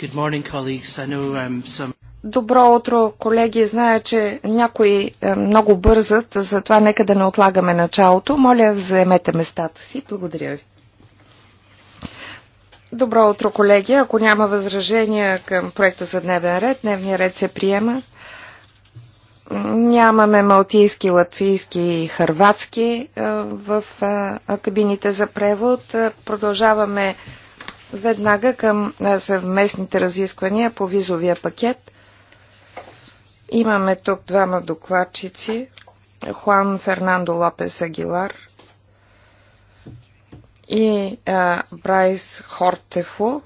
Good morning, colleagues. I know, um, some... Добро утро, колеги. Зная, че някои е, много бързат, затова нека да не отлагаме началото. Моля, заемете местата си. Благодаря ви. Добро утро, колеги. Ако няма възражения към проекта за дневен ред, дневния ред се приема. Нямаме малтийски, латвийски и хърватски е, в е, кабините за превод. Продължаваме веднага към съвместните разисквания по визовия пакет. Имаме тук двама докладчици. Хуан Фернандо Лопес Агилар и а, Брайс Хортефу.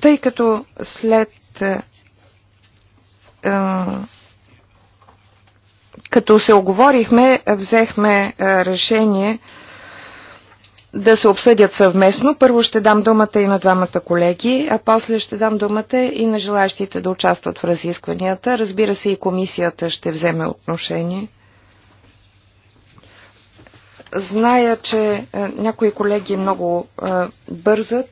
Тъй като след е, е, като се оговорихме, взехме е, решение да се обсъдят съвместно. Първо ще дам думата и на двамата колеги, а после ще дам думата и на желащите да участват в разискванията. Разбира се, и комисията ще вземе отношение. Зная, че някои колеги много бързат.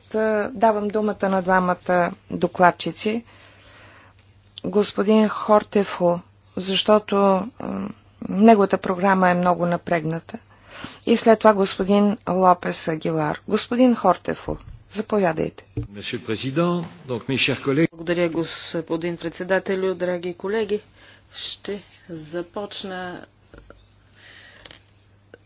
давам думата на двамата докладчици господин Хортефо, защото неговата програма е много напрегната. И след това господин Лопес Агилар. Господин Хортефо, заповядайте. Благодаря, господин председателю, драги колеги. Ще започна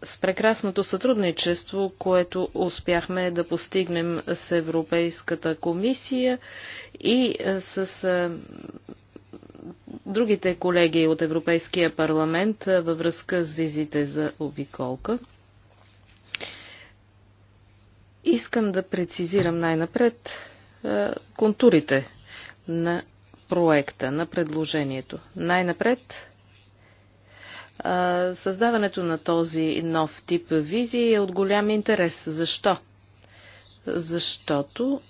с прекрасното сътрудничество, което успяхме да постигнем с Европейската комисия и с другите колеги от Европейския парламент във връзка с визите за обиколка. Искам да прецизирам най-напред контурите на проекта, на предложението. Най-напред създаването на този нов тип визии е от голям интерес. Защо? Защото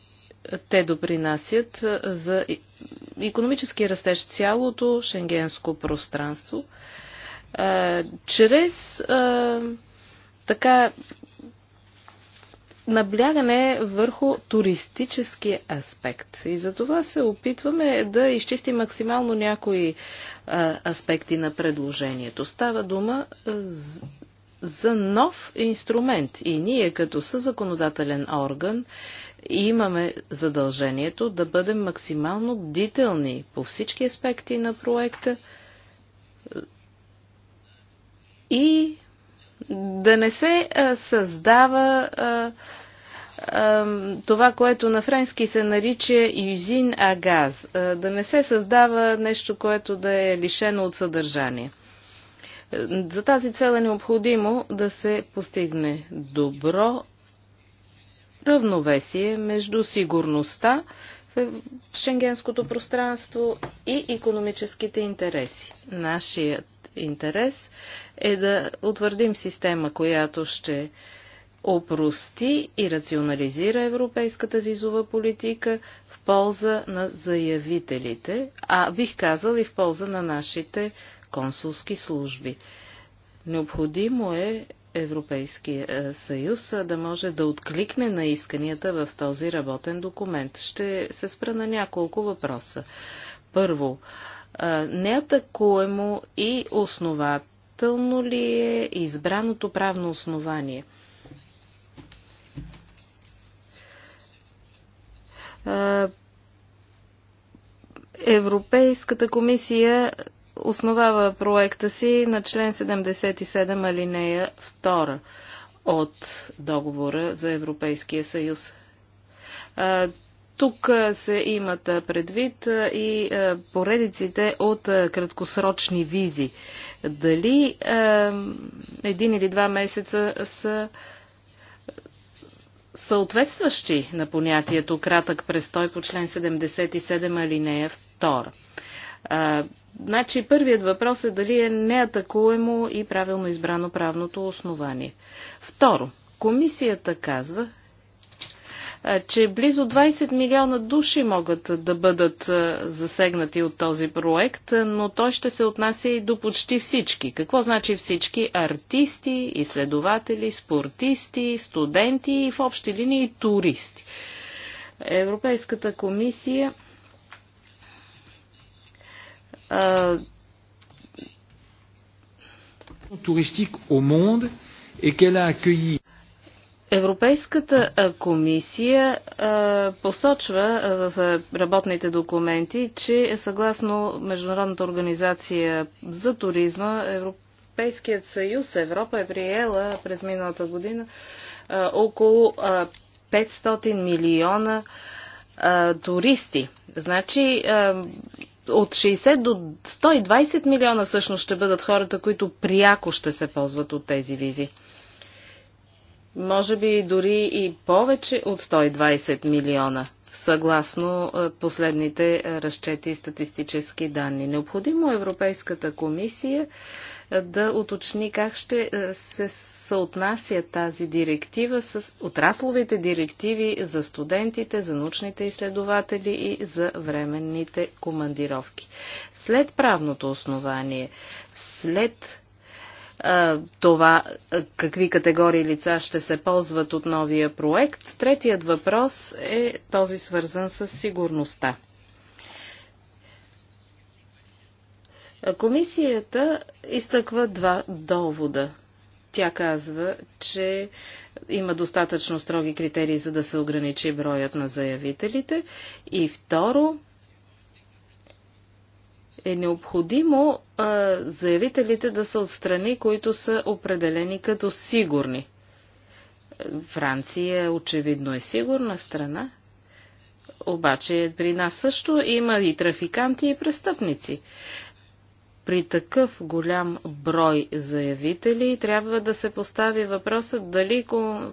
те допринасят за економически растеж цялото шенгенско пространство, а, е, чрез а, е, така наблягане върху туристическия аспект. И за това се опитваме да изчистим максимално някои а, е, аспекти на предложението. Става дума за нов инструмент и ние като съзаконодателен орган и имаме задължението да бъдем максимално бдителни по всички аспекти на проекта и да не се създава това, което на френски се нарича юзин агаз. Да не се създава нещо, което да е лишено от съдържание. За тази цел е необходимо да се постигне добро равновесие между сигурността в шенгенското пространство и економическите интереси. Нашият интерес е да утвърдим система, която ще опрости и рационализира европейската визова политика в полза на заявителите, а бих казал и в полза на нашите консулски служби. Необходимо е Европейския е, съюз да може да откликне на исканията в този работен документ. Ще се спра на няколко въпроса. Първо, е, неатакуемо и основателно ли е избраното правно основание? Е, Европейската комисия основава проекта си на член 77 алинея 2 от договора за Европейския съюз. Тук се имат предвид и поредиците от краткосрочни визи. Дали един или два месеца са съответстващи на понятието кратък престой по член 77 алинея 2. Значи първият въпрос е дали е неатакуемо и правилно избрано правното основание. Второ, комисията казва, че близо 20 милиона души могат да бъдат засегнати от този проект, но той ще се отнася и до почти всички. Какво значи всички? Артисти, изследователи, спортисти, студенти и в общи линии туристи. Европейската комисия Туристик au monde et qu'elle Европейската комисия посочва в работните документи, че съгласно Международната организация за туризма, Европейският съюз, Европа е приела през миналата година около 500 милиона туристи. Значи от 60 до 120 милиона всъщност ще бъдат хората, които пряко ще се ползват от тези визи. Може би дори и повече от 120 милиона съгласно е, последните е, разчети и статистически данни. Необходимо е Европейската комисия да уточни как ще се съотнася тази директива с отрасловите директиви за студентите, за научните изследователи и за временните командировки. След правното основание, след това какви категории лица ще се ползват от новия проект. Третият въпрос е този свързан с сигурността. Комисията изтъква два довода. Тя казва, че има достатъчно строги критерии, за да се ограничи броят на заявителите. И второ, е необходимо а, заявителите да са от страни, които са определени като сигурни. Франция очевидно е сигурна страна, обаче при нас също има и трафиканти и престъпници. При такъв голям брой заявители трябва да се постави въпросът дали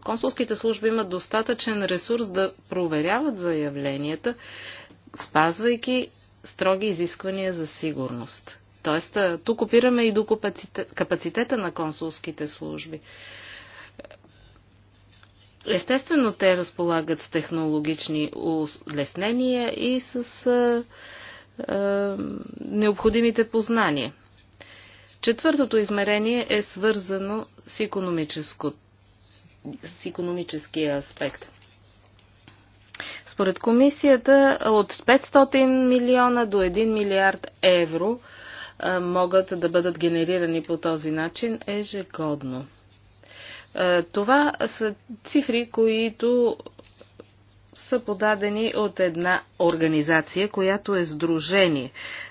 консулските служби имат достатъчен ресурс да проверяват заявленията, спазвайки строги изисквания за сигурност. Тоест, тук опираме и до капацитета на консулските служби. Естествено, те разполагат с технологични улеснения и с а, а, необходимите познания. Четвъртото измерение е свързано с, с економическия аспект. Според комисията от 500 милиона до 1 милиард евро могат да бъдат генерирани по този начин ежегодно. Това са цифри, които са подадени от една организация, която е сдружение,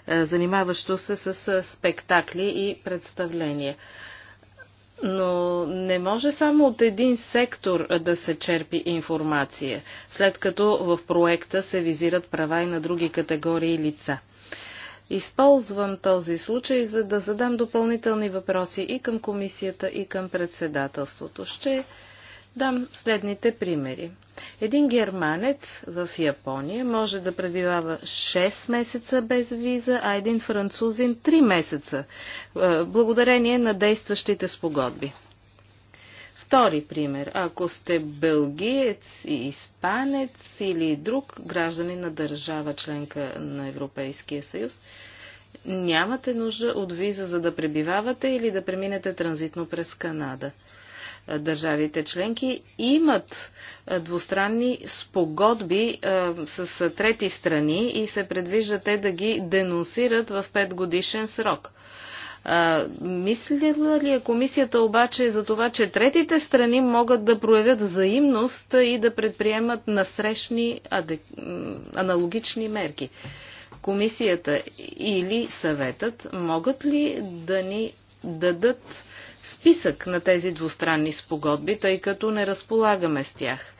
занимаващо се с спектакли и представления. Но не може само от един сектор да се черпи информация, след като в проекта се визират права и на други категории лица. Използвам този случай, за да задам допълнителни въпроси и към комисията, и към председателството. Ще дам следните примери. Един германец в Япония може да пребивава 6 месеца без виза, а един французин 3 месеца, е, благодарение на действащите спогодби. Втори пример. Ако сте бългиец и испанец или друг граждани на държава членка на Европейския съюз, нямате нужда от виза за да пребивавате или да преминете транзитно през Канада – държавите членки имат двустранни спогодби с трети страни и се предвижда те да ги денонсират в петгодишен срок. Мислила ли е комисията обаче за това, че третите страни могат да проявят взаимност и да предприемат насрещни адек... аналогични мерки? Комисията или съветът могат ли да ни дадат списък на тези двустранни спогодби, тъй като не разполагаме с тях.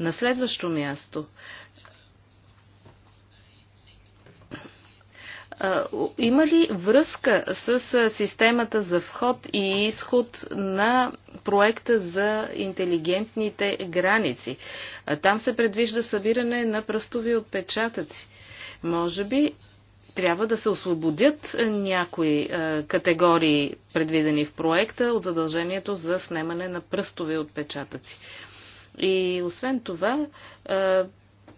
На следващо място. Има ли връзка с системата за вход и изход на проекта за интелигентните граници? Там се предвижда събиране на пръстови отпечатъци. Може би трябва да се освободят някои е, категории, предвидени в проекта, от задължението за снемане на пръстови отпечатъци. И освен това, е,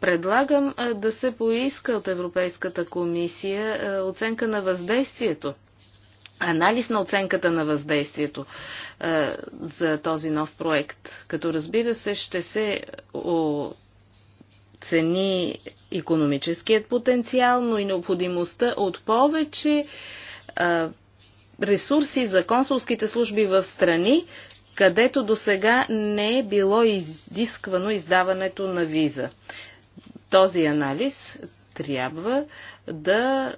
предлагам е, да се поиска от Европейската комисия оценка на въздействието анализ на оценката на въздействието за този нов проект. Като разбира се, ще се цени економическият потенциал, но и необходимостта от повече а, ресурси за консулските служби в страни, където до сега не е било изисквано издаването на виза. Този анализ трябва да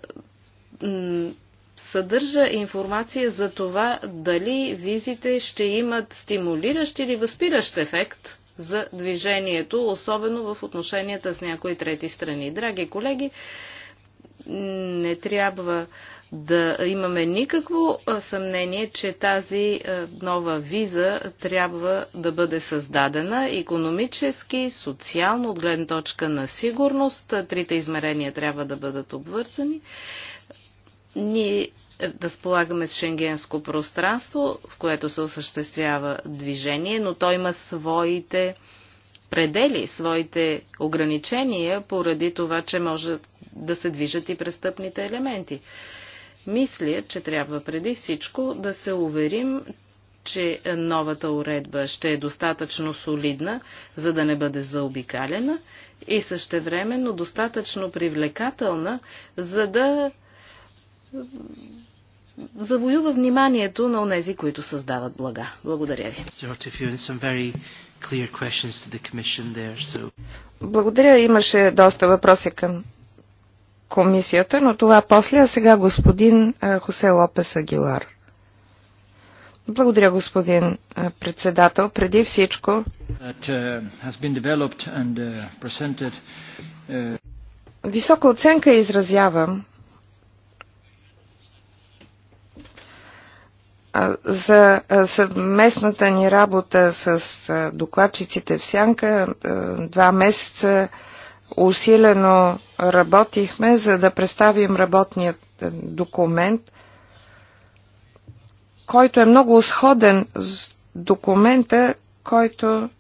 съдържа информация за това дали визите ще имат стимулиращ или възпиращ ефект за движението, особено в отношенията с някои трети страни. Драги колеги, не трябва да имаме никакво съмнение, че тази нова виза трябва да бъде създадена економически, социално, от гледна точка на сигурност. Трите измерения трябва да бъдат обвързани. Ние разполагаме с шенгенско пространство, в което се осъществява движение, но то има своите предели, своите ограничения, поради това, че може да се движат и престъпните елементи. Мисля, че трябва преди всичко да се уверим, че новата уредба ще е достатъчно солидна, за да не бъде заобикалена и същевременно достатъчно привлекателна, за да завоюва вниманието на онези, които създават блага. Благодаря ви. Благодаря. Имаше доста въпроси към комисията, но това после, а сега господин Хосе Лопес Агилар. Благодаря, господин председател. Преди всичко uh, uh, uh, висока оценка изразявам за съвместната ни работа с докладчиците в Сянка. Два месеца усилено работихме, за да представим работният документ, който е много сходен с документа, който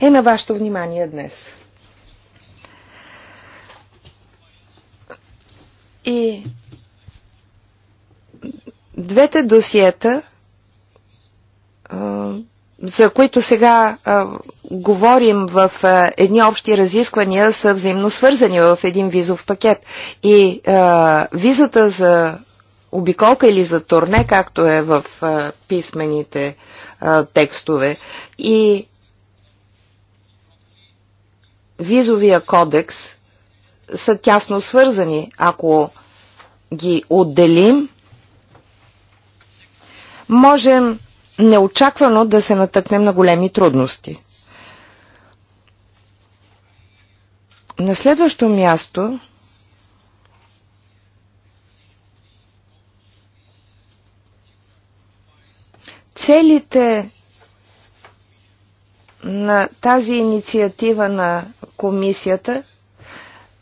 е на вашето внимание днес. И двете досиета, за които сега говорим в едни общи разисквания, са взаимно свързани в един визов пакет. И визата за обиколка или за турне, както е в писмените текстове. И визовия кодекс са тясно свързани. Ако ги отделим, можем неочаквано да се натъкнем на големи трудности. На следващо място целите на тази инициатива на комисията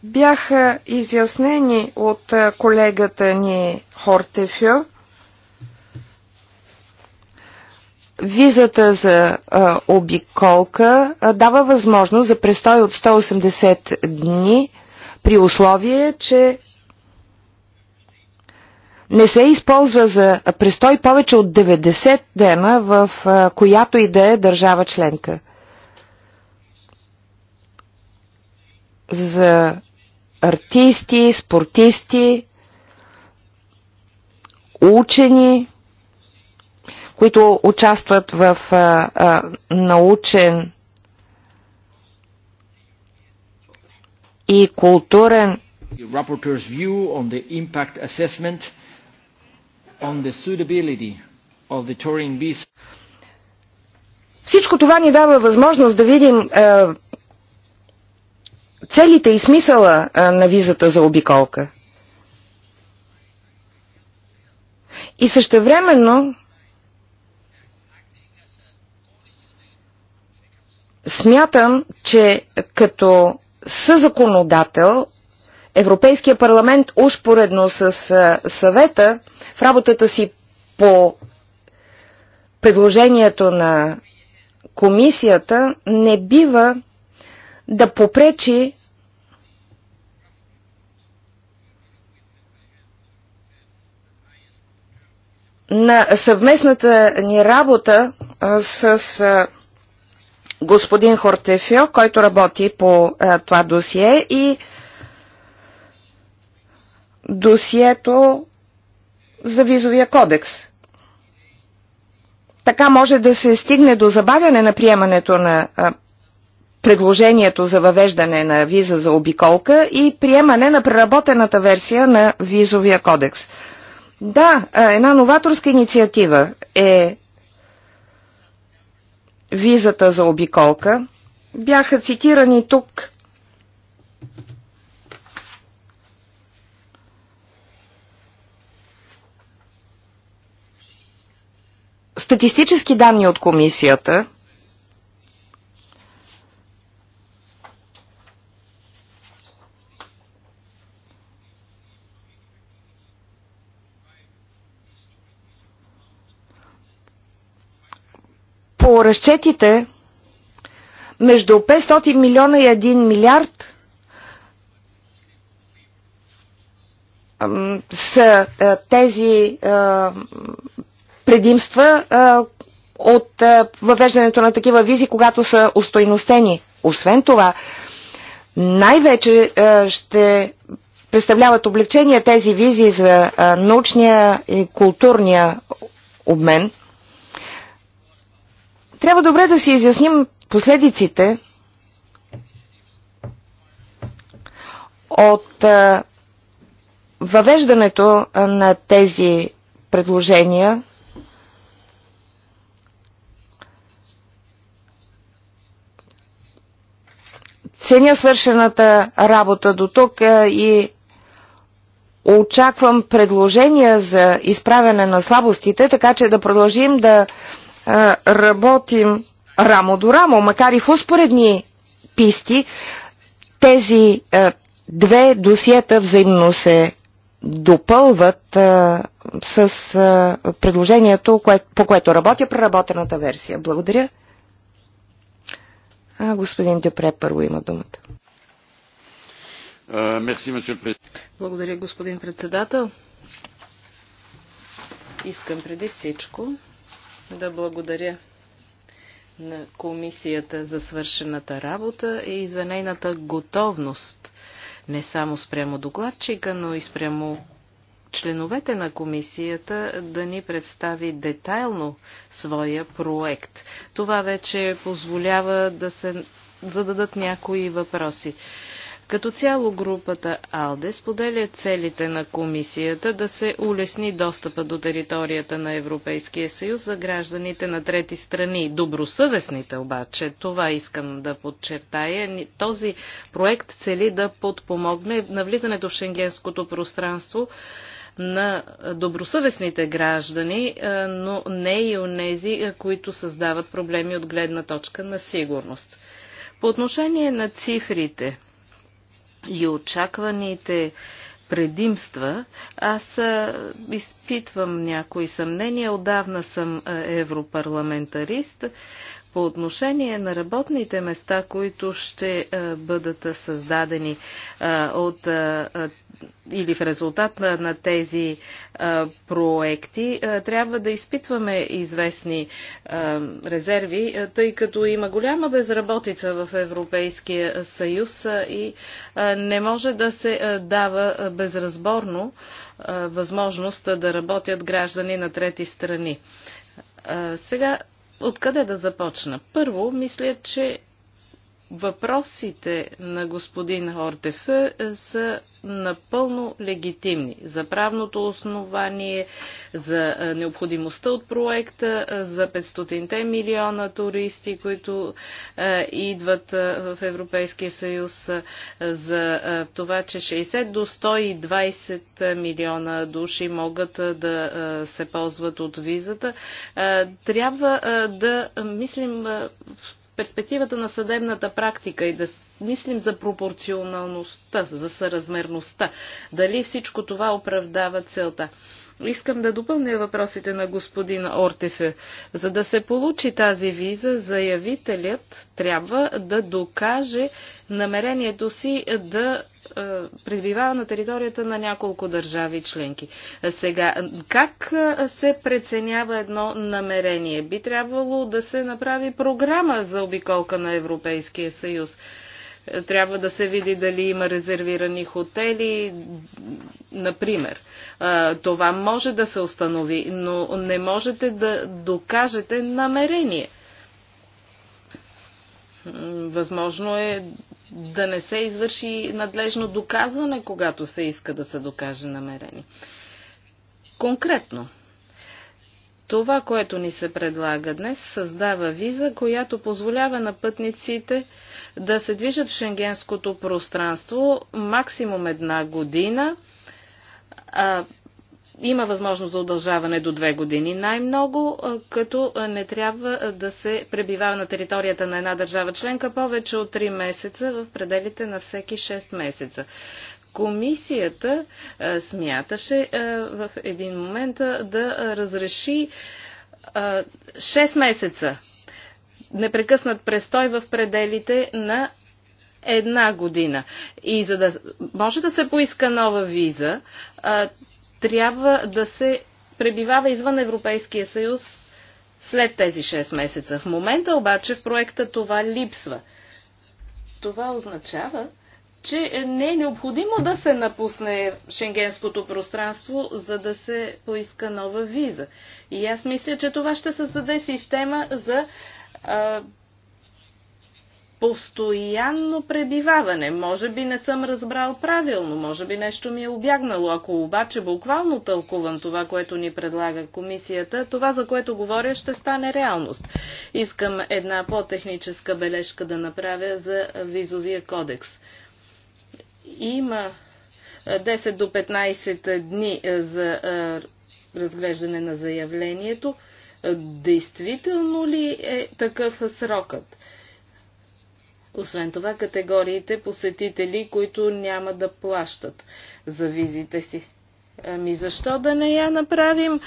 бяха изяснени от колегата ни Хортефю, Визата за а, обиколка а, дава възможност за престой от 180 дни при условие, че не се използва за престой повече от 90 дена в а, която и да е държава членка. за артисти, спортисти, учени, които участват в а, а, научен и културен Rapporteur's view on the impact assessment on the suitability of the visa. Всичко това ни дава възможност да видим целите и смисъла на визата за обиколка. И същевременно смятам, че като съзаконодател Европейския парламент успоредно с съвета в работата си по предложението на комисията не бива да попречи на съвместната ни работа с господин Хортефио, който работи по това досие и досието за визовия кодекс. Така може да се стигне до забавяне на приемането на предложението за въвеждане на виза за обиколка и приемане на преработената версия на визовия кодекс – да, е, една новаторска инициатива е визата за обиколка. Бяха цитирани тук статистически данни от комисията – разчетите между 500 милиона и 1 милиард са тези предимства от въвеждането на такива визи, когато са устойностени. Освен това, най-вече ще представляват облегчение тези визи за научния и културния обмен – трябва добре да си изясним последиците от въвеждането на тези предложения ценя свършената работа до тук и очаквам предложения за изправяне на слабостите, така че да продължим да работим рамо до рамо, макар и в успоредни писти, тези две досиета взаимно се допълват а, с а, предложението, кое, по което работя преработената версия. Благодаря. А, господин Депре първо има думата. Благодаря, господин председател. Искам преди всичко да благодаря на комисията за свършената работа и за нейната готовност не само спрямо докладчика, но и спрямо членовете на комисията да ни представи детайлно своя проект. Това вече позволява да се зададат някои въпроси. Като цяло групата АЛДЕ споделя целите на комисията да се улесни достъпа до територията на Европейския съюз за гражданите на трети страни. Добросъвестните обаче, това искам да подчертая, този проект цели да подпомогне навлизането в шенгенското пространство на добросъвестните граждани, но не и у нези, които създават проблеми от гледна точка на сигурност. По отношение на цифрите, и очакваните предимства, аз изпитвам някои съмнения. Отдавна съм европарламентарист. По отношение на работните места, които ще е, бъдат е, създадени е, от или в резултат на, на тези а, проекти, а, трябва да изпитваме известни а, резерви, а, тъй като има голяма безработица в Европейския съюз а, и а, не може да се а, дава а, безразборно а, възможност да работят граждани на трети страни. А, сега Откъде да започна? Първо, мисля, че Въпросите на господин Хортеф е, са напълно легитимни за правното основание, за е, необходимостта от проекта, е, за 500 те милиона туристи, които идват в Европейския съюз, за това, че 60 до 120 милиона души могат да се ползват от визата. Трябва да мислим в перспективата на съдебната практика и да мислим за пропорционалността, за съразмерността. Дали всичко това оправдава целта? Искам да допълня въпросите на господин Ортефе. За да се получи тази виза, заявителят трябва да докаже намерението си да е, пребивава на територията на няколко държави членки. Е, сега, как е, се преценява едно намерение? Би трябвало да се направи програма за обиколка на Европейския съюз. Трябва да се види дали има резервирани хотели, например. Това може да се установи, но не можете да докажете намерение. Възможно е да не се извърши надлежно доказване, когато се иска да се докаже намерение. Конкретно, това, което ни се предлага днес, създава виза, която позволява на пътниците да се движат в шенгенското пространство максимум една година, а има възможност за удължаване до две години най-много, като не трябва да се пребивава на територията на една държава членка повече от 3 месеца в пределите на всеки 6 месеца. Комисията смяташе в един момент да разреши 6 месеца непрекъснат престой в пределите на една година. И за да може да се поиска нова виза, трябва да се пребивава извън Европейския съюз след тези 6 месеца. В момента обаче в проекта това липсва. Това означава, че не е необходимо да се напусне шенгенското пространство, за да се поиска нова виза. И аз мисля, че това ще създаде система за а, постоянно пребиваване. Може би не съм разбрал правилно, може би нещо ми е обягнало. Ако обаче буквално тълкувам това, което ни предлага комисията, това, за което говоря, ще стане реалност. Искам една по-техническа бележка да направя за визовия кодекс. Има 10 до 15 дни е, за е, разглеждане на заявлението. Действително ли е такъв срокът? Освен това, категориите посетители, които няма да плащат за визите си. Ами защо да не я направим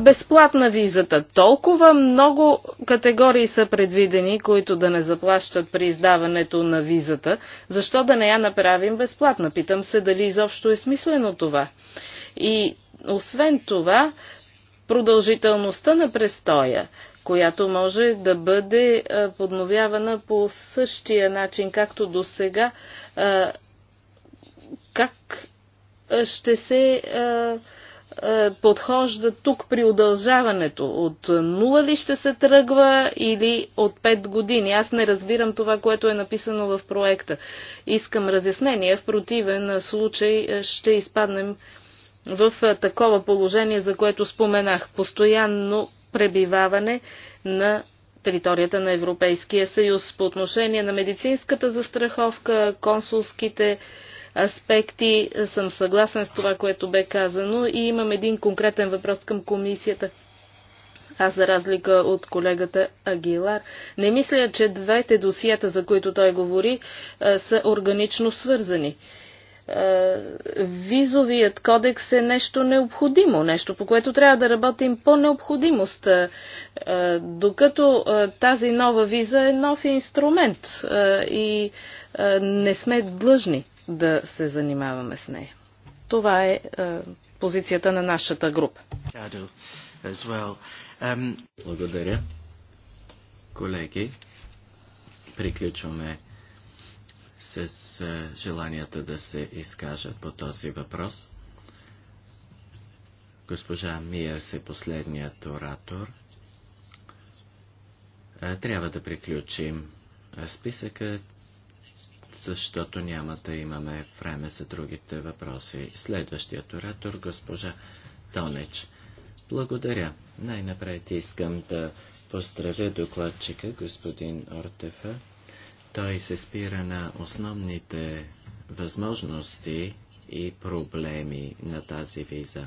безплатна визата? Толкова много категории са предвидени, които да не заплащат при издаването на визата. Защо да не я направим безплатна? Питам се дали изобщо е смислено това. И освен това, продължителността на престоя която може да бъде подновявана по същия начин, както до сега. Как ще се подхожда тук при удължаването? От нула ли ще се тръгва или от 5 години? Аз не разбирам това, което е написано в проекта. Искам разяснение. В противен случай ще изпаднем в такова положение, за което споменах. Постоянно пребиваване на територията на Европейския съюз. По отношение на медицинската застраховка, консулските аспекти съм съгласен с това, което бе казано и имам един конкретен въпрос към комисията. Аз, за разлика от колегата Агилар, не мисля, че двете досията, за които той говори, са органично свързани визовият кодекс е нещо необходимо, нещо по което трябва да работим по необходимост, е, е, докато е, тази нова виза е нов инструмент и не сме длъжни да се занимаваме с нея. Това е позицията на нашата група. Благодаря. Колеги, приключваме с е, желанията да се изкажат по този въпрос. Госпожа Миерс е последният оратор. Е, трябва да приключим е, списъка, защото няма да имаме време за другите въпроси. Следващият оратор, госпожа Тонеч. Благодаря. Най-напред искам да поздравя докладчика, господин Ортефа. Той се спира на основните възможности и проблеми на тази виза.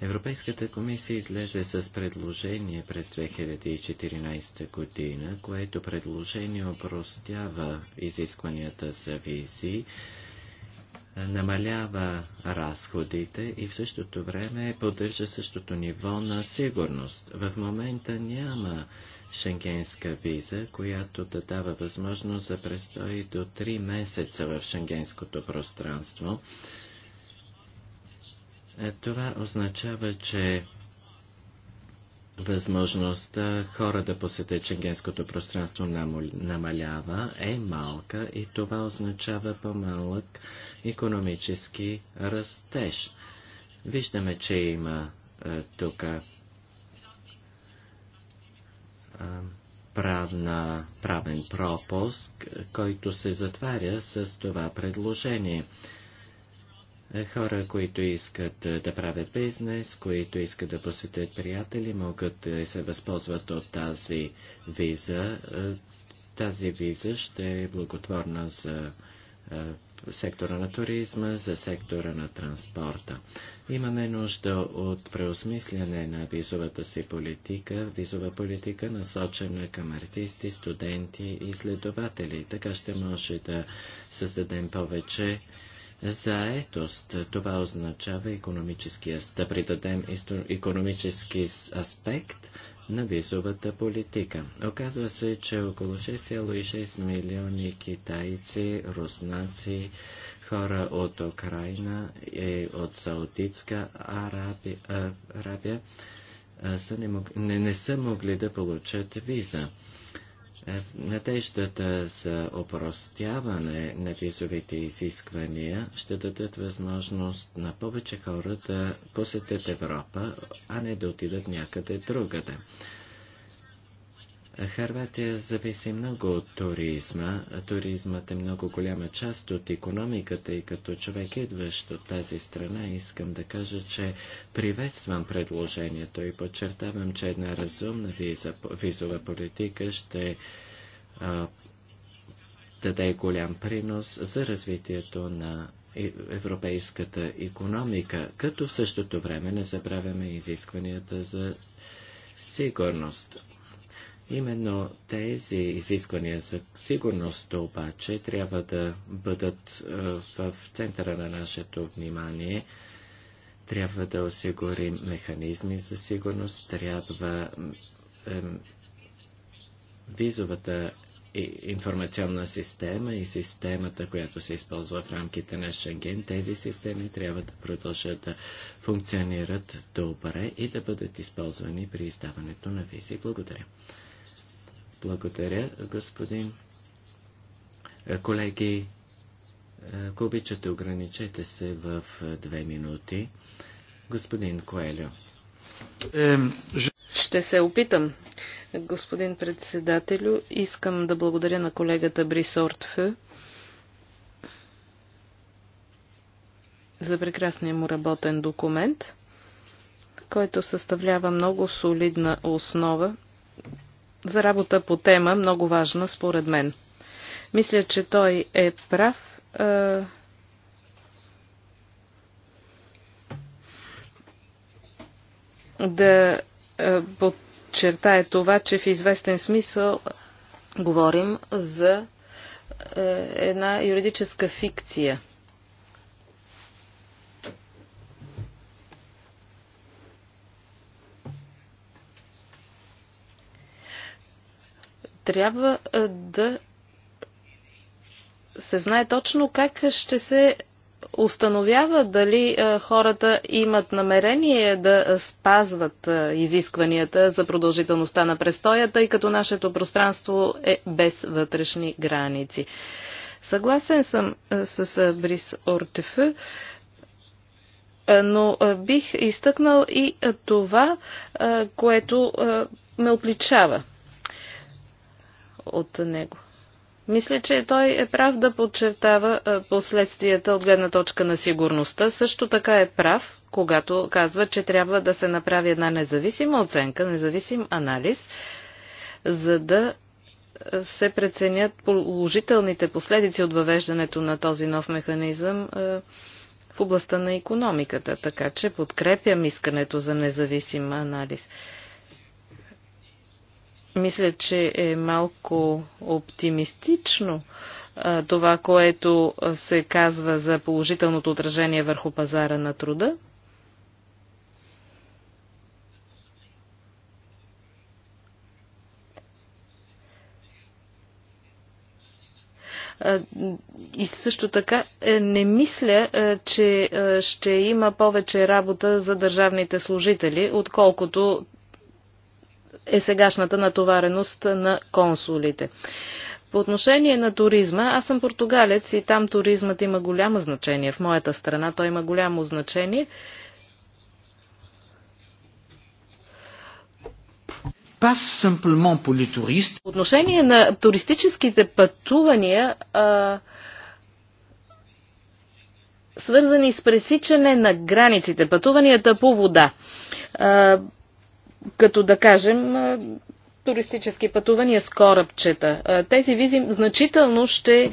Европейската комисия излезе с предложение през 2014 година, което предложение опростява изискванията за визи, намалява разходите и в същото време поддържа същото ниво на сигурност. В момента няма шенгенска виза, която да дава възможност за престой до 3 месеца в шенгенското пространство. Е, това означава, че възможността хора да посетят шенгенското пространство намалява, е малка и това означава по-малък економически растеж. Виждаме, че има е, тук правна, правен пропуск, който се затваря с това предложение. Хора, които искат да правят бизнес, които искат да посетят приятели, могат да се възползват от тази виза. Е, тази виза ще е благотворна за е, сектора на туризма, за сектора на транспорта. Имаме нужда от преосмисляне на визовата си политика, визова политика насочена към артисти, студенти и следователи. Така ще може да създадем повече заетост. Това означава да придадем економически аспект на визовата политика. Оказва се, че около 6,6 милиони китайци, руснаци, хора от Украина и от Саудитска Арабия, Арабия са не, мог... не, не са могли да получат виза. Надеждата за опростяване на визовите изисквания ще дадат възможност на повече хора да посетят Европа, а не да отидат някъде другаде. Да. Харватия зависи много от туризма. Туризмът е много голяма част от економиката и като човек идващ от тази страна искам да кажа, че приветствам предложението и подчертавам, че една разумна виза, визова политика ще а, даде голям принос за развитието на европейската економика, като в същото време не забравяме изискванията за сигурност. Именно тези изисквания за сигурност обаче трябва да бъдат е, в центъра на нашето внимание. Трябва да осигурим механизми за сигурност, трябва е, визовата информационна система и системата, която се използва в рамките на Шенген, тези системи трябва да продължат да функционират добре и да бъдат използвани при издаването на визи. Благодаря. Благодаря, господин. Е, колеги, е, ако обичате, ограничете се в е, две минути. Господин Коелю. Ще се опитам. Господин председателю, искам да благодаря на колегата Брис Ортфе за прекрасния му работен документ, който съставлява много солидна основа за работа по тема, много важна според мен. Мисля, че той е прав. да подчертая това, че в известен смисъл говорим за една юридическа фикция – трябва да се знае точно как ще се установява дали хората имат намерение да спазват изискванията за продължителността на престоя, тъй като нашето пространство е без вътрешни граници. Съгласен съм с Брис Ортефе, но бих изтъкнал и това, което ме отличава от него. Мисля, че той е прав да подчертава е, последствията от гледна точка на сигурността. Също така е прав, когато казва, че трябва да се направи една независима оценка, независим анализ, за да е, се преценят положителните последици от въвеждането на този нов механизъм е, в областта на економиката. Така че подкрепям искането за независим анализ. Мисля, че е малко оптимистично това, което се казва за положителното отражение върху пазара на труда. И също така е, не мисля, е, че е, ще има повече работа за държавните служители, отколкото е сегашната натовареност на консулите. По отношение на туризма, аз съм португалец и там туризмът има голямо значение. В моята страна той има голямо значение. По отношение на туристическите пътувания, а, свързани с пресичане на границите, пътуванията по вода. А, като да кажем туристически пътувания с корабчета. Тези визи значително ще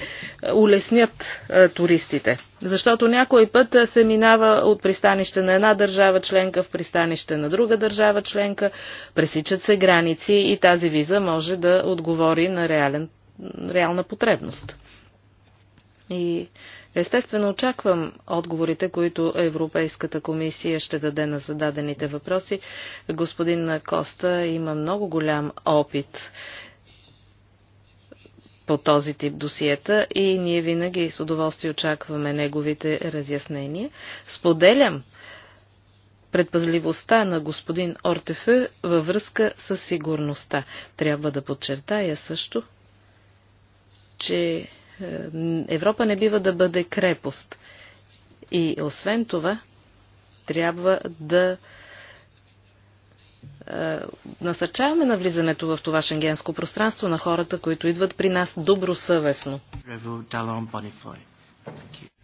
улеснят туристите, защото някой път се минава от пристанище на една държава членка в пристанище на друга държава членка, пресичат се граници и тази виза може да отговори на реален, реална потребност. И Естествено очаквам отговорите, които Европейската комисия ще даде на зададените въпроси. Господин Коста има много голям опит по този тип досиета и ние винаги с удоволствие очакваме неговите разяснения. Споделям предпазливостта на господин Ортефе във връзка с сигурността. Трябва да подчертая също, че е, Европа не бива да бъде крепост. И освен това, трябва да е, насърчаваме навлизането в това шенгенско пространство на хората, които идват при нас добросъвестно.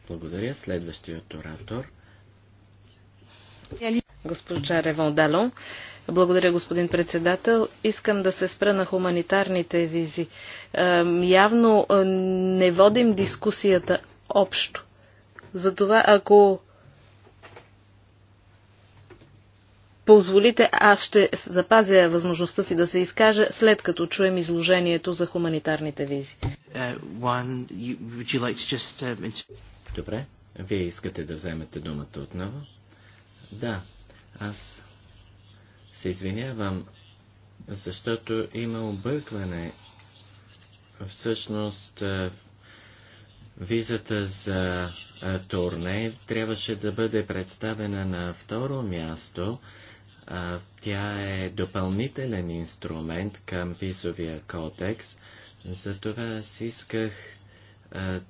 Благодаря. Следващият оратор. Госпожа Ревон Далон. Благодаря, господин председател. Искам да се спра на хуманитарните визи. Явно не водим дискусията общо. Затова, ако позволите, аз ще запазя възможността си да се изкажа, след като чуем изложението за хуманитарните визи. Uh, um, Добре. Вие искате да вземете думата отново? Да. Аз се извинявам, защото има объркване. Всъщност, визата за турне трябваше да бъде представена на второ място. Тя е допълнителен инструмент към визовия кодекс. Затова аз исках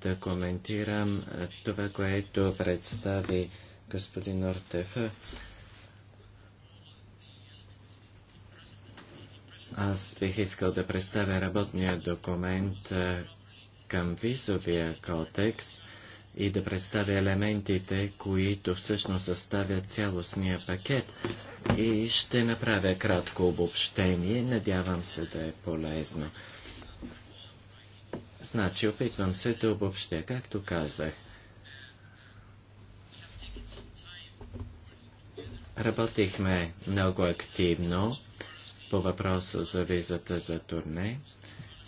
да коментирам това, което представи господин Ортефа. Аз бих искал да представя работния документ към визовия кодекс и да представя елементите, които всъщност съставят цялостния пакет. И ще направя кратко обобщение, надявам се да е полезно. Значи, опитвам се да обобщя, както казах. Работихме много активно по въпроса за визата за турне.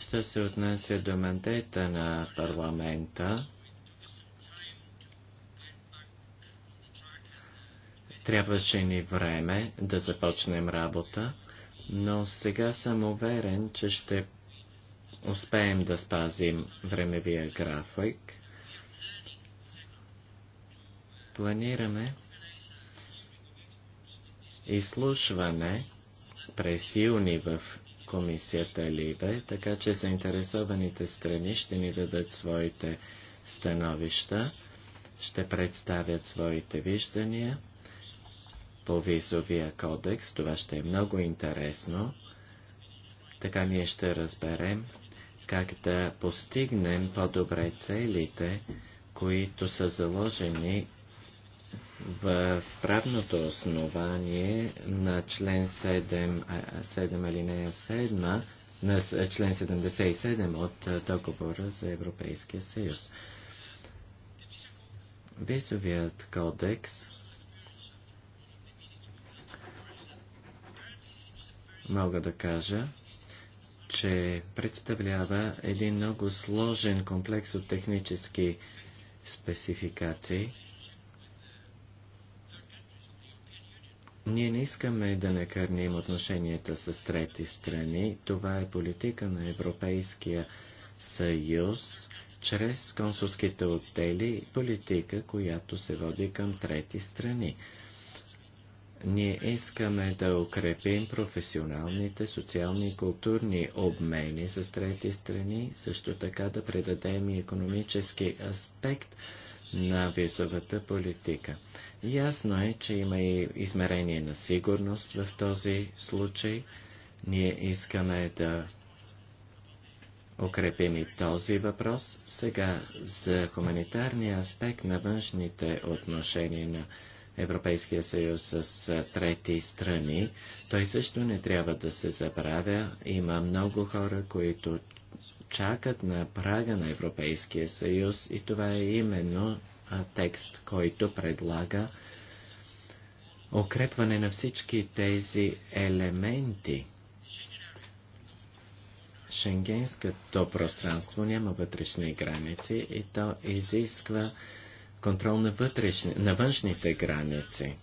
Ще се отнася до мандата на парламента, трябваше ни време да започнем работа, но сега съм уверен, че ще успеем да спазим времевия график. Планираме изслушване през юни в комисията Либе, така че заинтересованите страни ще ни дадат своите становища, ще представят своите виждания по визовия кодекс. Това ще е много интересно. Така ние ще разберем как да постигнем по-добре целите, които са заложени в правното основание на член 7, 7 алинея 7, на член 77 от договора за Европейския съюз. Визовият кодекс мога да кажа, че представлява един много сложен комплекс от технически спецификации – Ние не искаме да накърним отношенията с трети страни. Това е политика на Европейския съюз чрез консулските отдели, политика, която се води към трети страни. Ние искаме да укрепим професионалните, социални и културни обмени с трети страни, също така да предадем и економически аспект – на визовата политика. Ясно е, че има и измерение на сигурност в този случай. Ние искаме да укрепим и този въпрос. Сега за хуманитарния аспект на външните отношения на Европейския съюз с трети страни, той също не трябва да се забравя. Има много хора, които чакат на прага на Европейския съюз и това е именно а, текст, който предлага укрепване на всички тези елементи. Шенгенското пространство няма вътрешни граници и то изисква контрол на, вътрешни, на външните граници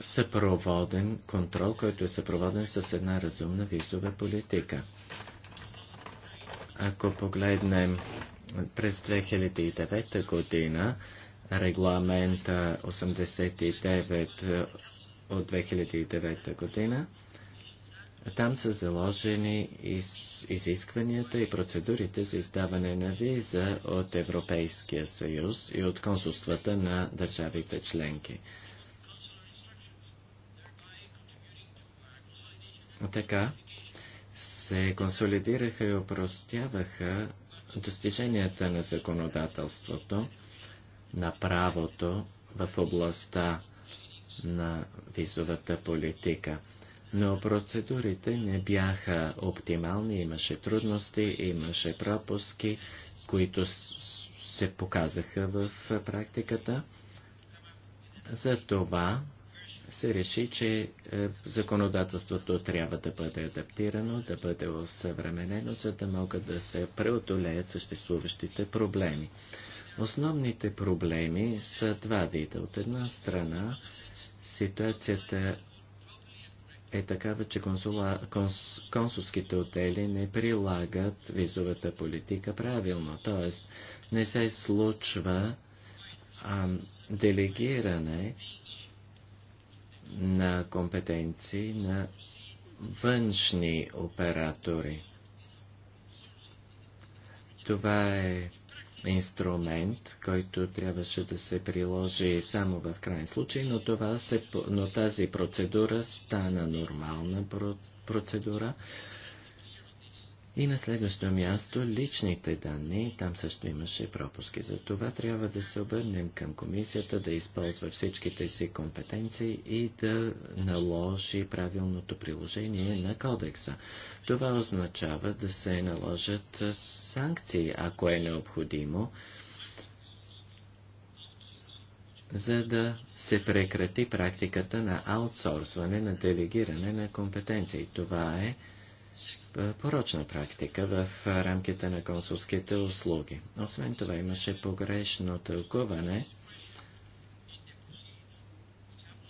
съпроводен контрол, който е съпроводен с една разумна визова политика. Ако погледнем през 2009 година регламента 89 от 2009 година, там са заложени изискванията и процедурите за издаване на виза от Европейския съюз и от консулствата на държавите членки. Така се консолидираха и опростяваха достиженията на законодателството, на правото в областта на визовата политика. Но процедурите не бяха оптимални, имаше трудности, имаше пропуски, които се показаха в практиката. Затова се реши, че е, законодателството трябва да бъде адаптирано, да бъде усъвременено, за да могат да се преодолеят съществуващите проблеми. Основните проблеми са два вида. От една страна, ситуацията е такава, че консула, конс, консулските отдели не прилагат визовата политика правилно, т.е. не се случва а, делегиране на компетенции на външни оператори. Това е инструмент, който трябваше да се приложи само в крайен случай, но, това се, но тази процедура стана нормална процедура. И на следващо място личните данни, там също имаше пропуски. За това трябва да се обърнем към комисията, да използва всичките си компетенции и да наложи правилното приложение на кодекса. Това означава да се наложат санкции, ако е необходимо, за да се прекрати практиката на аутсорсване, на делегиране на компетенции. Това е е, порочна практика в е, рамките на консулските услуги. Освен това имаше погрешно тълкуване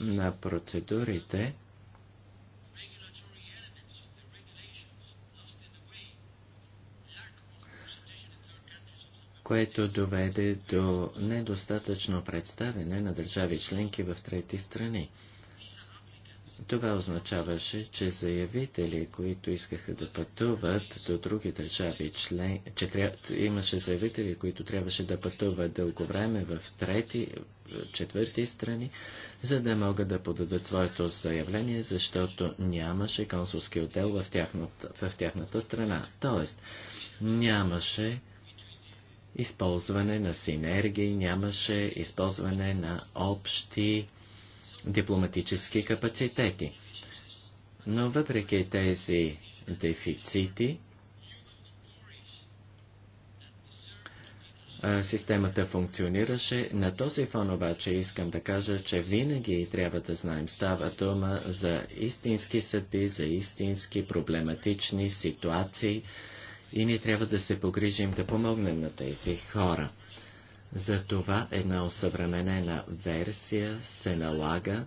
на процедурите, което доведе до недостатъчно представяне на държави членки в трети страни. Това означаваше, че заявители, които искаха да пътуват до други държави, член... че тря... имаше заявители, които трябваше да пътуват дълго време в трети, четвърти страни, за да могат да подадат своето заявление, защото нямаше консулски отдел в, тяхната, в тяхната страна. Тоест, нямаше използване на синергии, нямаше използване на общи дипломатически капацитети. Но въпреки тези дефицити, системата функционираше. На този фон обаче искам да кажа, че винаги трябва да знаем става дума за истински съдби, за истински проблематични ситуации и ние трябва да се погрижим да помогнем на тези хора. Затова една осъвременена версия се налага,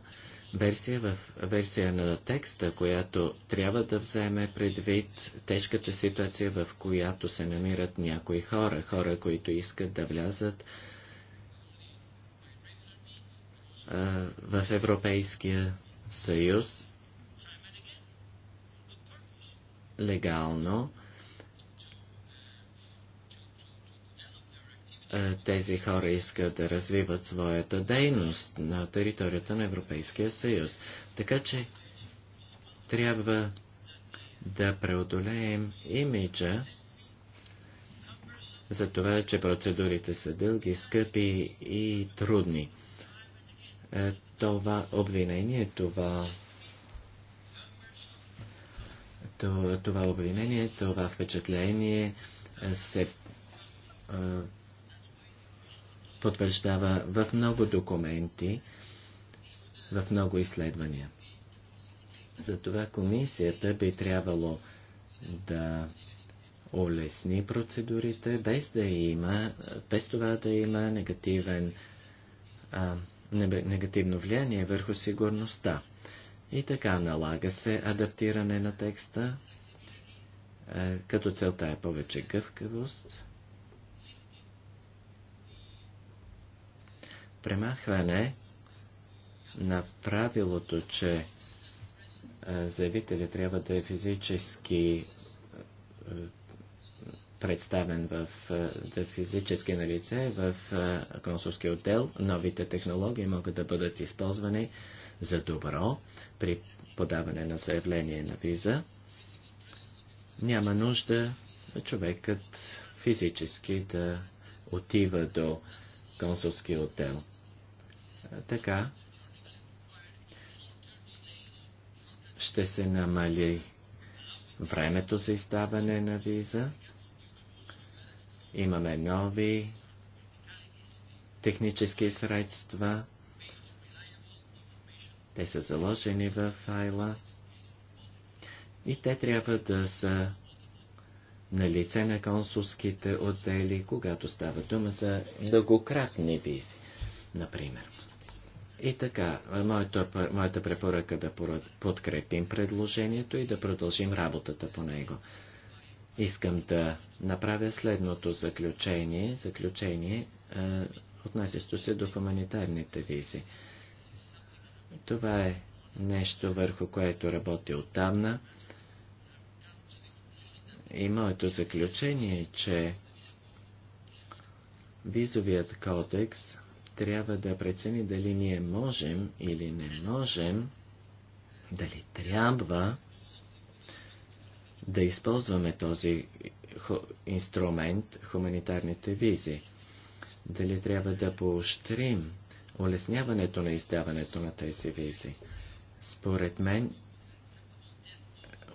версия, в, версия на текста, която трябва да вземе предвид тежката ситуация, в която се намират някои хора, хора, които искат да влязат а, в Европейския съюз легално Е, тези хора искат да развиват своята дейност на територията на Европейския съюз. Така че трябва да преодолеем имиджа за това, че процедурите са дълги, скъпи и трудни. Е, това обвинение, това това обвинение, това впечатление се е, потвърждава в много документи, в много изследвания. Затова комисията би трябвало да улесни процедурите, без да има, без това да има негативен, а, негативно влияние върху сигурността. И така налага се адаптиране на текста, а, е, като целта е повече гъвкавост, премахване на правилото, че е, заявителя трябва да е физически е, представен в е, да физически на лице в консулски отдел. Новите технологии могат да бъдат използвани за добро при подаване на заявление на виза. Няма нужда човекът физически да отива до консулския отдел. Така ще се намали времето за издаване на виза. Имаме нови технически средства. Те са заложени в файла и те трябва да са на лице на консулските отдели, когато става дума за дългократни визи, например. И така, моята, моята препоръка е да подкрепим предложението и да продължим работата по него. Искам да направя следното заключение, заключение е, отнасящо се до хуманитарните визи. Това е нещо върху което работи отдавна. И моето заключение е, че визовият кодекс трябва да прецени дали ние можем или не можем, дали трябва да използваме този инструмент, хуманитарните визи, дали трябва да поощрим улесняването на издаването на тези визи. Според мен,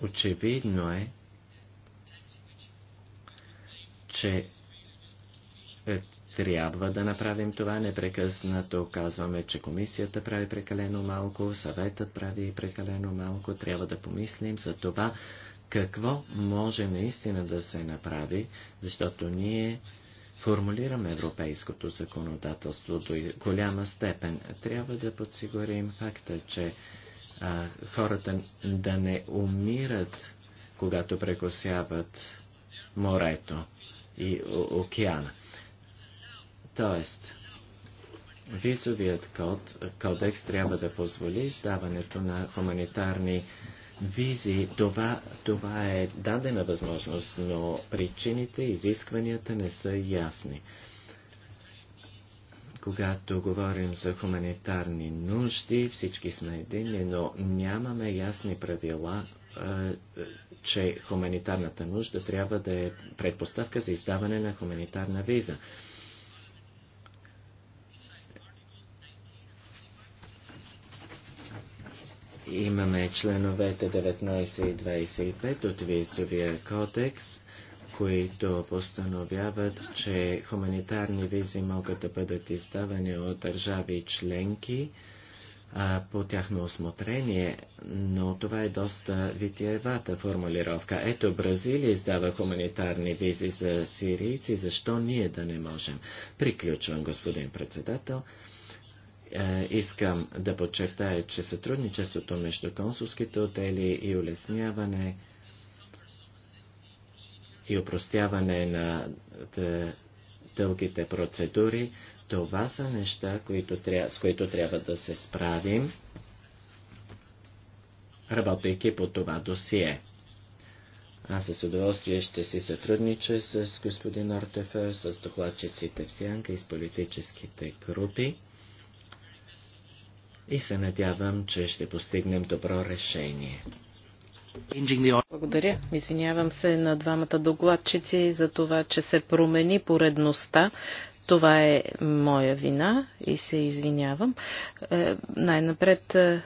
очевидно е, че е, трябва да направим това. Непрекъснато казваме, че комисията прави прекалено малко, съветът прави прекалено малко. Трябва да помислим за това какво може наистина да се направи, защото ние формулираме европейското законодателство до голяма степен. Трябва да подсигурим факта, че а, хората да не умират, когато прекосяват морето и океана. Тоест, визовият код, кодекс трябва да позволи издаването на хуманитарни визи. Това, това е дадена възможност, но причините, изискванията не са ясни. Когато говорим за хуманитарни нужди, всички сме едини, но нямаме ясни правила че хуманитарната нужда трябва да е предпоставка за издаване на хуманитарна виза. Имаме членовете 19 и 25 от Визовия кодекс, които постановяват, че хуманитарни визи могат да бъдат издавани от държави членки, а, по тяхно осмотрение, но това е доста витиевата формулировка. Ето Бразилия издава хуманитарни визи за сирийци, защо ние да не можем? Приключвам, господин председател. Е, искам да подчертая, че сътрудничеството между консулските отели и улесняване и упростяване на е, дългите процедури това са неща, които тря... с които трябва да се справим, работейки по това досие. Аз с удоволствие ще си сътруднича с господин Ортефе, с докладчиците в Сянка и с политическите групи и се надявам, че ще постигнем добро решение. Благодаря. Извинявам се на двамата докладчици за това, че се промени поредността това е моя вина и се извинявам. Е, най-напред, е,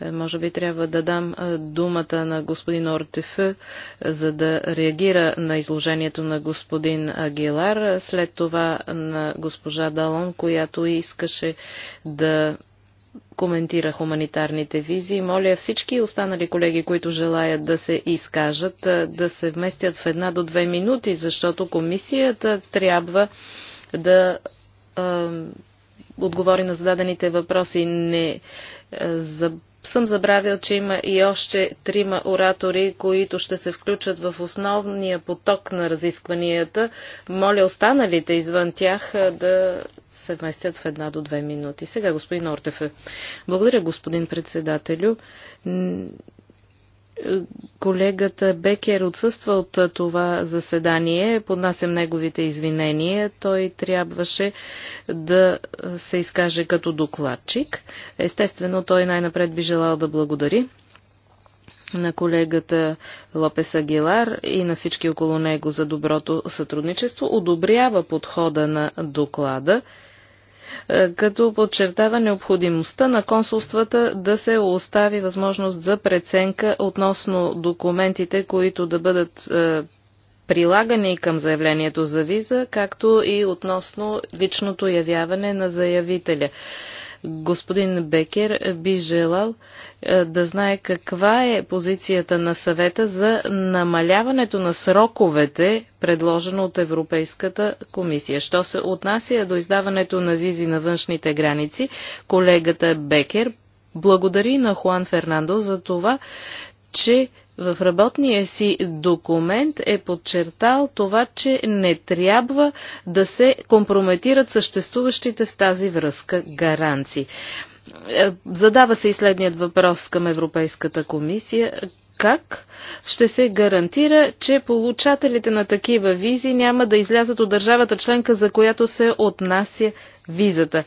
е може би трябва да дам е, думата на господин Ортеф, е, за да реагира на изложението на господин Агилар, след това на госпожа Далон, която искаше да коментира хуманитарните визи. Моля всички останали колеги, които желаят да се изкажат, да се вместят в една до две минути, защото комисията трябва да е, отговори на зададените въпроси. Не е, за съм забравил, че има и още трима оратори, които ще се включат в основния поток на разискванията. Моля останалите извън тях да се вместят в една до две минути. Сега, господин Ортефе. Благодаря, господин председателю. Колегата Бекер отсъства от това заседание. Поднасям неговите извинения. Той трябваше да се изкаже като докладчик. Естествено, той най-напред би желал да благодари на колегата Лопес Агилар и на всички около него за доброто сътрудничество. Одобрява подхода на доклада. Е, като подчертава необходимостта на консулствата да се остави възможност за преценка относно документите, които да бъдат е, прилагани към заявлението за виза, както и относно личното явяване на заявителя. Господин Бекер би желал е, да знае каква е позицията на съвета за намаляването на сроковете, предложено от Европейската комисия. Що се отнася до издаването на визи на външните граници, колегата Бекер благодари на Хуан Фернандо за това, че в работния си документ е подчертал това, че не трябва да се компрометират съществуващите в тази връзка гаранции. Е, задава се и следният въпрос към Европейската комисия. Как ще се гарантира, че получателите на такива визи няма да излязат от държавата членка, за която се отнася визата?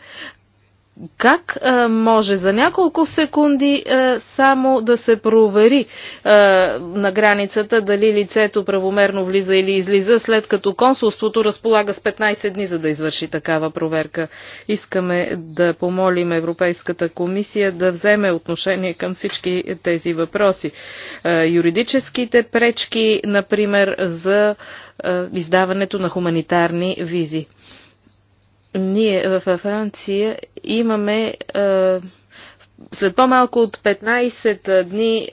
Как а, е, може за няколко секунди а, е, само да се провери а, е, на границата дали лицето правомерно влиза или излиза, след като консулството разполага с 15 дни, за да извърши такава проверка? Искаме да помолим Европейската комисия да вземе отношение към всички тези въпроси. А, юридическите пречки, например, за а, издаването на хуманитарни визи. Ние във Франция имаме след по-малко от 15 дни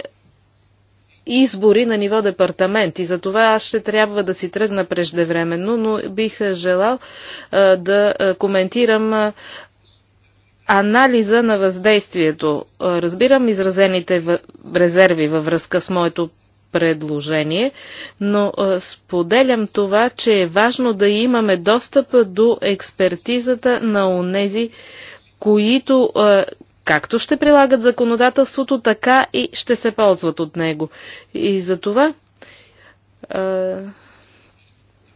избори на ниво департамент и за това аз ще трябва да си тръгна преждевременно, но бих желал а, да коментирам а, анализа на въздействието. Разбирам изразените резерви във връзка с моето предложение, но споделям това, че е важно да имаме достъп до експертизата на онези, които както ще прилагат законодателството, така и ще се ползват от него. И за това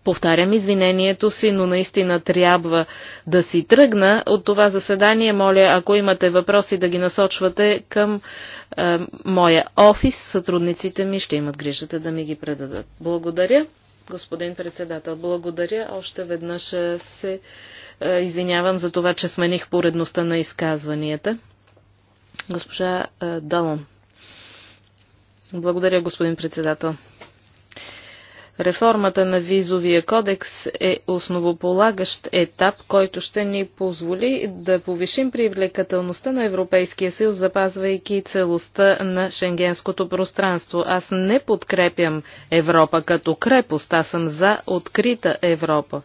Повтарям извинението си, но наистина трябва да си тръгна от това заседание. Моля, ако имате въпроси, да ги насочвате към е, моя офис. Сътрудниците ми ще имат грижата да ми ги предадат. Благодаря, господин председател. Благодаря. Още веднъж е, се е, извинявам за това, че смених поредността на изказванията. Госпожа е, Далон. Благодаря, господин председател. Реформата на визовия кодекс е основополагащ етап, който ще ни позволи да повишим привлекателността на Европейския съюз, запазвайки целостта на шенгенското пространство. Аз не подкрепям Европа като крепост, аз съм за открита Европа.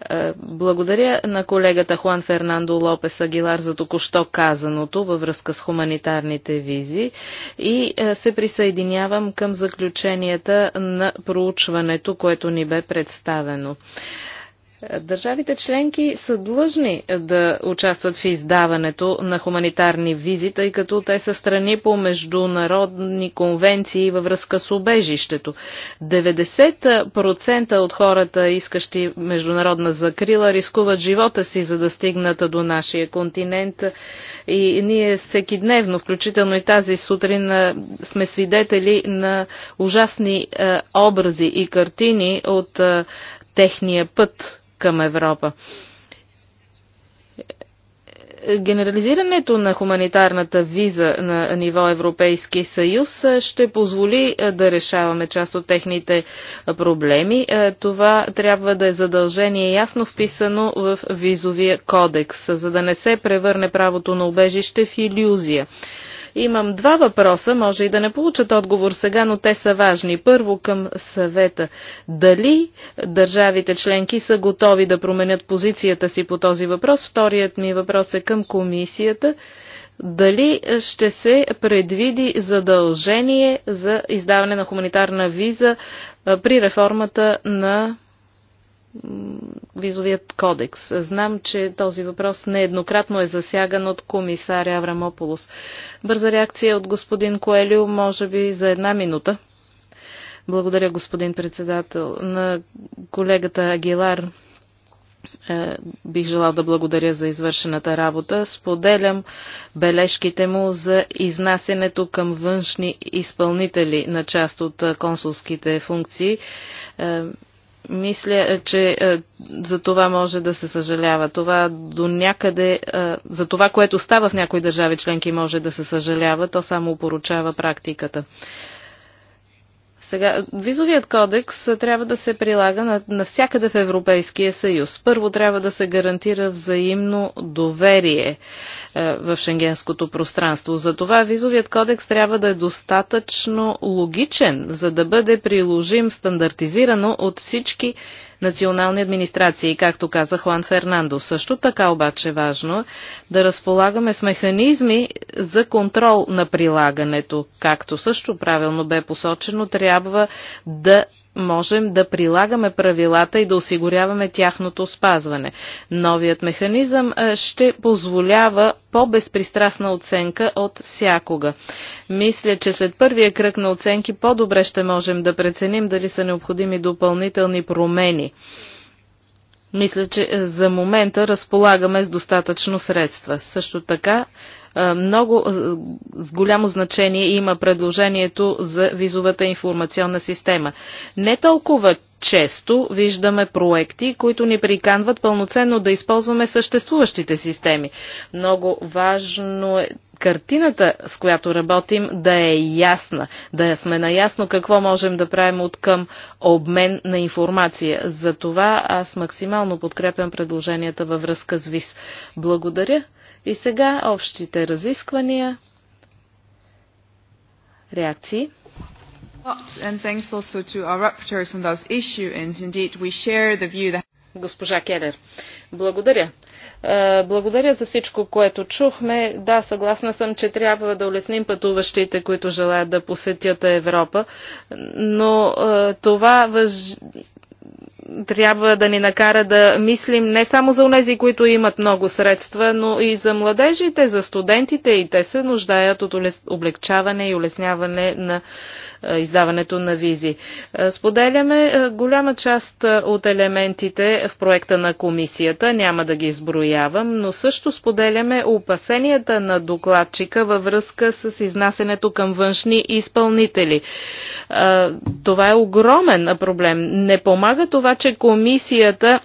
Е, благодаря на колегата Хуан Фернандо Лопес Агилар за току-що казаното във връзка с хуманитарните визи и е, се присъединявам към заключенията на проучването, което ни бе представено. Държавите членки са длъжни да участват в издаването на хуманитарни визи, тъй като те са страни по международни конвенции във връзка с обежището. 90% от хората, искащи международна закрила, рискуват живота си, за да стигнат до нашия континент. И ние всеки дневно, включително и тази сутрин, сме свидетели на ужасни образи и картини от техния път към Европа. Генерализирането на хуманитарната виза на ниво Европейски съюз ще позволи да решаваме част от техните проблеми. Това трябва да е задължение ясно вписано в визовия кодекс, за да не се превърне правото на убежище в иллюзия. Имам два въпроса, може и да не получат отговор сега, но те са важни. Първо към съвета. Дали държавите членки са готови да променят позицията си по този въпрос? Вторият ми въпрос е към комисията дали ще се предвиди задължение за издаване на хуманитарна виза при реформата на визовият кодекс. Знам, че този въпрос нееднократно е засяган от комисаря Аврамополос. Бърза реакция от господин Коелио, може би за една минута. Благодаря, господин председател. На колегата Агилар е, бих желал да благодаря за извършената работа. Споделям бележките му за изнасянето към външни изпълнители на част от е, консулските функции. Е, мисля, е, че е, за това може да се съжалява. Това до някъде, е, за това, което става в някои държави членки, може да се съжалява. То само поручава практиката. Сега, визовият кодекс трябва да се прилага навсякъде в Европейския съюз. Първо трябва да се гарантира взаимно доверие е, в шенгенското пространство. Затова визовият кодекс трябва да е достатъчно логичен, за да бъде приложим стандартизирано от всички национални администрации, както каза Хуан Фернандо. Също така обаче е важно да разполагаме с механизми за контрол на прилагането, както също правилно бе посочено, трябва да можем да прилагаме правилата и да осигуряваме тяхното спазване. Новият механизъм ще позволява по-безпристрастна оценка от всякога. Мисля, че след първия кръг на оценки по-добре ще можем да преценим дали са необходими допълнителни промени. Мисля, че за момента разполагаме с достатъчно средства. Също така е, много е, с голямо значение има предложението за визовата информационна система. Не толкова често виждаме проекти, които ни приканват пълноценно да използваме съществуващите системи. Много важно е картината, с която работим, да е ясна, да сме наясно какво можем да правим от към обмен на информация. За това аз максимално подкрепям предложенията във връзка с ВИС. Благодаря. И сега общите разисквания. Реакции. Госпожа Келер, благодаря. Е, благодаря за всичко, което чухме. Да, съгласна съм, че трябва да улесним пътуващите, които желаят да посетят Европа, но е, това въж трябва да ни накара да мислим не само за унези, които имат много средства, но и за младежите, за студентите и те се нуждаят от облегчаване и улесняване на е, издаването на визи. Е, споделяме е, голяма част от елементите в проекта на комисията, няма да ги изброявам, но също споделяме опасенията на докладчика във връзка с изнасенето към външни изпълнители. Това е огромен проблем. Не помага това, че комисията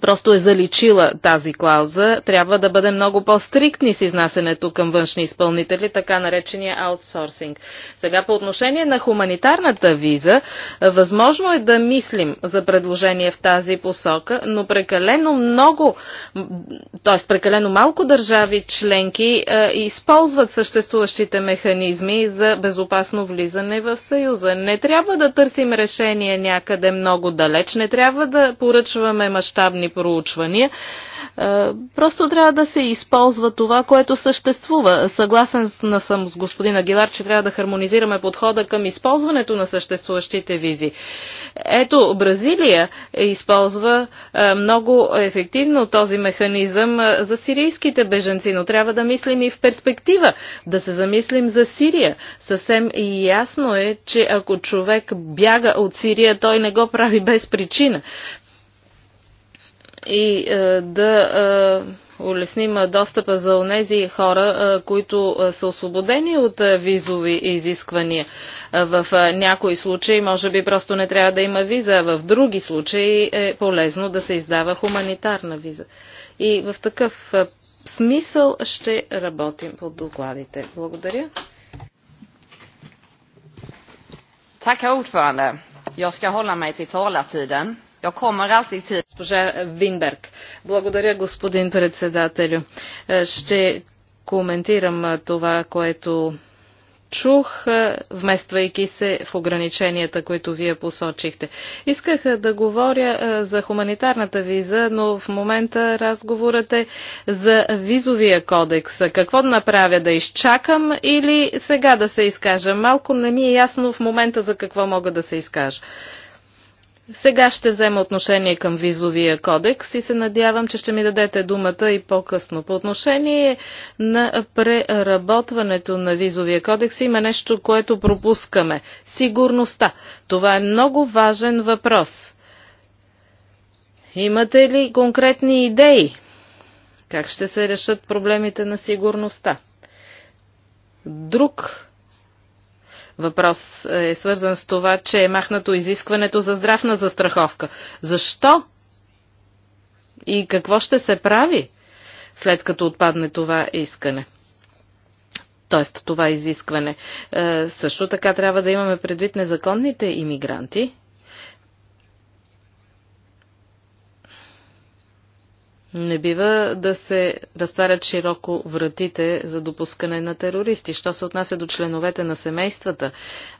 просто е заличила тази клауза. Трябва да бъде много по-стриктни с изнасенето към външни изпълнители, така наречения аутсорсинг. Сега по отношение на хуманитарната виза, възможно е да мислим за предложение в тази посока, но прекалено много, т.е. прекалено малко държави членки е, използват съществуващите механизми за безопасно влизане в Съюза. Не трябва да търсим решение някъде много далеч, не трябва да поръчваме мащабни пазарни проучвания. Е, просто трябва да се използва това, което съществува. Съгласен съм с господин Агилар, че трябва да хармонизираме подхода към използването на съществуващите визи. Ето, Бразилия използва е, много ефективно този механизъм е, за сирийските беженци, но трябва да мислим и в перспектива, да се замислим за Сирия. Съвсем и ясно е, че ако човек бяга от Сирия, той не го прави без причина и е, да е, улесним достъпа за онези хора, е, които са освободени от визови изисквания. В някои случаи може би просто не трябва да има виза, а в други случаи е полезно да се издава хуманитарна виза. И в такъв смисъл ще работим по докладите. Благодаря. Tack, ordförande. Jag ska hålla mig till talartiden. Госпожа Благодаря, господин председателю. Е, ще коментирам е, това, което чух, е, вмествайки се в ограниченията, които вие посочихте. Исках да говоря за хуманитарната виза, но в момента разговорът е за визовия кодекс. Какво да направя? Да изчакам или сега да се изкажа? Малко не ми е ясно в момента за какво мога да се изкажа. Сега ще взема отношение към визовия кодекс и се надявам, че ще ми дадете думата и по-късно. По отношение на преработването на визовия кодекс има нещо, което пропускаме. Сигурността. Това е много важен въпрос. Имате ли конкретни идеи? Как ще се решат проблемите на сигурността? Друг въпрос е свързан с това, че е махнато изискването за здравна застраховка. Защо? И какво ще се прави, след като отпадне това искане? Тоест това изискване. Е, също така трябва да имаме предвид незаконните иммигранти – Не бива да се разтварят широко вратите за допускане на терористи. Що се отнася до членовете на семействата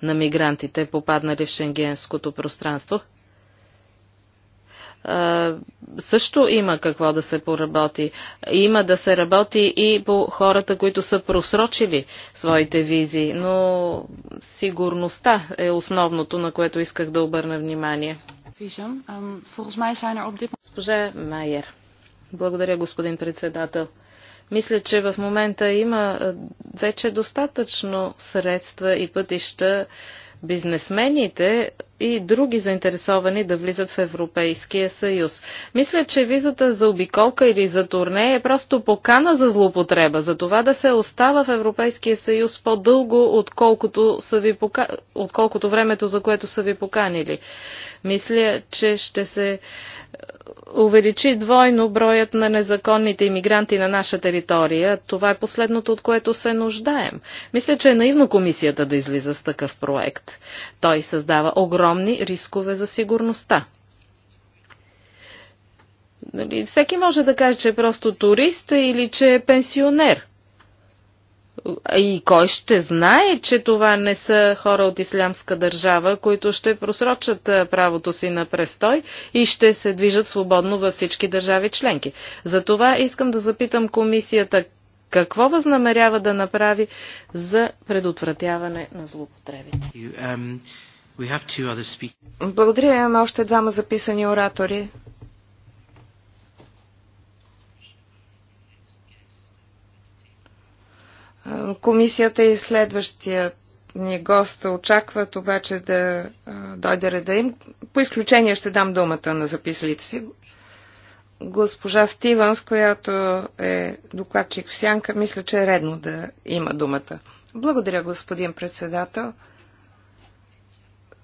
на мигрантите, попаднали в шенгенското пространство, също има какво да се поработи. Има да се работи и по хората, които са просрочили своите визи, но сигурността е основното, на което исках да обърна внимание. Ehm, er Госпожа Майер. Благодаря, господин председател. Мисля, че в момента има вече достатъчно средства и пътища бизнесмените и други заинтересовани да влизат в Европейския съюз. Мисля, че визата за обиколка или за турне е просто покана за злоупотреба, за това да се остава в Европейския съюз по-дълго, отколкото, са ви пока... отколкото времето, за което са ви поканили. Мисля, че ще се е, увеличи двойно броят на незаконните иммигранти на наша територия. Това е последното, от което се нуждаем. Мисля, че е наивно комисията да излиза с такъв проект. Той създава огромни огромни рискове за сигурността. Нали, всеки може да каже, че е просто турист или че е пенсионер. И кой ще знае, че това не са хора от ислямска държава, които ще просрочат правото си на престой и ще се движат свободно във всички държави членки. За това искам да запитам комисията какво възнамерява да направи за предотвратяване на злоупотребите. Um, благодаря, имаме още двама записани оратори. Комисията и следващия ни гост очакват обаче да дойде реда им. По изключение ще дам думата на записалите си. Госпожа Стивенс, която е докладчик в Сянка, мисля, че е редно да има думата. Благодаря, господин председател.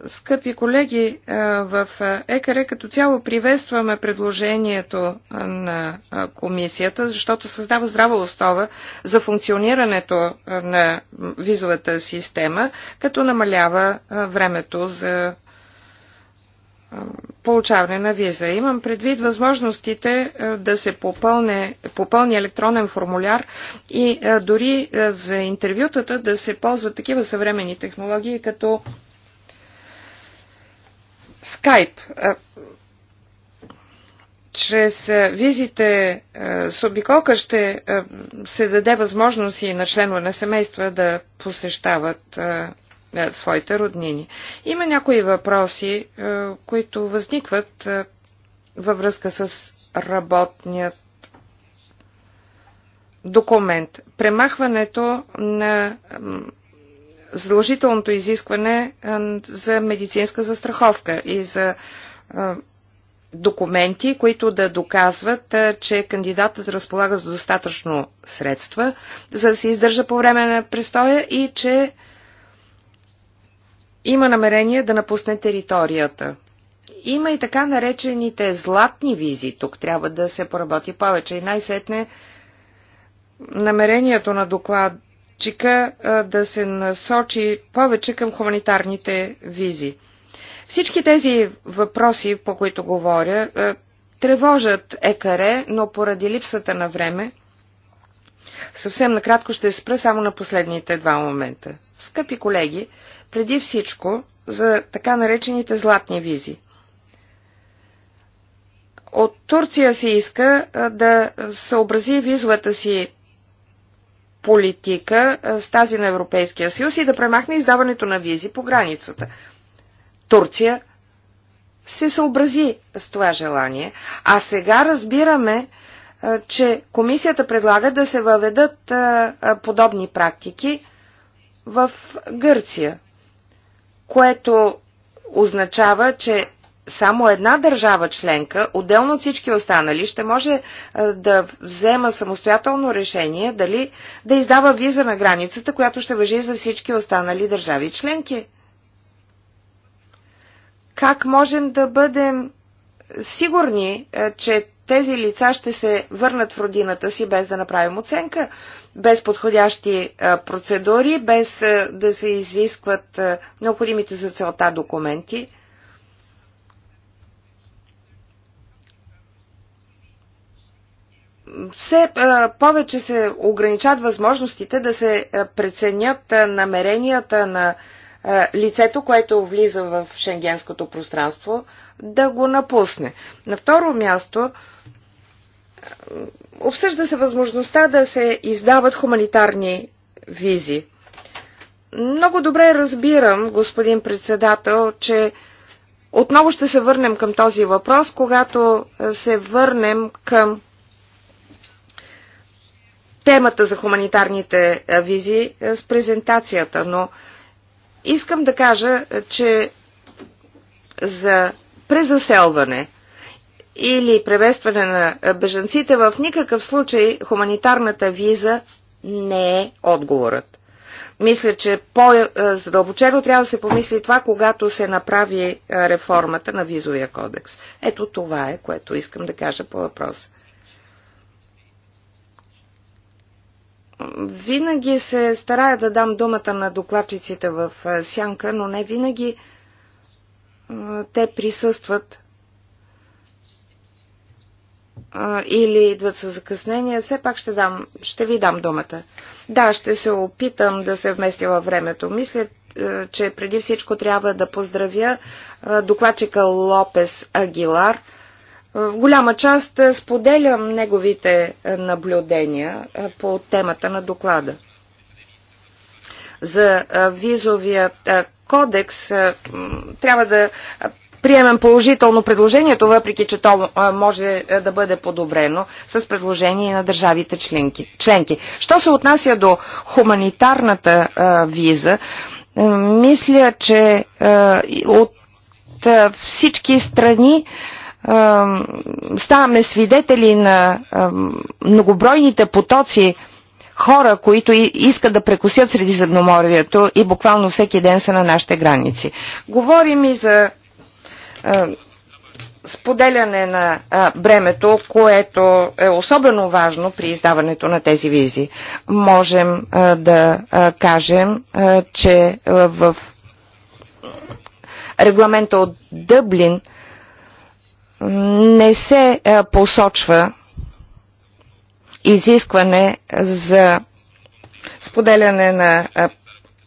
Скъпи колеги, в ЕКР като цяло приветстваме предложението на комисията, защото създава здрава основа за функционирането на визовата система, като намалява времето за получаване на виза. Имам предвид възможностите да се попълне, попълни електронен формуляр и дори за интервютата да се ползват такива съвремени технологии като Скайп. Чрез визите с обиколка ще се даде възможност и на членове на семейства да посещават своите роднини. Има някои въпроси, които възникват във връзка с работният документ. Премахването на задължителното изискване за медицинска застраховка и за документи, които да доказват, че кандидатът разполага с достатъчно средства, за да се издържа по време на престоя и че има намерение да напусне територията. Има и така наречените златни визи. Тук трябва да се поработи повече. И най-сетне намерението на доклад Чека да се насочи повече към хуманитарните визи. Всички тези въпроси, по които говоря, тревожат ЕКАРЕ, но поради липсата на време, съвсем накратко ще спра само на последните два момента. Скъпи колеги, преди всичко за така наречените златни визи. От Турция се иска да съобрази визовата си политика с тази на Европейския съюз и да премахне издаването на визи по границата. Турция се съобрази с това желание, а сега разбираме, че комисията предлага да се въведат подобни практики в Гърция, което означава, че само една държава членка, отделно от всички останали, ще може е, да взема самостоятелно решение дали да издава виза на границата, която ще въжи за всички останали държави членки. Как можем да бъдем сигурни, е, че тези лица ще се върнат в родината си без да направим оценка, без подходящи е, процедури, без да се изискват необходимите за целта документи? все повече се ограничат възможностите да се преценят намеренията на лицето, което влиза в шенгенското пространство, да го напусне. На второ място, обсъжда се възможността да се издават хуманитарни визи. Много добре разбирам, господин председател, че отново ще се върнем към този въпрос, когато се върнем към темата за хуманитарните визи с презентацията, но искам да кажа, че за презаселване или превестване на бежанците в никакъв случай хуманитарната виза не е отговорът. Мисля, че по-задълбочено трябва да се помисли това, когато се направи реформата на визовия кодекс. Ето това е, което искам да кажа по въпроса. Винаги се старая да дам думата на докладчиците в е, сянка, но не винаги е, те присъстват е, или идват с закъснение, все пак ще, дам, ще ви дам думата. Да, ще се опитам да се вместя във времето. Мисля, че преди всичко трябва да поздравя докладчика Лопес Агилар – е, голяма част е, споделям неговите е, наблюдения по темата на доклада. За визовия кодекс трябва да приемем положително предложението, въпреки че то може да бъде подобрено с предложение на държавите членки. членки. Що се отнася до хуманитарната виза, мисля, че от всички страни ставаме свидетели на многобройните потоци хора, които искат да прекусят Средиземноморието и буквално всеки ден са на нашите граници. Говорим и за споделяне на бремето, което е особено важно при издаването на тези визи. Можем да кажем, че в регламента от Дъблин – не се е, посочва изискване за споделяне на е,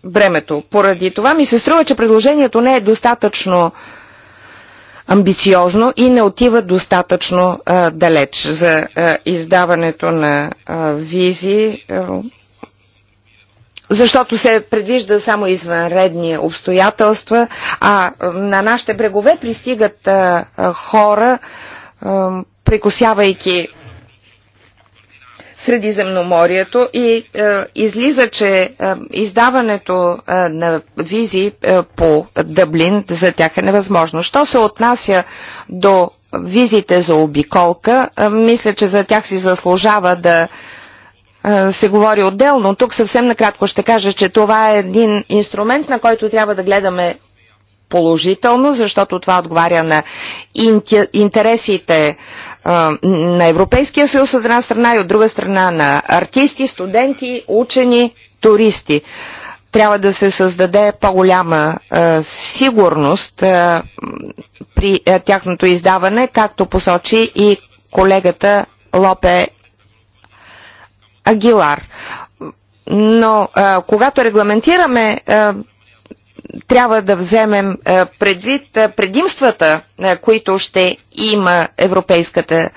бремето. Поради това ми се струва, че предложението не е достатъчно амбициозно и не отива достатъчно а, е, далеч за а, издаването на а, визи. А, защото се предвижда само извънредни обстоятелства, а на нашите брегове пристигат а, а, хора, а, прекусявайки Средиземноморието и е, излиза, че е, издаването е, на визи е, по Дъблин за тях е невъзможно. Що се отнася до визите за обиколка, е, мисля, че за тях си заслужава да е, се говори отделно. Тук съвсем накратко ще кажа, че това е един инструмент, на който трябва да гледаме положително, защото това отговаря на интересите на Европейския съюз от една страна и от друга страна на артисти, студенти, учени, туристи. Трябва да се създаде по-голяма сигурност при тяхното издаване, както посочи и колегата Лопе Агилар. Но а, когато регламентираме, а, трябва да вземем а, предвид а, предимствата, а, които ще има европейската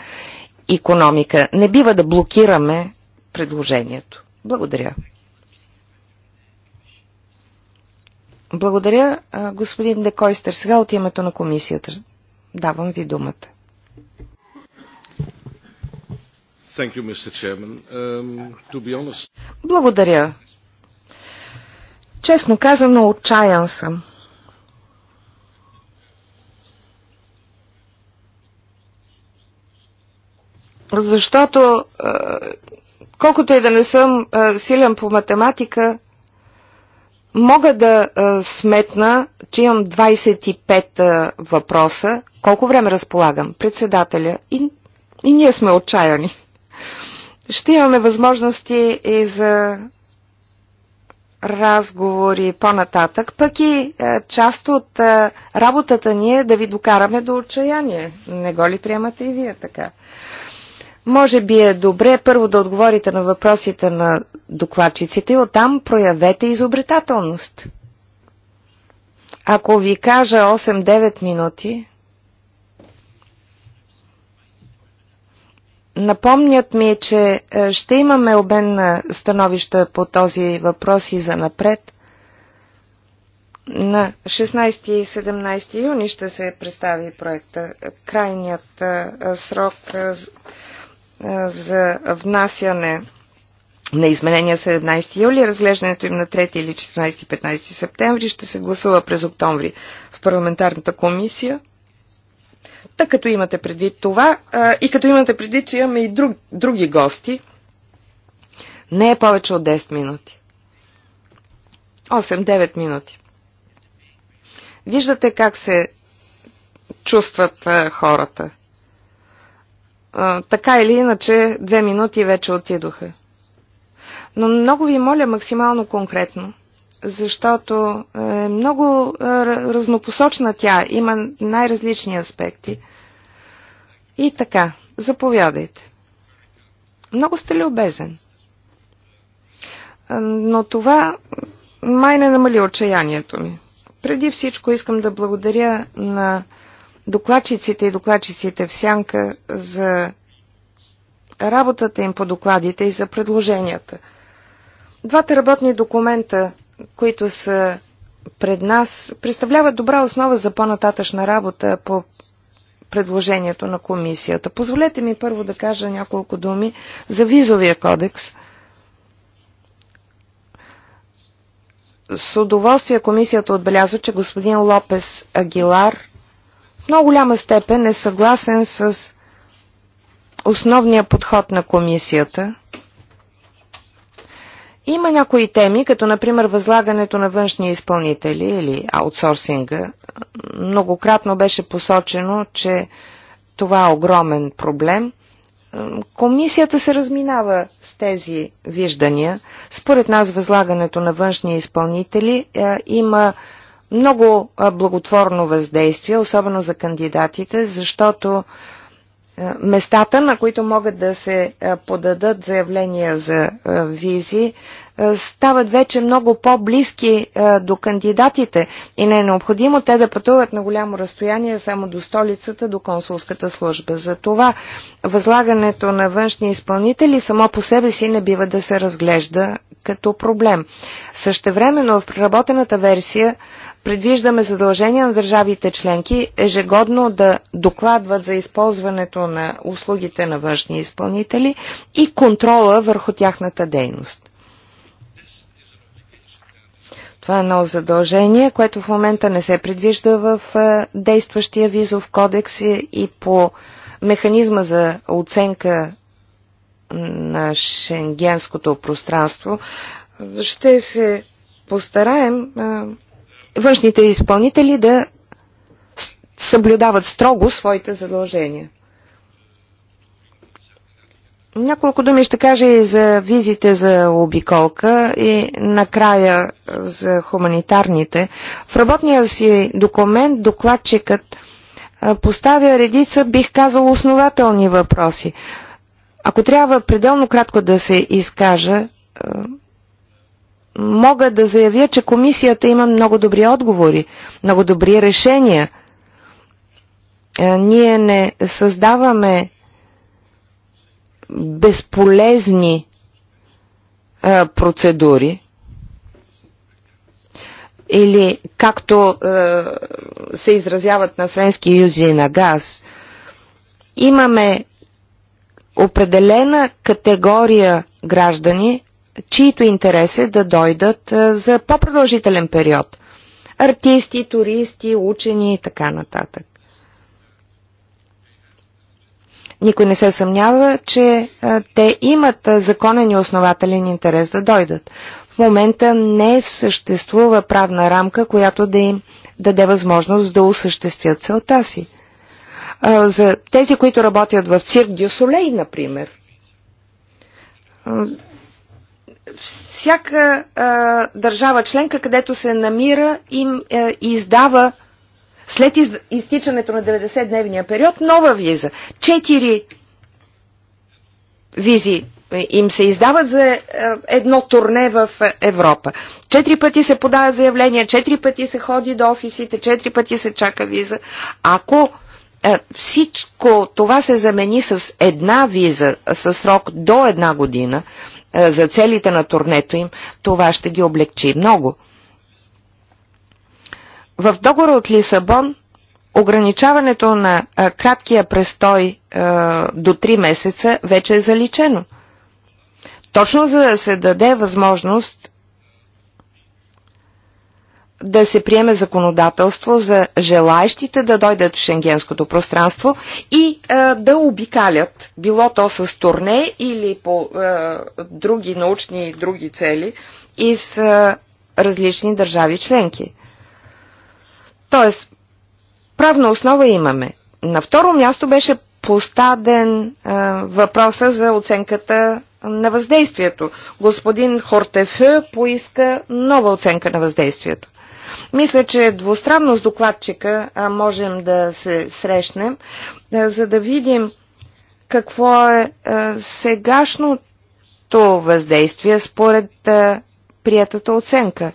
економика. Не бива да блокираме предложението. Благодаря. Благодаря, господин Декойстер. Сега от името на комисията давам ви думата. Um, Благодаря. Честно казано, отчаян съм. Защото, е, колкото и да не съм е, силен по математика, мога да е, сметна, че имам 25 въпроса. Колко време разполагам? Председателя. И, и ние сме отчаяни. Ще имаме възможности и за разговори по-нататък, пък и е, част от е, работата ни е да ви докараме до отчаяние. Не го ли приемате и вие така? Може би е добре първо да отговорите на въпросите на докладчиците и оттам проявете изобретателност. Ако ви кажа 8-9 минути, Напомнят ми, че е, ще имаме обмен на становища по този въпрос и за напред. На 16 и 17 юни ще се представи проекта. Крайният е, срок е, за внасяне на изменения 17 юли, разглеждането им на 3 или 14-15 септември ще се гласува през октомври в парламентарната комисия. Та като имате преди това а, и като имате преди, че имаме и друг, други гости, не е повече от 10 минути. 8-9 минути. Виждате как се чувстват а, хората. А, така или иначе, две минути вече отидоха. Но много ви моля максимално конкретно защото е много е, разнопосочна тя, има най-различни аспекти. И така, заповядайте. Много сте любезен. Е, но това май не намали отчаянието ми. Преди всичко искам да благодаря на докладчиците и докладчиците в Сянка за работата им по докладите и за предложенията. Двата работни документа които са пред нас, представляват добра основа за по-нататъчна работа по предложението на комисията. Позволете ми първо да кажа няколко думи за визовия кодекс. С удоволствие комисията отбелязва, че господин Лопес Агилар в много голяма степен е съгласен с основния подход на комисията – има някои теми, като например възлагането на външни изпълнители или аутсорсинга. Многократно беше посочено, че това е огромен проблем. Комисията се разминава с тези виждания. Според нас възлагането на външни изпълнители е, има много е, благотворно въздействие, особено за кандидатите, защото е, местата, на които могат да се е, подадат заявления за е, визи, стават вече много по-близки до кандидатите и не е необходимо те да пътуват на голямо разстояние само до столицата, до консулската служба. За това възлагането на външни изпълнители само по себе си не бива да се разглежда като проблем. Същевременно в преработената версия предвиждаме задължения на държавите членки ежегодно да докладват за използването на услугите на външни изпълнители и контрола върху тяхната дейност. Това е едно задължение, което в момента не се предвижда в е, действащия визов кодекс и по механизма за оценка на шенгенското пространство. Ще се постараем е, външните изпълнители да съблюдават строго своите задължения. Няколко думи ще кажа и за визите за обиколка и накрая за хуманитарните. В работния си документ докладчикът поставя редица, бих казал, основателни въпроси. Ако трябва пределно кратко да се изкажа, мога да заявя, че комисията има много добри отговори, много добри решения. Е, ние не създаваме безполезни е, процедури или както е, се изразяват на френски юзи на газ, имаме определена категория граждани, чието интерес е да дойдат за по-продължителен период. Артисти, туристи, учени и така нататък. Никой не се съмнява, че те имат законен и основателен интерес да дойдат. В момента не съществува правна рамка, която да им даде възможност да осъществят целта си. За тези, които работят в цирк Дюсолей, например, всяка а, държава членка, където се намира, им а, е, издава след из, изтичането на 90-дневния период нова виза. Четири визи е, им се издават за е, едно турне в Европа. Четири пъти се подават заявления, четири пъти се ходи до офисите, четири пъти се чака виза. Ако всичко това се замени с една виза със срок до една година, е, за целите на турнето им, това ще ги облегчи много. В договора от Лисабон ограничаването на е, краткия престой е, до 3 месеца вече е заличено. Точно за да се даде възможност да се приеме законодателство за желаящите да дойдат в шенгенското пространство и а, е, да обикалят, било то с турне или по а, е, други научни и други цели, и с а, различни държави членки. Тоест, правна основа имаме. На второ място беше постаден а, е, въпроса за оценката на въздействието. Господин Хортефе поиска нова оценка на въздействието. Мисля, че двустранно с докладчика можем да се срещнем, за да видим какво е сегашното въздействие според приятата оценка.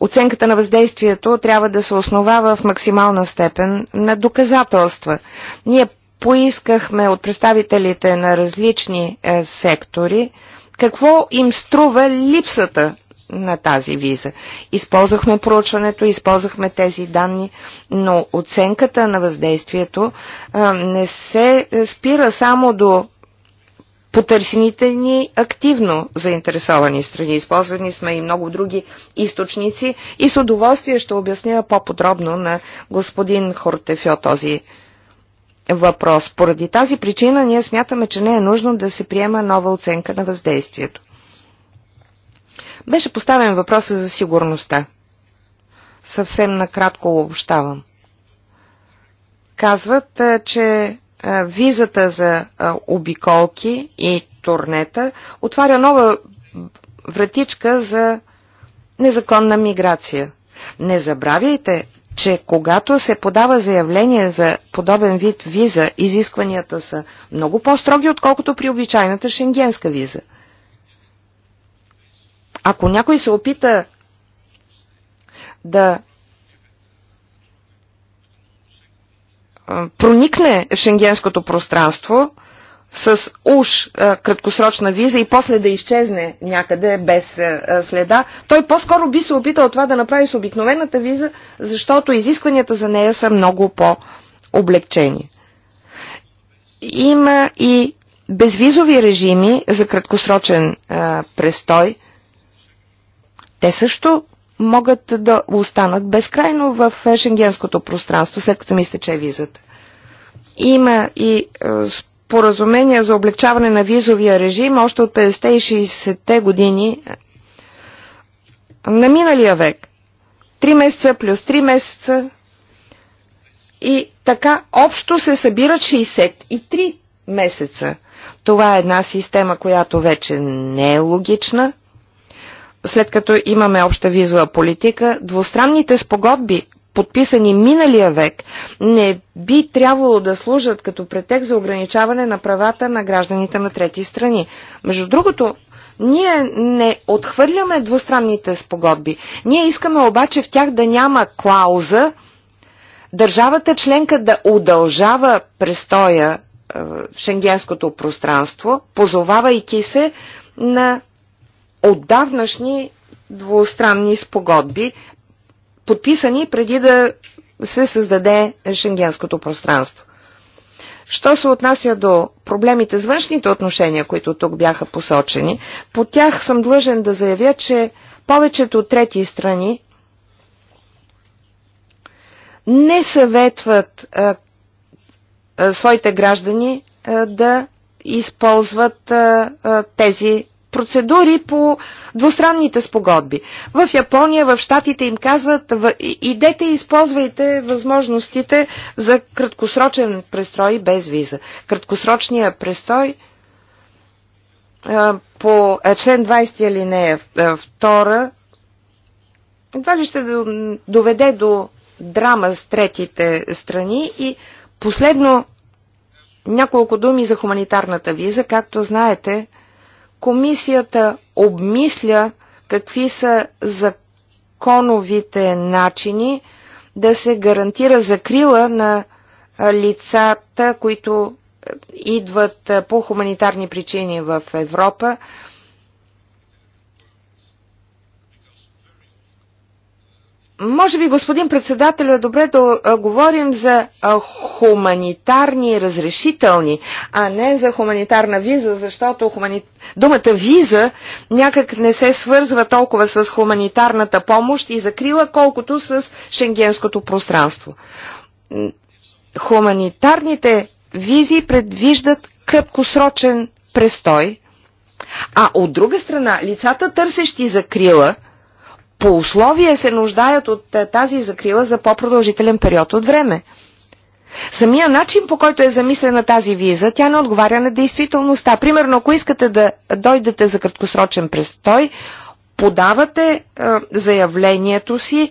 Оценката на въздействието трябва да се основава в максимална степен на доказателства. Ние поискахме от представителите на различни е, сектори какво им струва липсата на тази виза. Използвахме проучването, използвахме тези данни, но оценката на въздействието не се е, спира само до потърсените ни активно заинтересовани страни. Използвани сме и много други източници и с удоволствие ще обясня по-подробно на господин Хортефьо този въпрос. Поради тази причина ние смятаме, че не е нужно да се приема нова оценка на въздействието. Беше поставен въпроса за сигурността. Съвсем накратко обобщавам. Казват, че визата за обиколки и турнета отваря нова вратичка за незаконна миграция. Не забравяйте, че когато се подава заявление за подобен вид виза, изискванията са много по-строги, отколкото при обичайната шенгенска виза. Ако някой се опита да проникне в шенгенското пространство с уж краткосрочна виза и после да изчезне някъде без следа, той по-скоро би се опитал това да направи с обикновената виза, защото изискванията за нея са много по-облегчени. Има и безвизови режими за краткосрочен престой – те също могат да останат безкрайно в е, шенгенското пространство, след като ми стече визата. Има и е, споразумения за облегчаване на визовия режим още от 50 и 60-те години е, на миналия век. Три месеца плюс три месеца и така общо се събират 63 месеца. Това е една система, която вече не е логична, след като имаме обща визова политика, двустранните спогодби, подписани миналия век, не би трябвало да служат като претек за ограничаване на правата на гражданите на трети страни. Между другото, ние не отхвърляме двустранните спогодби. Ние искаме обаче в тях да няма клауза държавата членка да удължава престоя е, в шенгенското пространство, позовавайки се на отдавнашни двустранни спогодби, подписани преди да се създаде шенгенското пространство. Що се отнася до проблемите с външните отношения, които тук бяха посочени, по тях съм длъжен да заявя, че повечето трети страни не съветват а, а, своите граждани а, да използват а, а, тези процедури по двустранните спогодби. В Япония, в Штатите им казват, идете и използвайте възможностите за краткосрочен престой без виза. Краткосрочния престой по член 20 алинея 2 едва ли ще доведе до драма с третите страни и последно няколко думи за хуманитарната виза. Както знаете, Комисията обмисля какви са законовите начини да се гарантира закрила на лицата, които е, идват по хуманитарни причини в Европа Може би, господин председател, е добре да говорим за хуманитарни разрешителни, а не за хуманитарна виза, защото хумани... думата виза някак не се свързва толкова с хуманитарната помощ и закрила, колкото с шенгенското пространство. Хуманитарните визи предвиждат краткосрочен престой, а от друга страна лицата търсещи закрила – по условие се нуждаят от е, тази закрила за по-продължителен период от време. Самия начин, по който е замислена тази виза, тя не отговаря на действителността. Примерно, ако искате да дойдете за краткосрочен престой, подавате е, заявлението си е,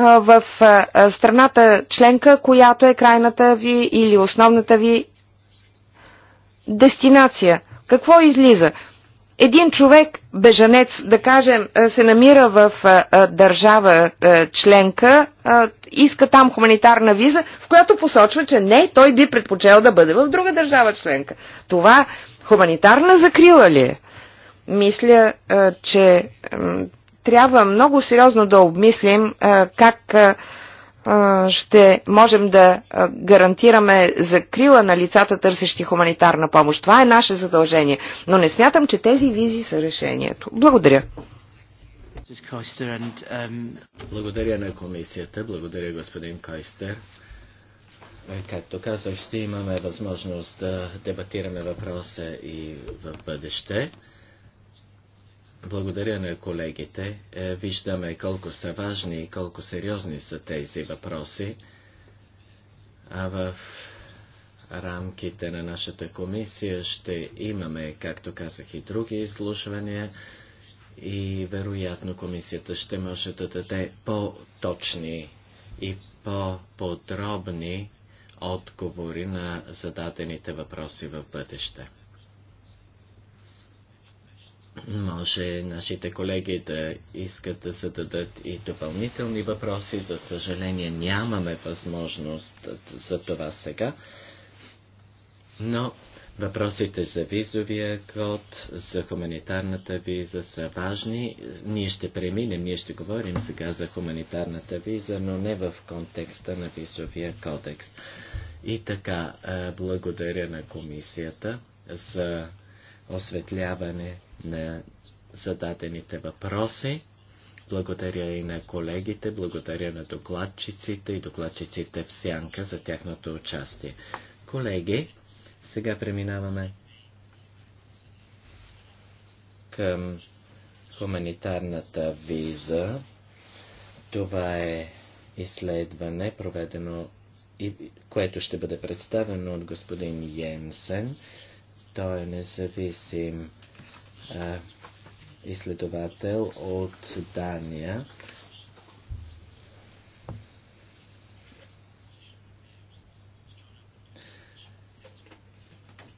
в е, страната членка, която е крайната ви или основната ви дестинация. Какво излиза? Един човек, бежанец, да кажем, се намира в държава членка, иска там хуманитарна виза, в която посочва, че не, той би предпочел да бъде в друга държава членка. Това хуманитарна закрила ли е? Мисля, че трябва много сериозно да обмислим как ще можем да гарантираме закрила на лицата, търсещи хуманитарна помощ. Това е наше задължение. Но не смятам, че тези визи са решението. Благодаря. Благодаря на комисията, благодаря господин Койстер. Е, както казах, ще имаме възможност да дебатираме въпроса и в бъдеще. Благодаря на колегите. Е, виждаме колко са важни и колко сериозни са тези въпроси. А в рамките на нашата комисия ще имаме, както казах, и други изслушвания и вероятно комисията ще може да даде по-точни и по-подробни отговори на зададените въпроси в бъдеще. Може нашите колеги да искат да зададат и допълнителни въпроси. За съжаление нямаме възможност за това сега. Но въпросите за визовия код, за хуманитарната виза са важни. Ние ще преминем, ние ще говорим сега за хуманитарната виза, но не в контекста на визовия кодекс. И така, е, благодаря на комисията за осветляване на зададените въпроси. Благодаря и на колегите, благодаря на докладчиците и докладчиците в Сянка за тяхното участие. Колеги, сега преминаваме към хуманитарната виза. Това е изследване, проведено и което ще бъде представено от господин Йенсен. Той е независим а, изследовател от Дания.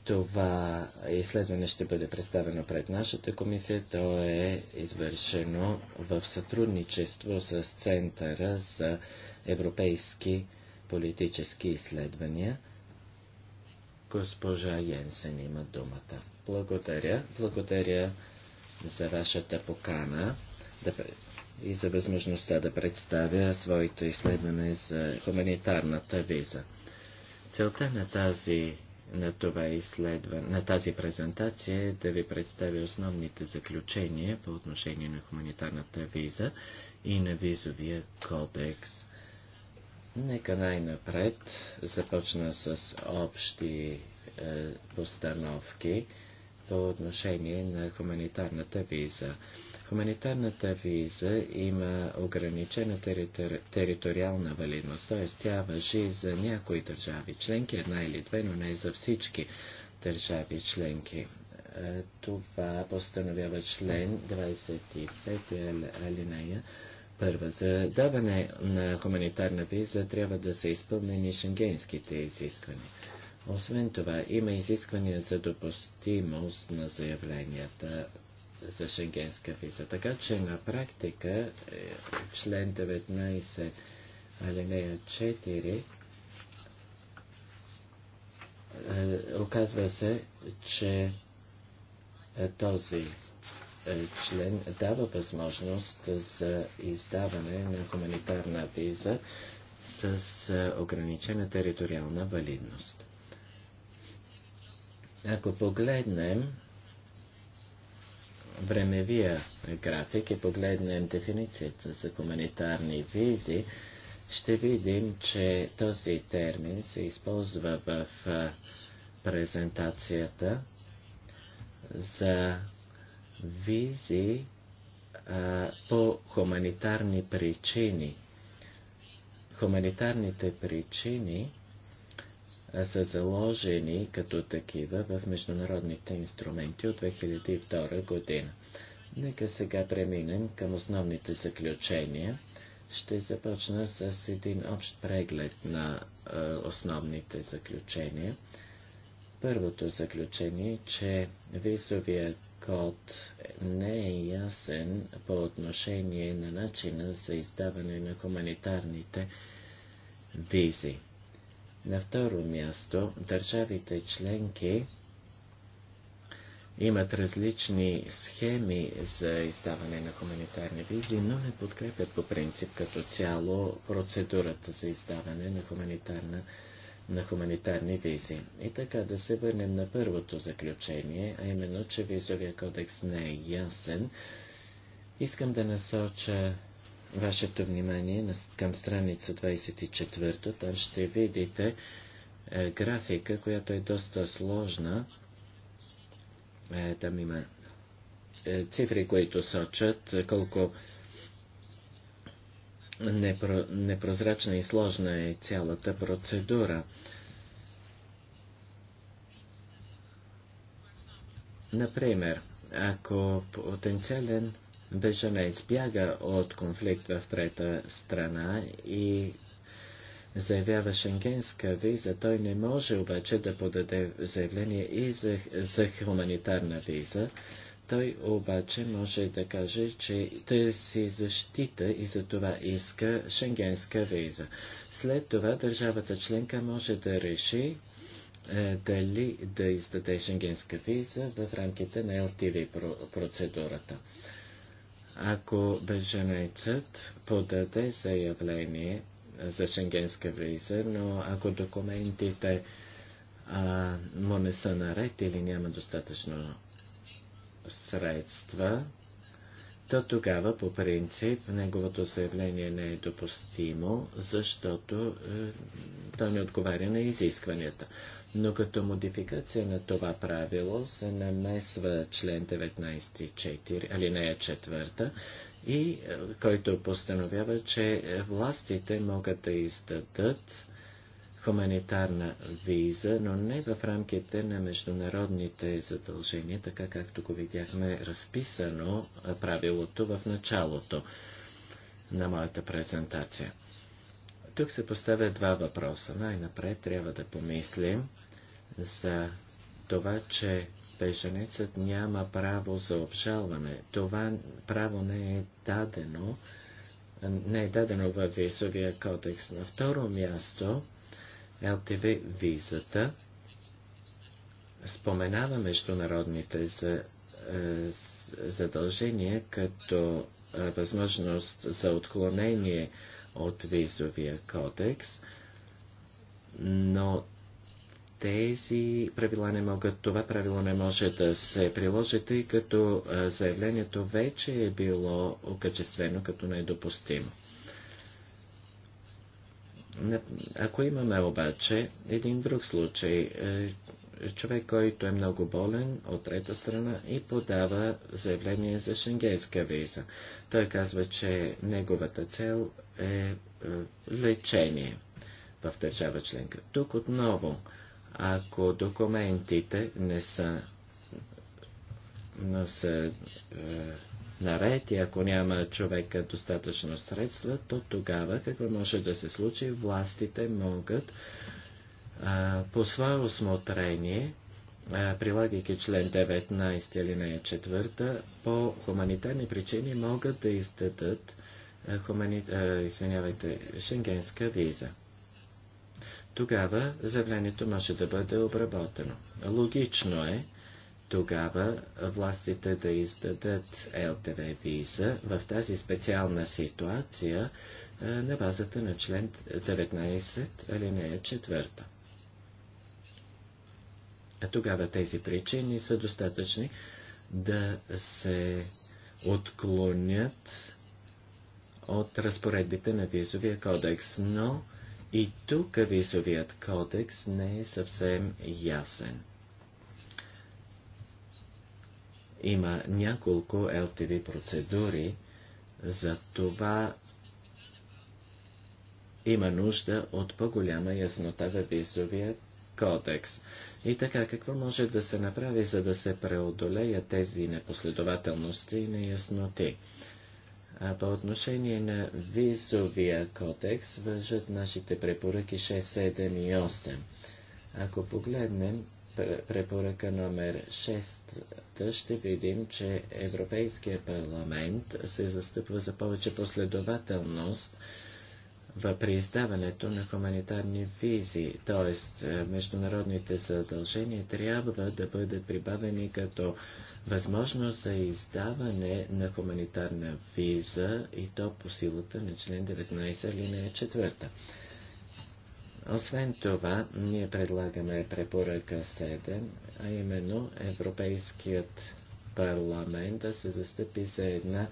Това изследване ще бъде представено пред нашата комисия. То е извършено в сътрудничество с Центъра за европейски политически изследвания – Госпожа Йенсен има думата. Благодаря. Благодаря за вашата покана да, и за възможността да представя своето изследване за хуманитарната виза. Целта на тази на това изследване, на тази презентация е да ви представя основните заключения по отношение на хуманитарната виза и на визовия кодекс. Нека най-напред започна с общи е, постановки по отношение на хуманитарната виза. Хуманитарната виза има ограничена територи... териториална валидност, т.е. тя въжи за някои държави членки, една или две, но не за всички държави членки. Е, това постановява член 25 алинея. Ал- Първа, за даване на хуманитарна виза трябва да са изпълнени шенгенските изисквания. Освен това, има изисквания за допустимост на заявленията за шенгенска виза. Така че на практика е, член 19 алинея 4 е, оказва се, че е, този е, член дава възможност за издаване на хуманитарна виза с е, ограничена териториална валидност. Ако погледнем времевия график и погледнем дефиницията за хуманитарни визи, ще видим, че този термин се използва в е, презентацията за визи а, по хуманитарни причини. Хуманитарните причини а, са заложени като такива в международните инструменти от 2002 година. Нека сега преминем към основните заключения. Ще започна с един общ преглед на е, основните заключения. Първото заключение е, че визовият код не е ясен по отношение на начина за издаване на хуманитарните визи. На второ място, държавите членки имат различни схеми за издаване на хуманитарни визи, но не подкрепят по принцип като цяло процедурата за издаване на хуманитарна виза на хуманитарни визи. И така да се върнем на първото заключение, а именно, че визовия кодекс не е ясен. Искам да насоча вашето внимание към страница 24. Там ще видите е, графика, която е доста сложна. Е, там има е, цифри, които сочат колко непро, непрозрачна и сложна е цялата процедура. Например, ако потенциален беженец бяга от конфликт в трета страна и заявява шенгенска виза, той не може обаче да подаде заявление и за, за хуманитарна виза, той обаче може да каже, че търси защита и за това иска шенгенска виза. След това държавата членка може да реши е, дали да издаде шенгенска виза в рамките на LTV процедурата. Ако беженецът подаде заявление за шенгенска виза, но ако документите а, му не са наред или няма достатъчно средства, то тогава по принцип неговото заявление не е допустимо, защото е, то не отговаря на изискванията. Но като модификация на това правило се намесва член 19.4, алинея 4, и, е, който постановява, че е, властите могат да издадат хуманитарна виза, но не в рамките на международните задължения, така както го видяхме разписано правилото в началото на моята презентация. Тук се поставя два въпроса. Най-напред трябва да помислим за това, че беженецът няма право за обжалване. Това право не е дадено, не е дадено във Висовия кодекс. На второ място, ЛТВ визата споменава международните за, е, задължения като е, възможност за отклонение от визовия кодекс, но тези правила не могат, това правило не може да се приложи, тъй като е, заявлението вече е било окачествено като недопустимо. Ако имаме обаче един друг случай, е, човек, който е много болен от трета страна и подава заявление за шенгейска виза. Той казва, че неговата цел е, е лечение в държава членка. Тук отново, ако документите не са, не са е, наред и ако няма човека достатъчно средства, то тогава какво може да се случи? Властите могат а, по свое осмотрение, а, прилагайки член 19 или не 4, по хуманитарни причини могат да издадат хумани... извинявайте, шенгенска виза. Тогава заявлението може да бъде обработено. Логично е, тогава властите да издадат ЛТВ виза в тази специална ситуация е, на базата на член 19, алинея 4. А тогава тези причини са достатъчни да се отклонят от разпоредбите на визовия кодекс, но и тук визовият кодекс не е съвсем ясен. Има няколко LTV процедури, за това има нужда от по-голяма яснота във визовия кодекс. И така, какво може да се направи, за да се преодолеят тези непоследователности и неясноти? А по отношение на визовия кодекс въжат нашите препоръки 6, 7 и 8. Ако погледнем препоръка номер 6 ще видим, че Европейския парламент се застъпва за повече последователност в издаването на хуманитарни визи, т.е. международните задължения трябва да бъдат прибавени като възможност за издаване на хуманитарна виза и то по силата на член 19 линия освен това, ние предлагаме препоръка 7, а именно Европейският парламент да се застъпи за една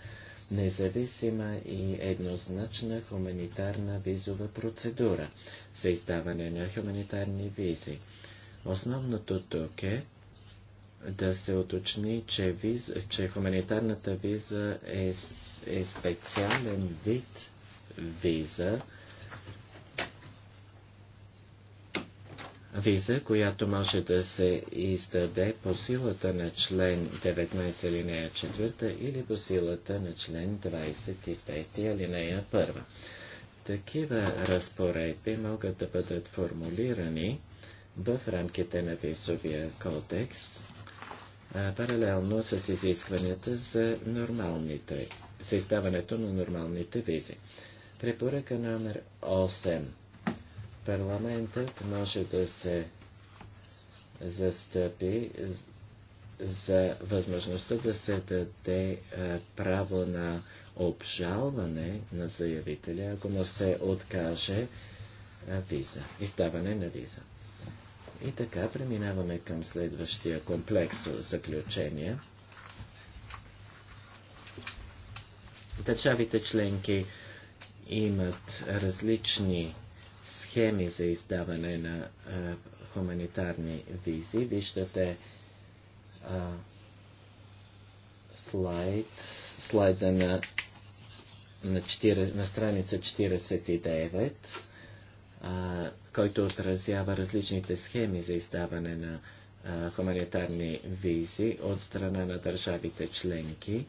независима и еднозначна хуманитарна визова процедура за издаване на хуманитарни визи. Основното тук е да се уточни, че, виз, че хуманитарната виза е, е специален вид виза, виза, която може да се издаде по силата на член 19 алинея 4 или по силата на член 25 алинея 1. Такива разпоредби могат да бъдат формулирани в рамките на визовия кодекс, паралелно с изискванията за, нормалните, за издаването на нормалните визи. Препоръка номер 8 парламентът може да се застъпи за възможността да се даде е, право на обжалване на заявителя, ако му се откаже е, виза, издаване на виза. И така преминаваме към следващия комплекс заключения. Държавите членки имат различни схеми за издаване на а, хуманитарни визи. Виждате а, слайд, слайда на, на, 4, на страница 49, а, който отразява различните схеми за издаване на а, хуманитарни визи от страна на държавите членки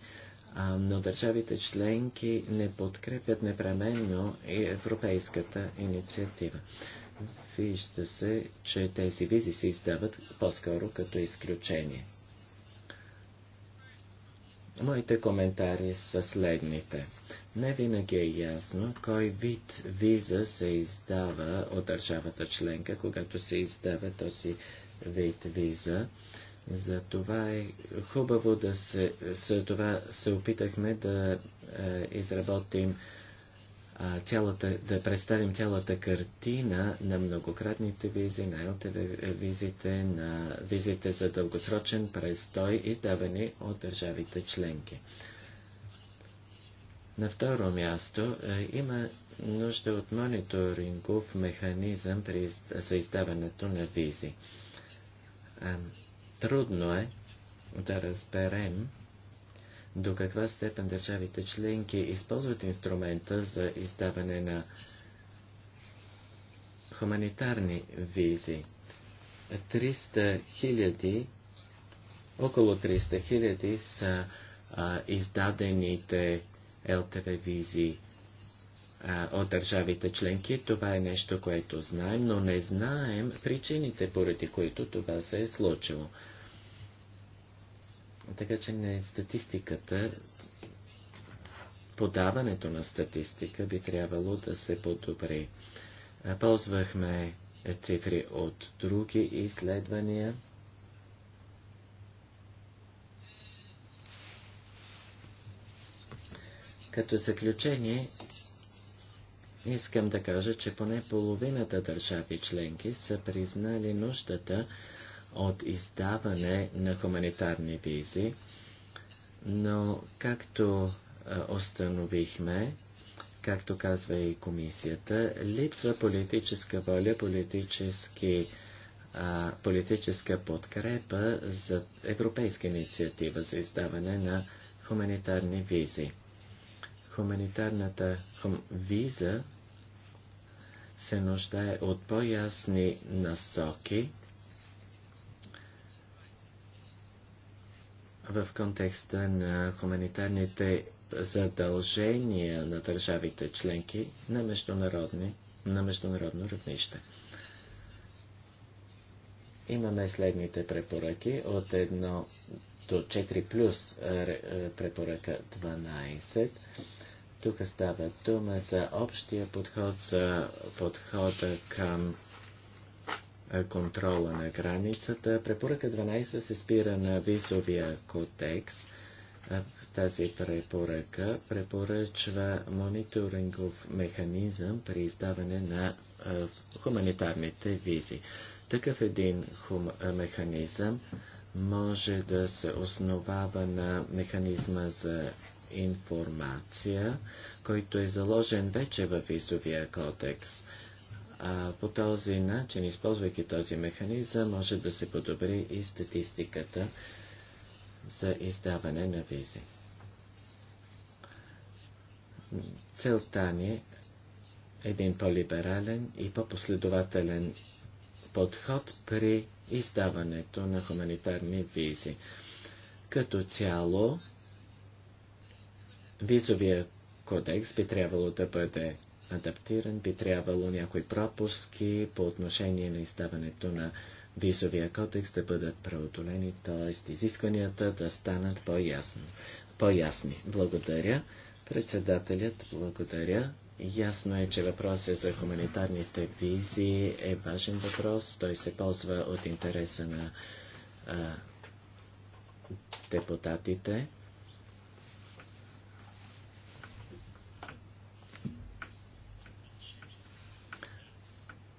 но държавите членки не подкрепят непременно европейската инициатива. Вижда се, че тези визи се издават по-скоро като изключение. Моите коментари са следните. Не винаги е ясно кой вид виза се издава от държавата членка, когато се издава този вид виза. За това е хубаво да се, за това се опитахме да е, изработим а, цялата, да представим цялата картина на многократните визи, на ЛТВ визите, на визите за дългосрочен престой, издавани от държавите членки. На второ място е, има нужда от мониторингов механизъм при, за издаването на визи. Трудно е да разберем до каква степен държавите членки използват инструмента за издаване на хуманитарни визи. 300 хиляди, около 300 хиляди са а, издадените ЛТВ визи а, от държавите членки. Това е нещо, което знаем, но не знаем причините, поради които това се е случило. Така че не статистиката, подаването на статистика би трябвало да се подобри. Ползвахме цифри от други изследвания. Като заключение, искам да кажа, че поне половината държави членки са признали нуждата от издаване на хуманитарни визи, но както установихме, както казва и комисията, липсва политическа воля, политически, а, политическа подкрепа за европейска инициатива за издаване на хуманитарни визи. Хуманитарната хум, виза се нуждае от по-ясни насоки, в контекста на хуманитарните задължения на държавите членки на, международни, на международно равнище. Имаме следните препоръки от 1 до 4 плюс е, е, препоръка 12. Тук става дума за общия подход, за подхода към е, контрола на границата. Препоръка 12 се спира на визовия кодекс. Е, тази препоръка препоръчва мониторингов механизъм при издаване на е, хуманитарните визи. Такъв един хум... механизъм може да се основава на механизма за информация, който е заложен вече във визовия кодекс по този начин, използвайки този механизъм, може да се подобри и статистиката за издаване на визи. Целта ни е един по-либерален и по-последователен подход при издаването на хуманитарни визи. Като цяло, визовия кодекс би трябвало да бъде адаптиран, би трябвало някои пропуски по отношение на издаването на визовия кодекс да бъдат преодолени, т.е. изискванията да станат по-ясни. По благодаря. Председателят, благодаря. Ясно е, че въпросът за хуманитарните визи е важен въпрос. Той се ползва от интереса на а, депутатите.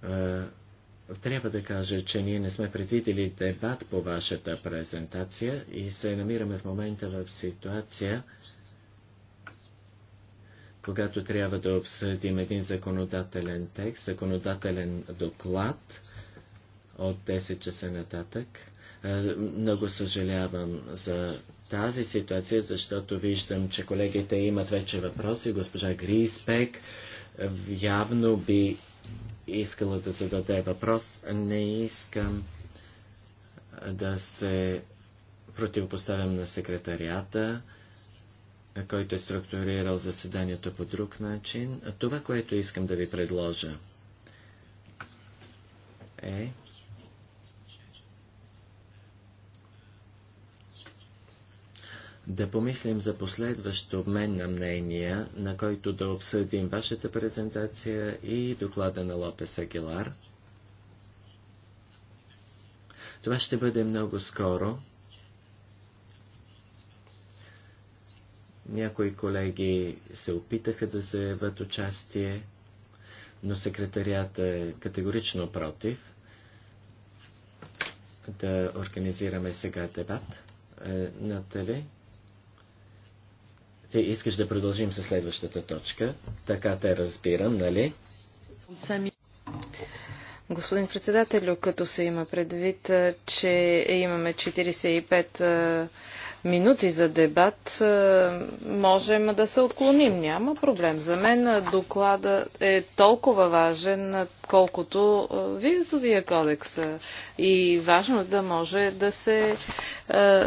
Е, трябва да кажа, че ние не сме предвидели дебат по вашата презентация и се намираме в момента в ситуация, когато трябва да обсъдим един законодателен текст, законодателен доклад от 10 часа нататък. Е, много съжалявам за тази ситуация, защото виждам, че колегите имат вече въпроси. Госпожа Гриспек е, явно би искала да зададе въпрос. Не искам да се противопоставям на секретарията, който е структурирал заседанието по друг начин. Това, което искам да ви предложа е да помислим за последващ обмен на мнения, на който да обсъдим вашата презентация и доклада на Лопес Агилар. Това ще бъде много скоро. Някои колеги се опитаха да заявят участие, но секретарията е категорично против да организираме сега дебат. Е, Натали? Ти искаш да продължим с следващата точка. Така те разбирам, нали? Господин председател, като се има предвид, че имаме 45 минути за дебат е, можем да се отклоним. Няма проблем. За мен доклада е толкова важен, колкото е, визовия кодекс. И важно е да може да се е,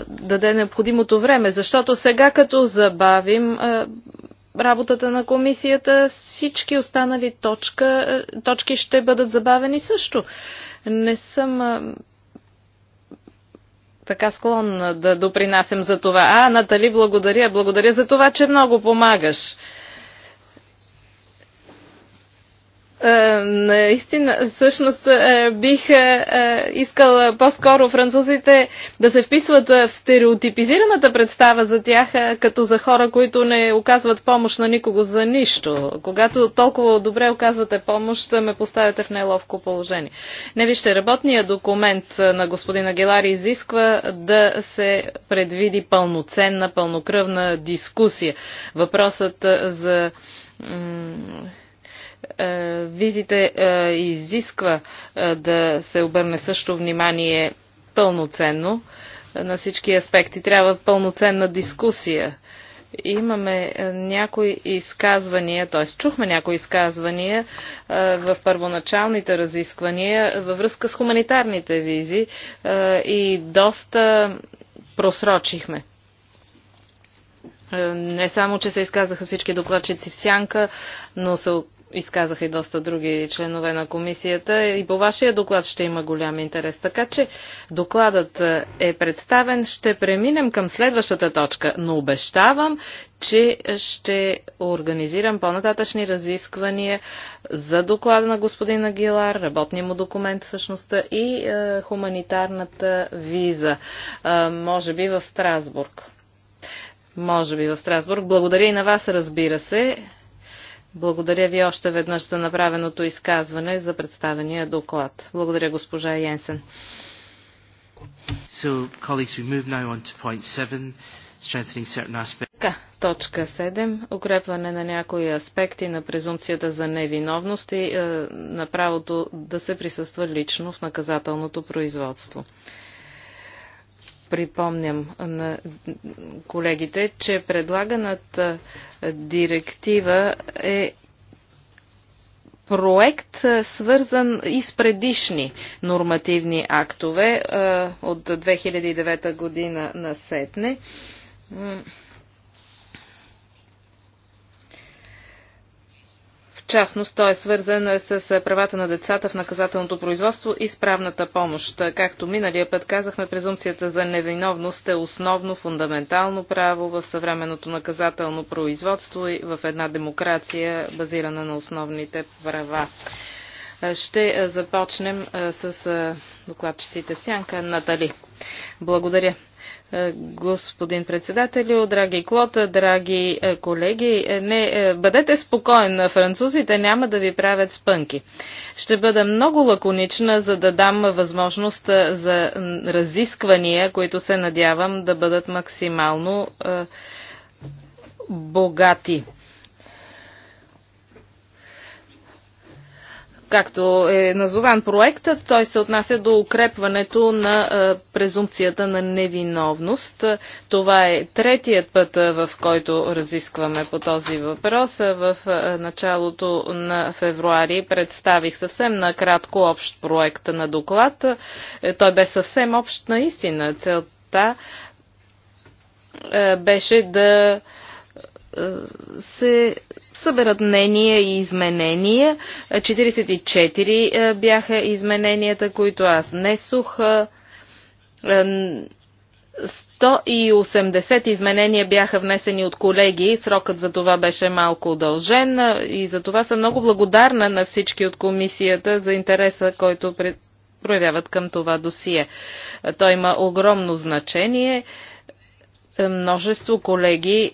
даде необходимото време, защото сега като забавим работата на комисията, всички останали точка, точки ще бъдат забавени също. Не съм така склонна да допринасям за това. А, Натали, благодаря. Благодаря за това, че много помагаш. Е, наистина, всъщност е, бих е, искала по-скоро французите да се вписват в стереотипизираната представа за тях, като за хора, които не оказват помощ на никого за нищо. Когато толкова добре оказвате помощ, ме поставяте в неловко положение. Не вижте, работният документ на господина Гелари изисква да се предвиди пълноценна, пълнокръвна дискусия. Въпросът за е, визите е, изисква е, да се обърне също внимание пълноценно на всички аспекти. Трябва пълноценна дискусия. Имаме някои изказвания, т.е. чухме някои изказвания в първоначалните разисквания във връзка с хуманитарните визи и доста просрочихме. Не само, че се изказаха всички докладчици в сянка, но се изказаха и доста други членове на комисията. И по вашия доклад ще има голям интерес. Така че докладът е, е представен. Ще преминем към следващата точка, но обещавам, че ще организирам по-нататъчни разисквания за доклада на господин Агилар, работния му документ всъщност и е, хуманитарната виза. Е, може би в Страсбург. Може би в Страсбург. Благодаря и на вас, разбира се. Благодаря ви още веднъж за направеното изказване за представения доклад. Благодаря, госпожа Йенсен. So, colleagues, we move now on to point seven, strengthening certain aspects. точка 7. Укрепване на някои аспекти на презумпцията за невиновност и е, на правото да се присъства лично в наказателното производство припомням на колегите, че предлаганата директива е проект, е, свързан и с предишни нормативни актове е, от 2009 година на Сетне. частност, той е свързан с правата на децата в наказателното производство и справната помощ. Както миналия път казахме, презумцията за невиновност е основно фундаментално право в съвременното наказателно производство и в една демокрация, базирана на основните права. Ще започнем с докладчиците Сянка Натали. Благодаря. Е, господин председателю, драги Клод, драги е, колеги. Е, не, бъдете спокоен, французите няма да ви правят спънки. Ще бъда много лаконична, за да дам възможност за разисквания, които се надявам да бъдат максимално богати. както е назован проектът, той се отнася до укрепването на презумпцията на невиновност. Това е третият път, в който разискваме по този въпрос. В началото на февруари представих съвсем накратко общ проект на доклад. Той бе съвсем общ наистина. Целта беше да се съберат мнения и изменения. 44 е, бяха измененията, които аз несох. 180 е, е, изменения бяха внесени от колеги. Срокът за това беше малко удължен и за това съм много благодарна на всички от комисията за интереса, който проявяват към това досие. Той има огромно значение. Множество колеги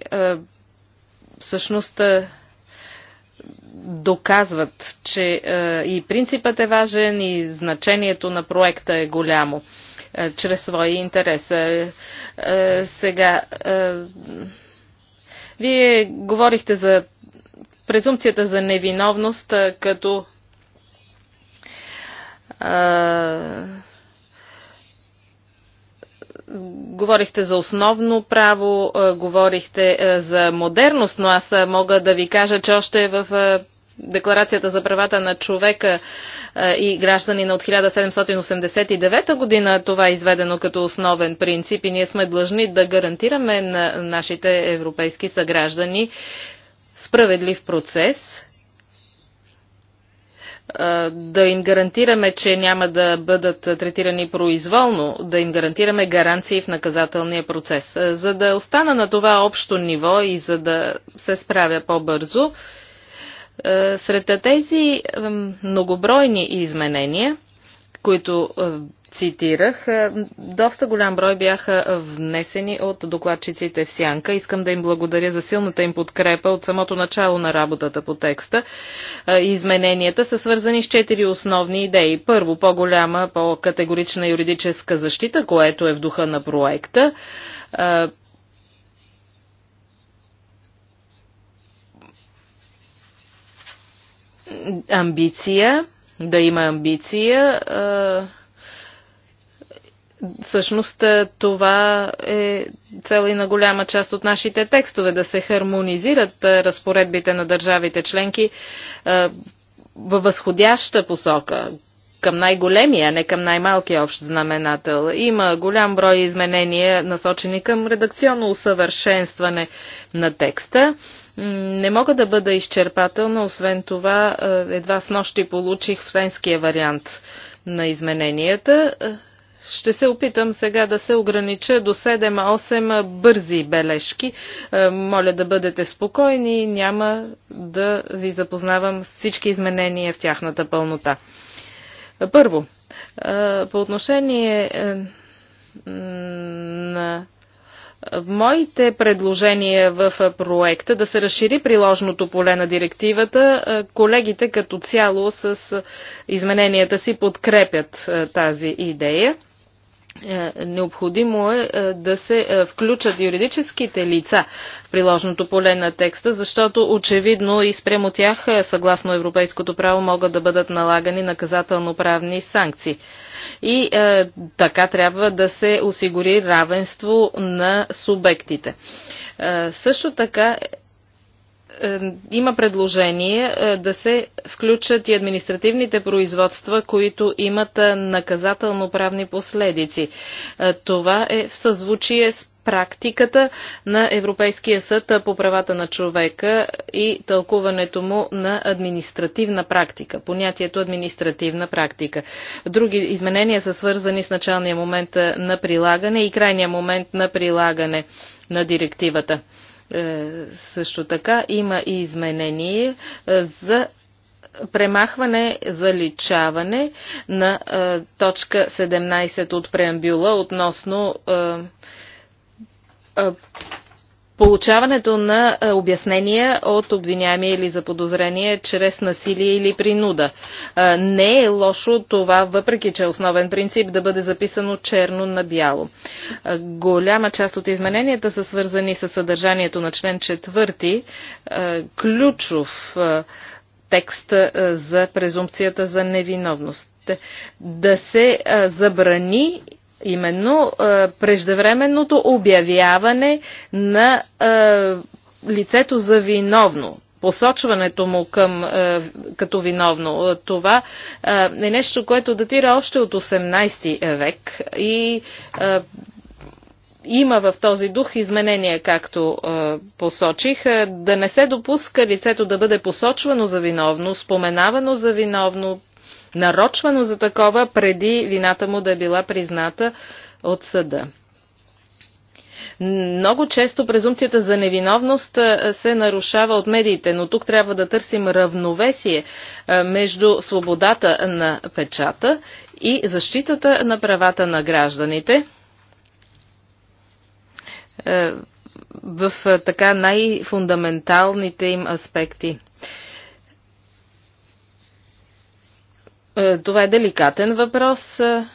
всъщност доказват, че е, и принципът е важен, и значението на проекта е голямо е, чрез своя интерес. Е, сега, вие говорихте за презумпцията за невиновност като Говорихте за основно право, е, говорихте е, за модерност, но аз е, мога да ви кажа, че още в Декларацията за правата на човека и гражданина от 1789 година това е изведено като основен принцип и ние сме длъжни да гарантираме на нашите европейски съграждани справедлив процес да им гарантираме, че няма да бъдат третирани произволно, да им гарантираме гаранции в наказателния процес. За да остана на това общо ниво и за да се справя по-бързо, сред тези многобройни изменения, които цитирах, е, доста голям брой бяха внесени от докладчиците в Сянка. Искам да им благодаря за силната им подкрепа от самото начало на работата по текста. Е, измененията са свързани с четири основни идеи. Първо, по-голяма, по-категорична юридическа защита, което е в духа на проекта. Е, амбиция, да има амбиция Всъщност е, това е цел и на голяма част от нашите текстове да се хармонизират е, разпоредбите на държавите членки е, във възходяща посока към най-големия, а не към най-малкия общ знаменател. Има голям брой изменения, насочени към редакционно усъвършенстване на текста. Не мога да бъда изчерпателна, освен това едва с нощи получих френския вариант на измененията. Ще се опитам сега да се огранича до 7-8 бързи бележки. Е, моля да бъдете спокойни, няма да ви запознавам с всички изменения в тяхната пълнота. Първо, е, по отношение е, на моите предложения в проекта да се разшири приложното поле на директивата, колегите като цяло с измененията си подкрепят тази идея. Е, необходимо е, е да се е, включат юридическите лица в приложното поле на текста, защото очевидно и спрямо тях, съгласно европейското право, могат да бъдат налагани наказателно-правни санкции. И е, така трябва да се осигури равенство на субектите. Е, също така е, има предложение е, да се включат и административните производства, които имат е, наказателно-правни последици. Това е в съзвучие с практиката на Европейския съд по правата на човека и тълкуването му на административна практика, понятието административна практика. Други изменения са свързани с началния момент на прилагане и крайния момент на прилагане на директивата. Е, също така има и изменение е, за премахване, заличаване на е, точка 17 от преамбюла относно получаването на обяснения от обвиняемия или заподозрение чрез насилие или принуда. Не е лошо това, въпреки че е основен принцип, да бъде записано черно на бяло. Голяма част от измененията са свързани с съдържанието на член 4, ключов текст за презумпцията за невиновност. Да се забрани именно е, преждевременното обявяване на е, лицето за виновно посочването му към, е, като виновно. Това е нещо, което датира още от 18 век и има в този дух изменения, както е, посочих, да не се допуска лицето да бъде посочвано за виновно, споменавано за виновно, нарочвано за такова, преди вината му да е била призната от съда. Много често презумцията за невиновност се нарушава от медиите, но тук трябва да търсим равновесие между свободата на печата и защитата на правата на гражданите в така най-фундаменталните им аспекти. Е, това е деликатен въпрос, е,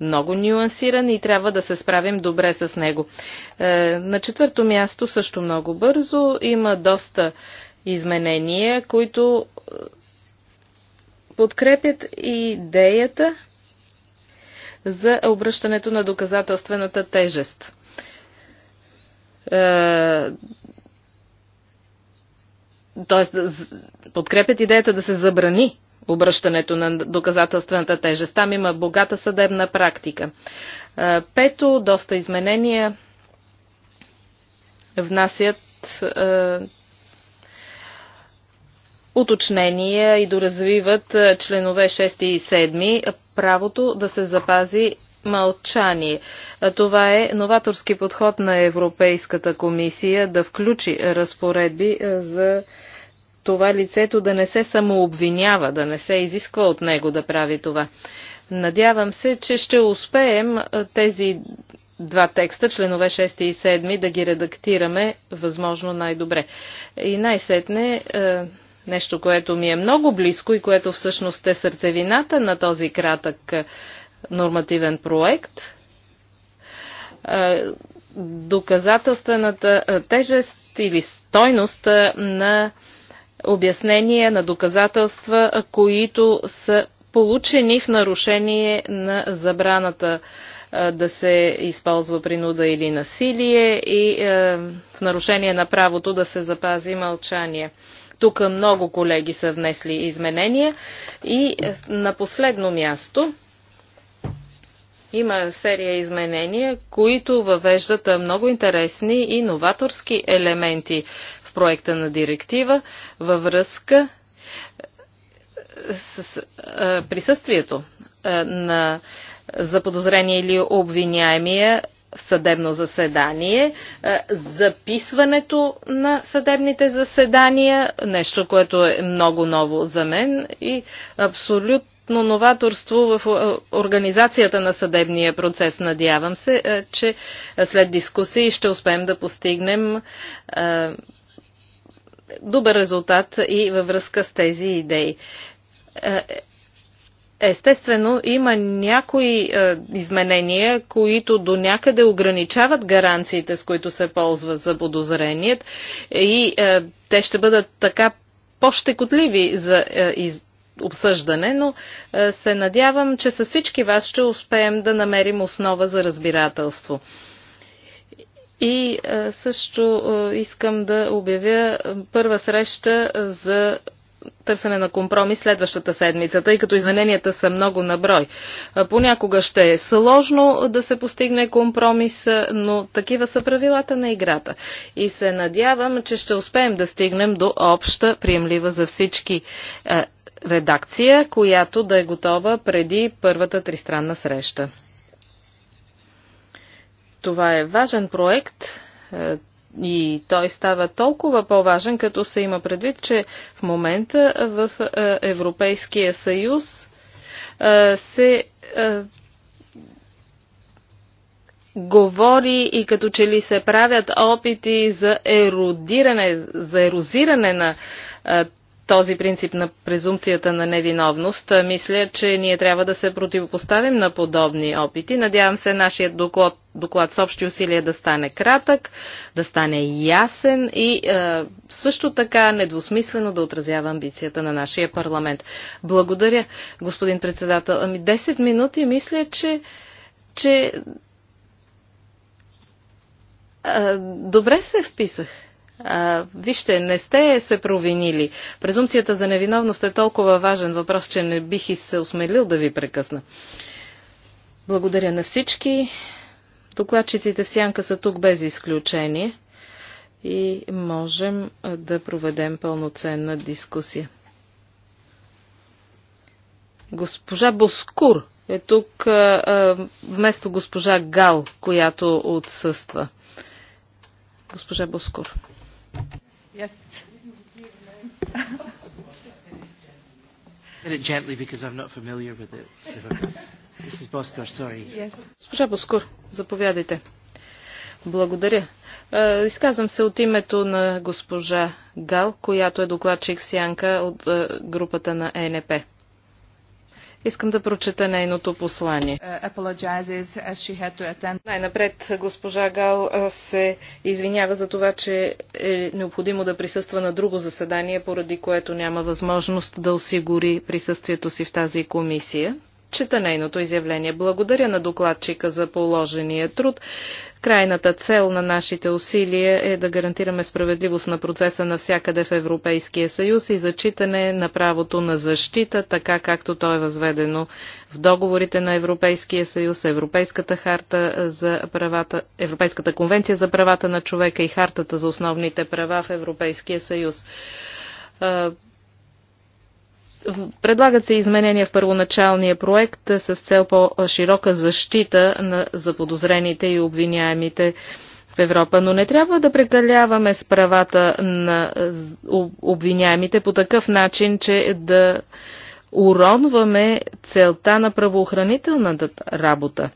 много нюансиран и трябва да се справим добре с него. Е, на четвърто място, също много бързо, има доста изменения, които подкрепят идеята за обръщането на доказателствената тежест. Тоест, подкрепят идеята да се забрани обръщането на доказателствената тежест. Там има богата съдебна практика. Е, пето, доста изменения внасят е, уточнения и доразвиват е, членове 6 и 7 правото да се запази мълчание. Това е новаторски подход на Европейската комисия да включи разпоредби за това лицето да не се самообвинява, да не се изисква от него да прави това. Надявам се, че ще успеем тези два текста, членове 6 и 7, да ги редактираме възможно най-добре. И най-сетне нещо, което ми е много близко и което всъщност е сърцевината на този кратък нормативен проект. доказателствената тежест или стойност на обяснения на доказателства, които са получени в нарушение на забраната да се използва принуда или насилие и в нарушение на правото да се запази мълчание. Тук много колеги са внесли изменения. И на последно място има серия изменения, които въвеждат много интересни и новаторски елементи проекта на директива във връзка с присъствието на заподозрение или обвиняемия в съдебно заседание, записването на съдебните заседания, нещо, което е много ново за мен и абсолютно абсолютно новаторство в организацията на съдебния процес. Надявам се, че след дискусии ще успеем да постигнем добър резултат и във връзка с тези идеи. Е, естествено, има някои е, изменения, които до някъде ограничават гаранциите, с които се ползва за подозреният и е, те ще бъдат така по-щекотливи за е, из, обсъждане, но е, се надявам, че с всички вас ще успеем да намерим основа за разбирателство. И е, също е, искам да обявя е, първа среща за търсене на компромис следващата седмица, тъй като измененията са много наброй. Понякога ще е сложно да се постигне компромис, но такива са правилата на играта. И се надявам, че ще успеем да стигнем до обща, приемлива за всички редакция, която да е готова преди първата тристранна среща. Това е важен проект е, и той става толкова по-важен, като се има предвид, че в момента в е, Европейския съюз е, се говори и като че ли се правят опити за еродиране, за ерозиране на този принцип на презумпцията на невиновност, мисля, че ние трябва да се противопоставим на подобни опити. Надявам се нашия доклад, доклад с общи усилия да стане кратък, да стане ясен и е, също така недвусмислено да отразява амбицията на нашия парламент. Благодаря, господин председател. Ами 10 минути мисля, че, че е, добре се вписах. А, вижте, не сте се провинили. Презумцията за невиновност е толкова важен въпрос, че не бих и се осмелил да ви прекъсна. Благодаря на всички. Докладчиците в сянка са тук без изключение и можем да проведем пълноценна дискусия. Госпожа Боскур е тук вместо госпожа Гал, която отсъства. Госпожа Боскур. Yes. it gently because I'm not familiar with it. So. Mrs. Boskor, sorry. Yes. Госпожа Боскор, заповядайте. Благодаря. Е, изказвам се от името на госпожа Гал, която е докладчик Сянка от е, групата на ЕНП. Искам да прочета нейното послание. Е, Най-напред госпожа Гал се извинява за това, че е необходимо да присъства на друго заседание, поради което няма възможност да осигури присъствието си в тази комисия чета нейното изявление. Благодаря на докладчика за положения труд. Крайната цел на нашите усилия е да гарантираме справедливост на процеса навсякъде в Европейския съюз и зачитане на правото на защита, така както то е възведено в договорите на Европейския съюз, Европейската харта за правата, Европейската конвенция за правата на човека и хартата за основните права в Европейския съюз Предлагат се изменения в първоначалния проект е, с цел по-широка защита на заподозрените и обвиняемите в Европа, но не трябва да прекаляваме с правата на е, обвиняемите по такъв начин, че да уронваме целта на правоохранителната работа.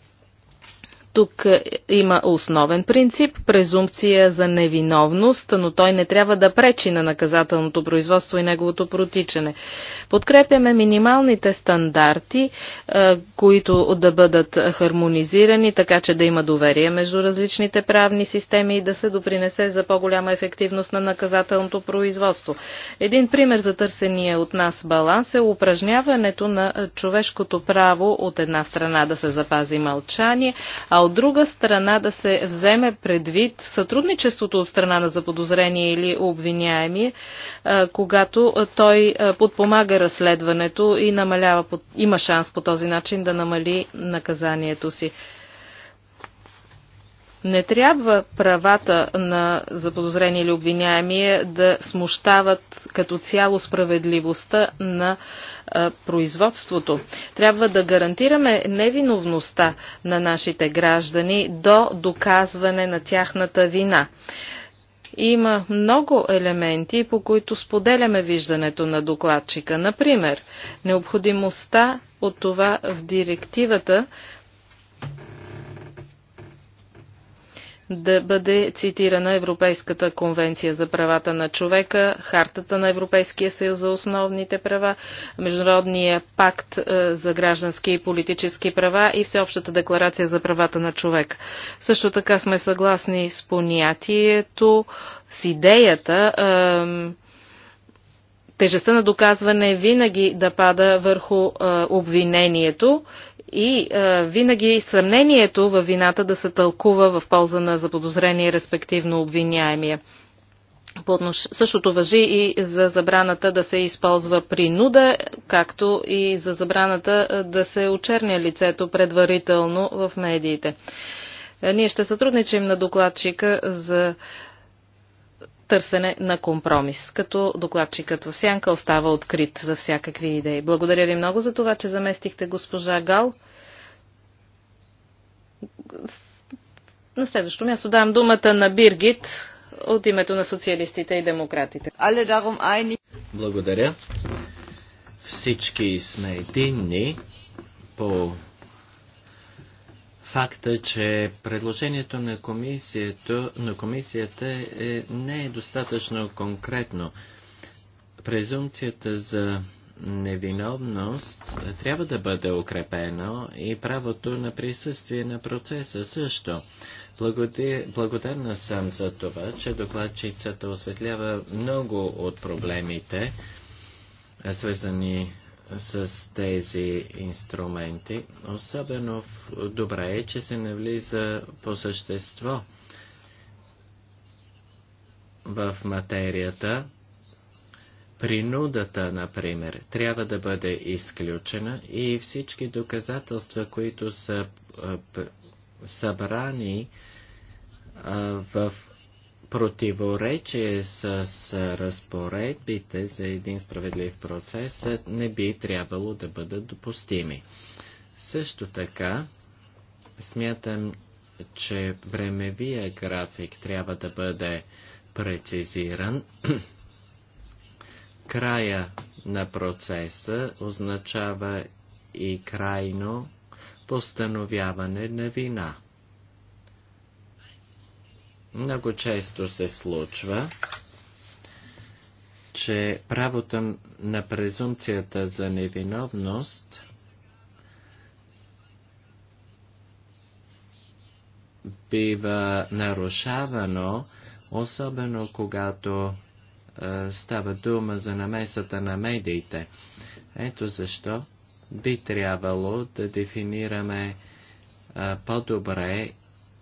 Тук е, има основен принцип – презумпция за невиновност, но той не трябва да пречи на наказателното производство и неговото протичане. Подкрепяме минималните стандарти, е, които да бъдат хармонизирани, така че да има доверие между различните правни системи и да се допринесе за по-голяма ефективност на наказателното производство. Един пример за търсения от нас баланс е упражняването на човешкото право от една страна да се запази мълчание, а а от друга страна да се вземе предвид сътрудничеството от страна на заподозрение или обвиняемие, когато той подпомага разследването и намалява, има шанс по този начин да намали наказанието си. Не трябва правата на заподозрени или обвиняемия е да смущават като цяло справедливостта на производството. Трябва да гарантираме невиновността на нашите граждани до доказване на тяхната вина. Има много елементи, по които споделяме виждането на докладчика. Например, необходимостта от това в директивата да бъде цитирана Европейската конвенция за правата на човека, Хартата на Европейския съюз за основните права, Международния пакт е, за граждански и политически права и Всеобщата декларация за правата на човека. Също така сме съгласни с понятието, с идеята тежестта на доказване винаги да пада върху е, обвинението и а, е, винаги съмнението във вината да се тълкува в полза на заподозрение, респективно обвиняемия. Същото въжи и за забраната да се използва принуда, както и за забраната е, да се очерня лицето предварително в медиите. Е, ние ще сътрудничим на докладчика за търсене на компромис, като докладчикът в сянка остава открит за всякакви идеи. Благодаря ви много за това, че заместихте госпожа Гал. На следващо място давам думата на Биргит от името на социалистите и демократите. Благодаря. Всички сме единни по факта, е, че предложението на комисията, на комисията е, не е достатъчно конкретно. Презумцията за невиновност трябва да бъде укрепено и правото на присъствие на процеса също. Благодарна съм за това, че докладчицата осветлява много от проблемите, свързани с тези инструменти. Особено добре е, че се навлиза по същество в материята. Принудата, например, трябва да бъде изключена и всички доказателства, които са събрани в противоречие с разпоредбите за един справедлив процес не би трябвало да бъдат допустими. Също така, смятам, че времевия график трябва да бъде прецизиран. Края на процеса означава и крайно постановяване на вина. Много често се случва, че правото на презумпцията за невиновност бива нарушавано, особено когато е, става дума за намесата на медиите. Ето защо би трябвало да дефинираме е, по-добре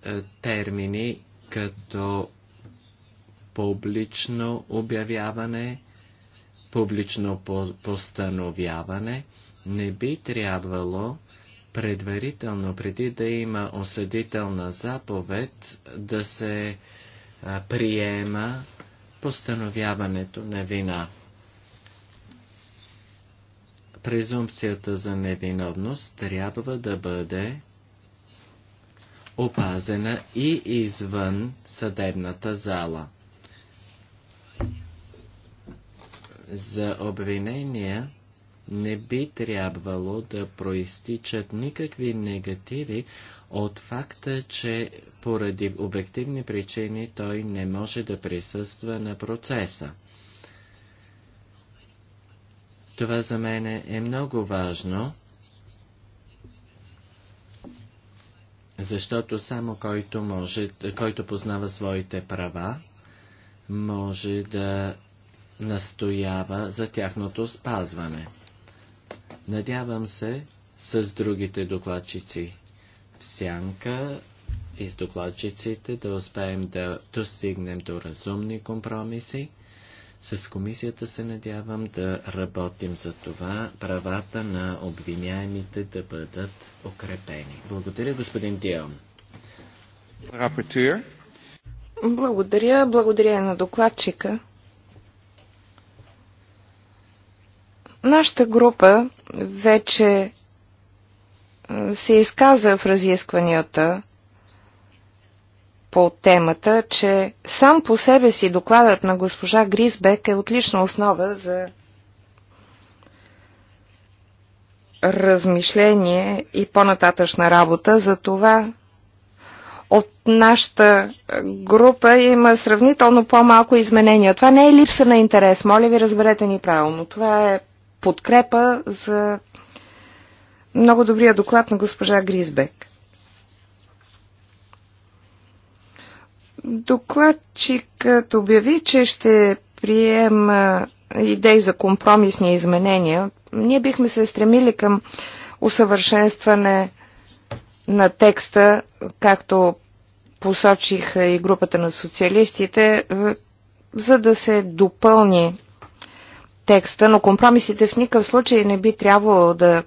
е, термини като публично обявяване, публично постановяване, не би трябвало предварително, преди да има осъдителна заповед, да се приема постановяването на вина. Презумпцията за невиновност трябва да бъде опазена и извън съдебната зала. За обвинения не би трябвало да проистичат никакви негативи от факта, че поради обективни причини той не може да присъства на процеса. Това за мен е много важно, Защото само който, може, който познава своите права, може да настоява за тяхното спазване. Надявам се с другите докладчици в сянка и с докладчиците да успеем да достигнем до разумни компромиси с комисията се надявам да работим за това правата на обвиняемите да бъдат укрепени. Благодаря, господин Дион. Благодаря. Благодаря на докладчика. Нашата група вече се изказа в разискванията по темата, че сам по себе си докладът на госпожа Гризбек е отлична основа за размишление и по-нататъчна работа. За това от нашата група има сравнително по-малко изменения. Това не е липса на интерес, моля ви разберете ни правилно. Това е подкрепа за много добрия доклад на госпожа Гризбек. Докладчикът обяви, че ще приема идеи за компромисни изменения. Ние бихме се стремили към усъвършенстване на текста, както посочих и групата на социалистите, е, за да се допълни текста, но компромисите в никакъв случай не би трябвало да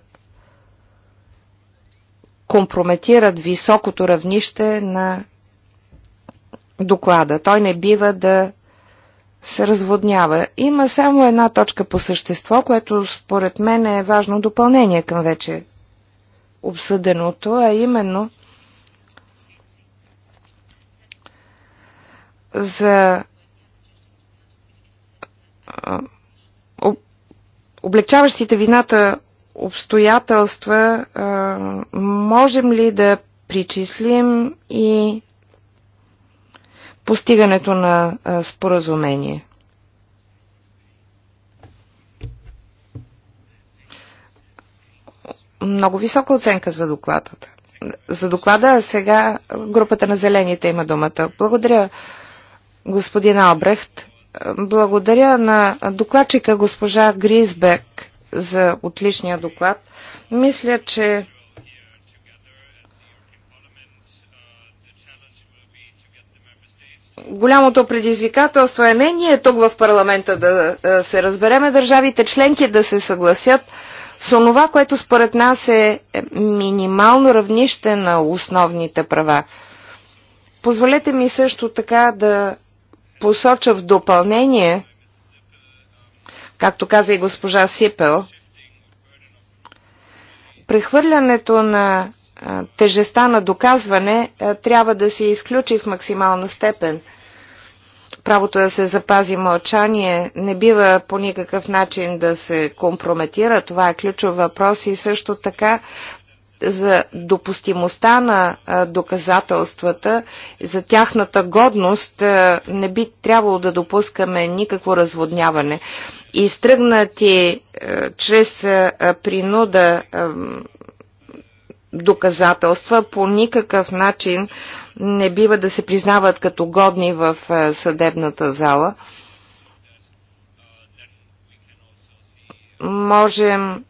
компрометират високото равнище на доклада. Той не бива да се разводнява. Има само една точка по същество, което според мен е важно допълнение към вече обсъденото, а именно за облегчаващите вината обстоятелства можем ли да причислим и постигането на споразумение. Много висока оценка за докладата. За доклада а сега групата на зелените има думата. Благодаря, господин Албрехт. Благодаря на докладчика госпожа Гризбек за отличния доклад. Мисля, че голямото предизвикателство е не ние тук в парламента да е, се разбереме, държавите членки да се съгласят с онова, което според нас е, е минимално равнище на основните права. Позволете ми също така да посоча в допълнение, както каза и госпожа Сипел, прехвърлянето на е, тежестта на доказване трябва да се изключи в максимална степен – Правото да се запази мълчание не бива по никакъв начин да се компрометира. Това е ключов въпрос и също така за допустимостта на доказателствата, за тяхната годност, не би трябвало да допускаме никакво разводняване. Изтръгнати чрез принуда доказателства по никакъв начин не бива да се признават като годни в е, съдебната зала. Можем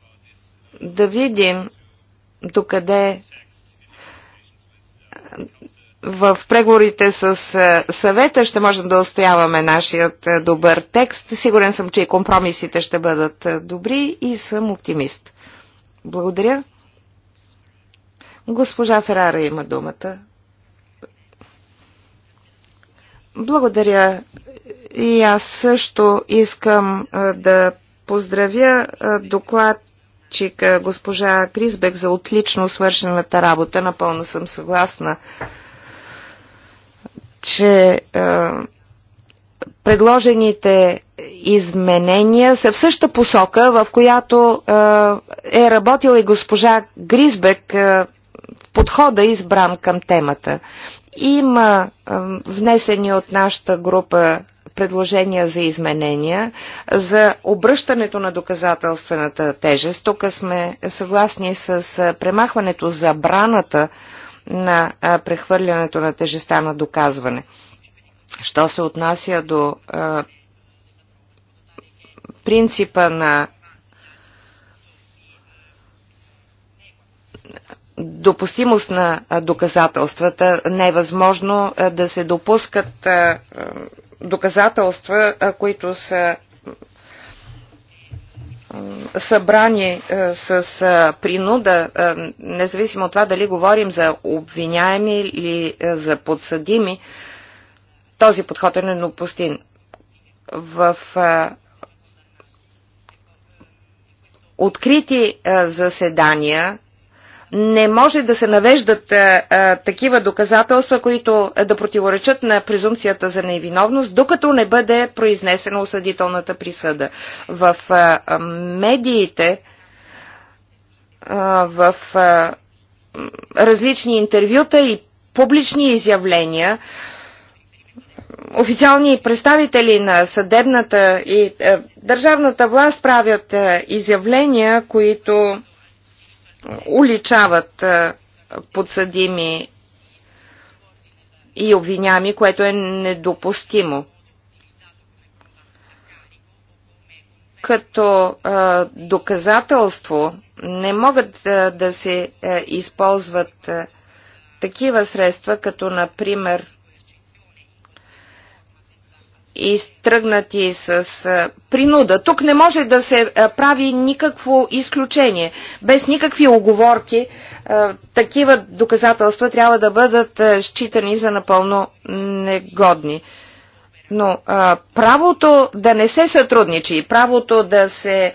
да видим докъде е, в преговорите с е, съвета ще можем да устояваме нашият добър текст. Сигурен съм, че и компромисите ще бъдат добри и съм оптимист. Благодаря. Госпожа Ферара има думата. Благодаря. И аз също искам да поздравя докладчика госпожа Кризбек за отлично свършената работа. Напълно съм съгласна, че предложените изменения са в същата посока, в която е работила и госпожа Гризбек в подхода избран към темата. Има внесени от нашата група предложения за изменения, за обръщането на доказателствената тежест. Тук сме съгласни с премахването забраната на прехвърлянето на тежеста на доказване. Що се отнася до принципа на допустимост на доказателствата не е възможно да се допускат доказателства, които са събрани с принуда, независимо от това дали говорим за обвиняеми или за подсъдими, този подход е недопустим. В открити заседания не може да се навеждат а, а, такива доказателства, които да противоречат на презумцията за невиновност, докато не бъде произнесена осъдителната присъда. В а, а, медиите, а, в а, различни интервюта и публични изявления, официални представители на съдебната и а, държавната власт правят а, изявления, които уличават подсъдими и обвиняеми, което е недопустимо. Като а, доказателство не могат а, да се а, използват а, такива средства, като например изтръгнати с принуда. Тук не може да се прави никакво изключение. Без никакви оговорки такива доказателства трябва да бъдат считани за напълно негодни. Но а, правото да не се сътрудничи и правото да се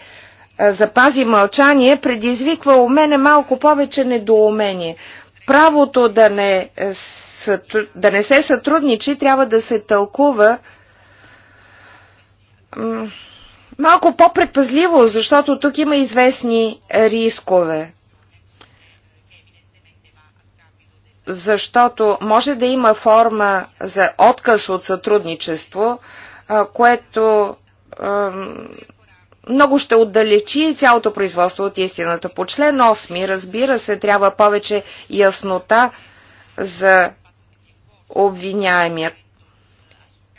а, запази мълчание предизвиква у мене малко повече недоумение. Правото да не, да не се сътрудничи трябва да се тълкува малко по-предпазливо, защото тук има известни рискове. Защото може да има форма за отказ от сътрудничество, което много ще отдалечи цялото производство от истината. По член 8, разбира се, трябва повече яснота за обвиняемият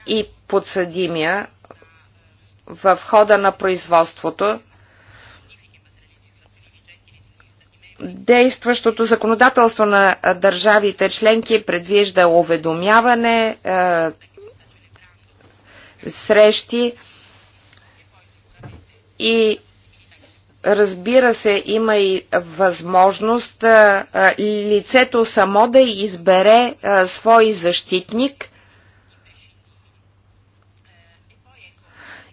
и подсъдимия в хода на производството, действащото законодателство на държавите членки предвижда уведомяване, е, срещи и разбира се, има и възможност е, лицето само да избере е, свой защитник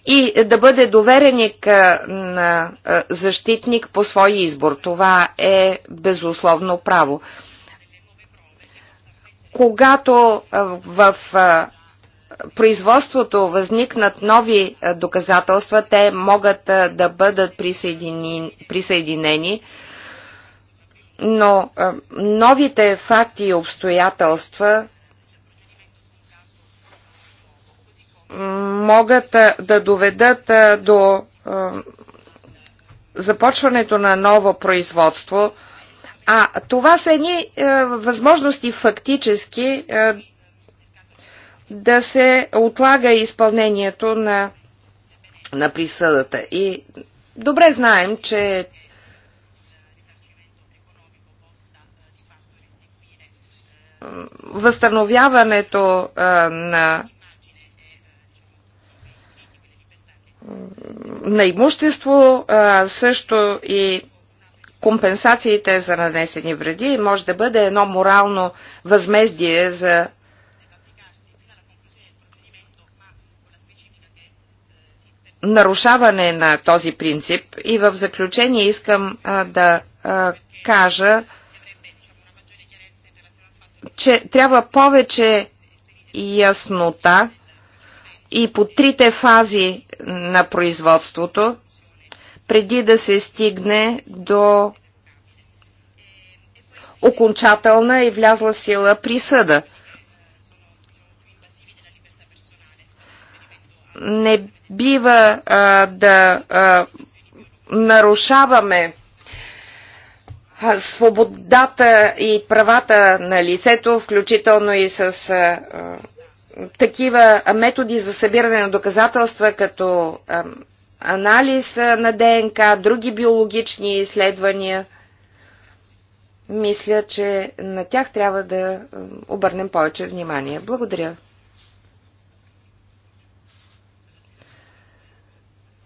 и да бъде довереник на защитник по свой избор. Това е безусловно право. Когато в производството възникнат нови доказателства, те могат да бъдат присъединени, но новите факти и обстоятелства могат да доведат до започването на ново производство. А това са едни възможности фактически да се отлага изпълнението на, на присъдата. И добре знаем, че възстановяването на на имущество, също и компенсациите за нанесени вреди може да бъде едно морално възмездие за нарушаване на този принцип. И в заключение искам да кажа, че трябва повече яснота и по трите фази на производството, преди да се стигне до окончателна и влязла в сила присъда. Не бива а, да а, нарушаваме свободата и правата на лицето, включително и с а, такива методи за събиране на доказателства, като анализ на ДНК, други биологични изследвания, мисля, че на тях трябва да обърнем повече внимание. Благодаря.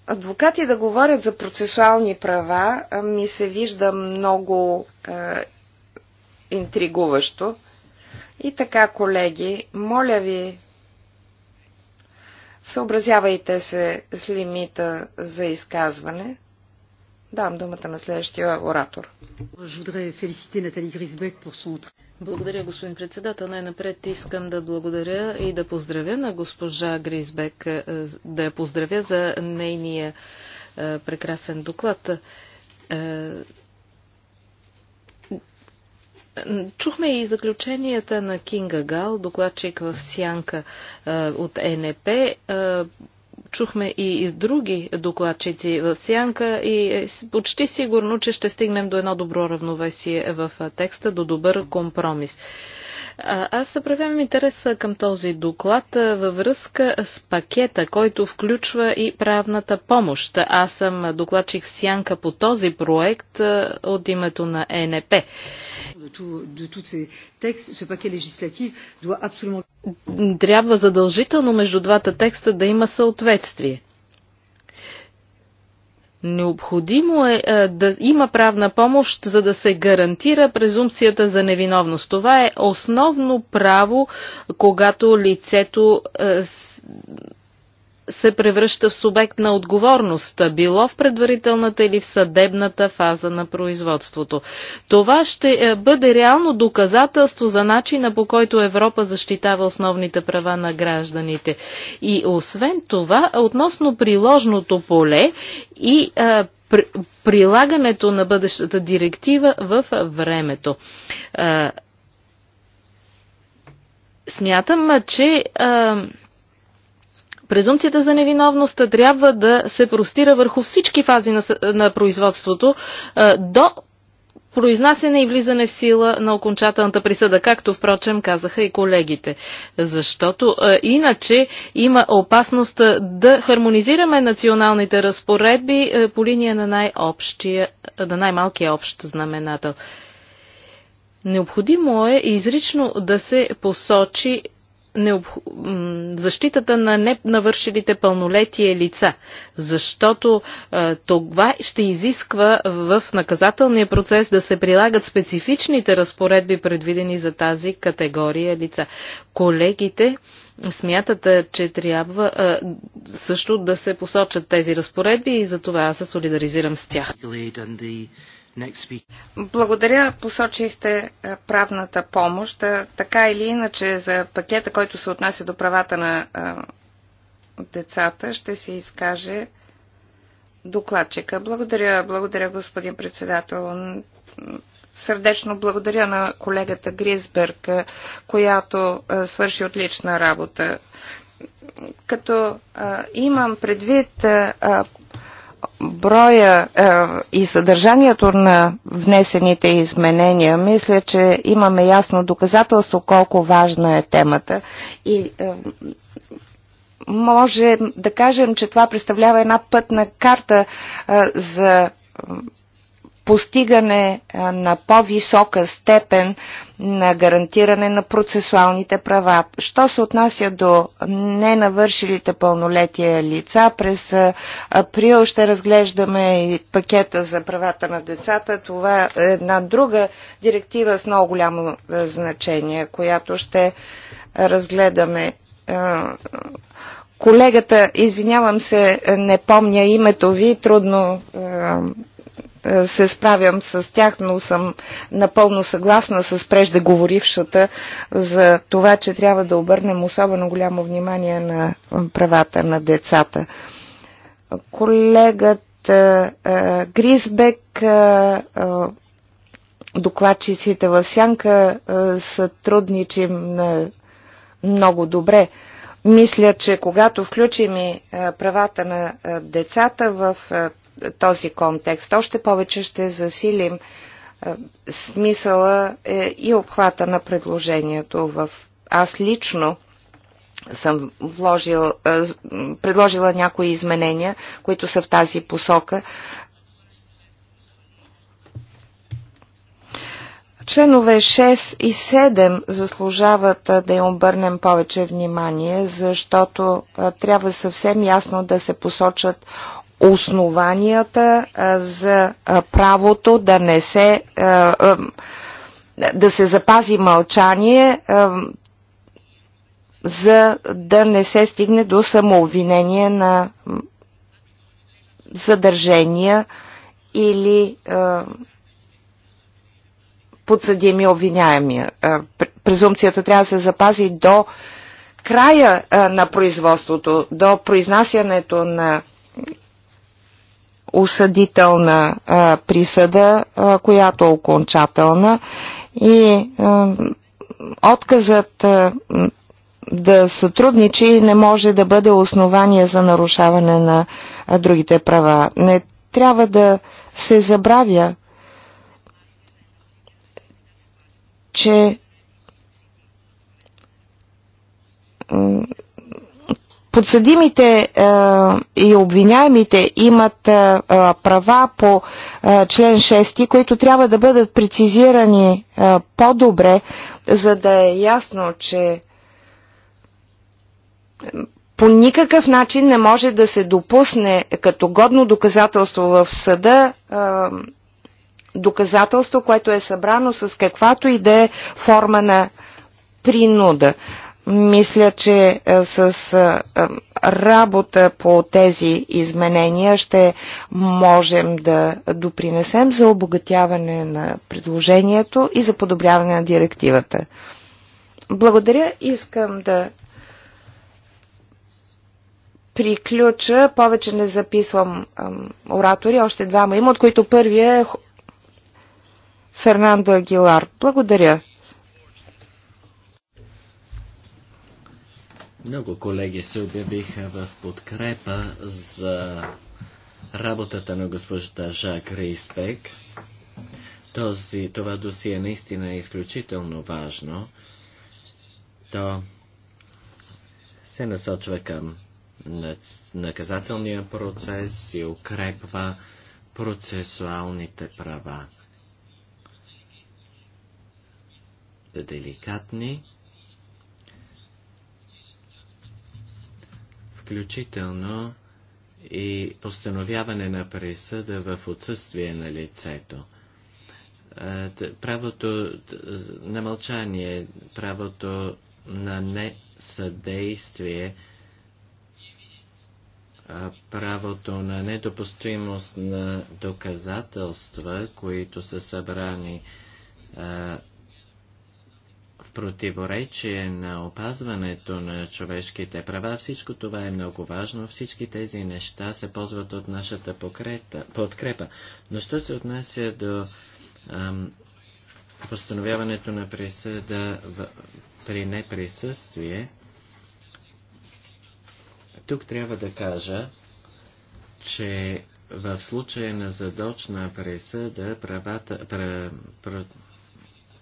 Адвокати да говорят за процесуални права ми се вижда много е, интригуващо. И така, колеги, моля ви, съобразявайте се с лимита за изказване. Давам думата на следващия оратор. Благодаря, господин председател. Най-напред искам да благодаря и да поздравя на госпожа Гризбек, е, да я поздравя за нейния е, прекрасен доклад е, Чухме и заключенията на Кинга Гал, докладчик в Сянка от НП. Чухме и други докладчици в Сянка и е почти сигурно, че ще стигнем до едно добро равновесие в текста, до добър компромис. Аз съправям интерес към този доклад във връзка с пакета, който включва и правната помощ. Аз съм докладчик сянка по този проект от името на ЕНП. Трябва задължително между двата текста да има съответствие. Необходимо е, е, да има правна помощ, за да се гарантира презумпцията за невиновност. Това е основно право, когато лицето е, се превръща в субект на отговорност, било в предварителната или в съдебната фаза на производството. Това ще е, бъде реално доказателство за начина по който Европа защитава основните права на гражданите. И освен това, относно приложното поле и а, е, при, прилагането на бъдещата директива в времето. А, е, смятам, че а, Презумцията за невиновност трябва да се простира върху всички фази на, на производството до произнасяне и влизане в сила на окончателната присъда, както впрочем казаха и колегите. Защото а, иначе има опасност да хармонизираме националните разпоредби а, по линия на, най-общия, на най-малкия общ знаменател. Необходимо е изрично да се посочи необх... защитата на ненавършилите пълнолетие лица, защото а, това ще изисква в наказателния процес да се прилагат специфичните разпоредби, предвидени за тази категория лица. Колегите смятат, че трябва а, също да се посочат тези разпоредби и за това аз се солидаризирам с тях. Благодаря, посочихте е, правната помощ. Така или иначе, за пакета, който се отнася до правата на е, децата, ще се изкаже докладчика. Благодаря, благодаря, господин председател. Сърдечно благодаря на колегата Гризберг, е, която свърши отлична работа. Като а, имам предвид а, броя е, и съдържанието на внесените изменения, мисля, че имаме ясно доказателство колко важна е темата и е, може да кажем, че това представлява една пътна карта е, за постигане на по-висока степен на гарантиране на процесуалните права. Що се отнася до ненавършилите пълнолетия лица, през април ще разглеждаме и пакета за правата на децата. Това е една друга директива с много голямо значение, която ще разгледаме колегата, извинявам се, не помня името ви, трудно е, се справям с тях, но съм напълно съгласна с преждеговорившата за това, че трябва да обърнем особено голямо внимание на правата на децата. Колегата е, е, Гризбек, докладчиците в Сянка сътрудничим много добре мисля, че когато включим и правата на децата в този контекст. Още повече ще засилим е, смисъла е, и обхвата на предложението. В... Аз лично съм вложил, е, предложила някои изменения, които са в тази посока. Членове 6 и 7 заслужават да им обърнем повече внимание, защото трябва съвсем ясно да се посочат основанията за правото да не се да се запази мълчание, за да не се стигне до самообвинение на задържения или подсъдими обвиняемия. Презумпцията трябва да се запази до края на производството, до произнасянето на осъдителна а, присъда, а, която е окончателна и а, отказът а, да сътрудничи не може да бъде основание за нарушаване на а, другите права. Не трябва да се забравя, че Подсъдимите е, и обвиняемите имат е, е права по е, член 6, които трябва да бъдат прецизирани е, по-добре, за да е ясно, че е, по никакъв начин не може да се допусне като годно доказателство в съда е, доказателство, което е събрано с каквато и да е форма на принуда. Мисля, че е, с е, е, работа по тези изменения ще можем да допринесем за обогатяване на предложението и за подобряване на директивата. Благодаря. Искам да приключа. Повече не записвам оратори. Още двама има, от които първият е Фернандо Агилар. Благодаря. Много колеги се обявиха в подкрепа за работата на госпожа Жак Рейспек. Този, това досие наистина е изключително важно. То се насочва към наказателния процес и укрепва процесуалните права. Да деликатни включително и постановяване на присъда в отсъствие на лицето. Е, правото на мълчание, правото на несъдействие, е, правото на недопустимост на доказателства, които са събрани е, противоречие на опазването на човешките права. Всичко това е много важно. Всички тези неща се ползват от нашата покрета, подкрепа. Но що се отнася до ам, постановяването на присъда в, при неприсъствие, тук трябва да кажа, че в случая на задочна присъда правата, пра, пра,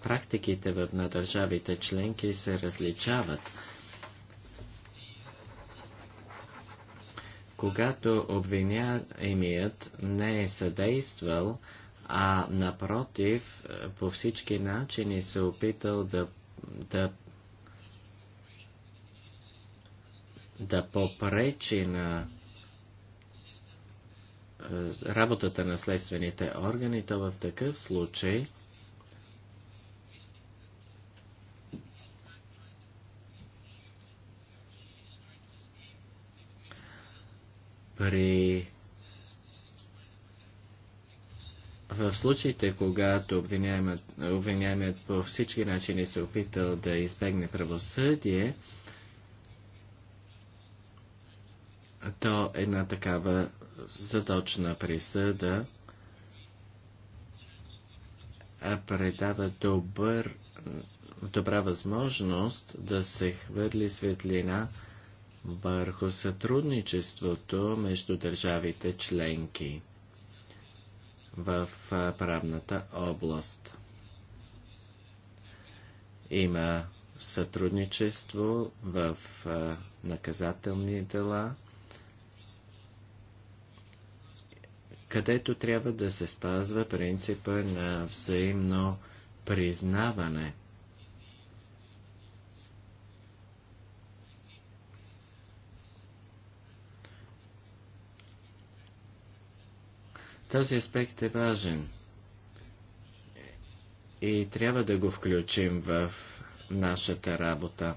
практиките в, на държавите членки се различават. Когато обвиняемият не е съдействал, а напротив, по всички начини се опитал да, да, да попречи на е, работата на следствените органи, то в такъв случай при в случаите, когато обвиняемият, обвиняемият по всички начини се е опитал да избегне правосъдие, то една такава задочна присъда предава добър, добра възможност да се хвърли светлина върху сътрудничеството между държавите членки в правната област. Има сътрудничество в наказателни дела, където трябва да се спазва принципа на взаимно признаване. Този аспект е важен и трябва да го включим в нашата работа.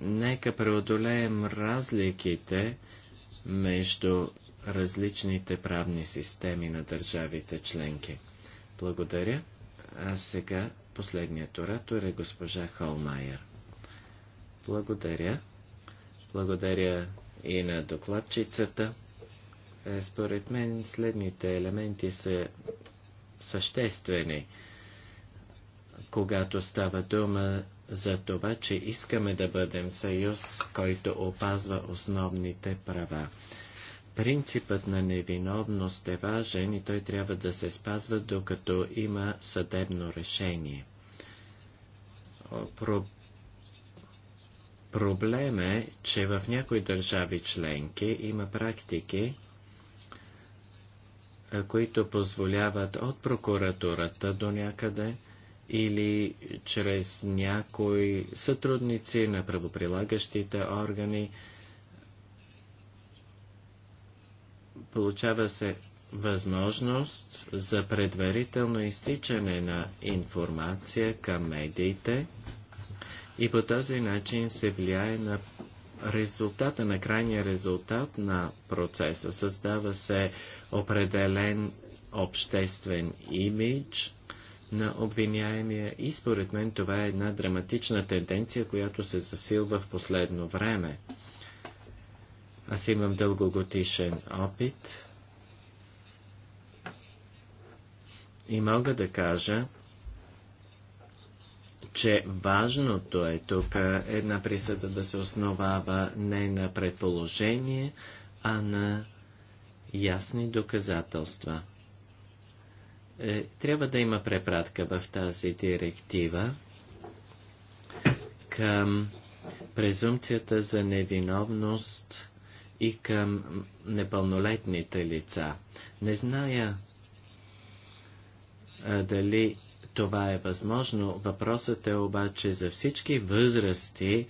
Нека преодолеем разликите между различните правни системи на държавите членки. Благодаря. А сега последният оратор е госпожа Холмайер. Благодаря. Благодаря и на докладчицата. Е, според мен следните елементи са съществени, когато става дума за това, че искаме да бъдем съюз, който опазва основните права. Принципът на невиновност е важен и той трябва да се спазва, докато има съдебно решение. Про... Проблем е, че в някои държави членки има практики, които позволяват от прокуратурата до някъде или чрез някои сътрудници на правоприлагащите органи. Получава се възможност за предварително изтичане на информация към медиите и по този начин се влияе на резултата, на крайния резултат на процеса. Създава се определен обществен имидж на обвиняемия и според мен това е една драматична тенденция, която се засилва в последно време. Аз имам дългогодишен опит и мога да кажа, че важното е тук е, една присъда да се основава не на предположение, а на ясни доказателства. Е, трябва да има препратка в тази директива към презумцията за невиновност и към непълнолетните лица. Не зная дали това е възможно. Въпросът е обаче за всички възрасти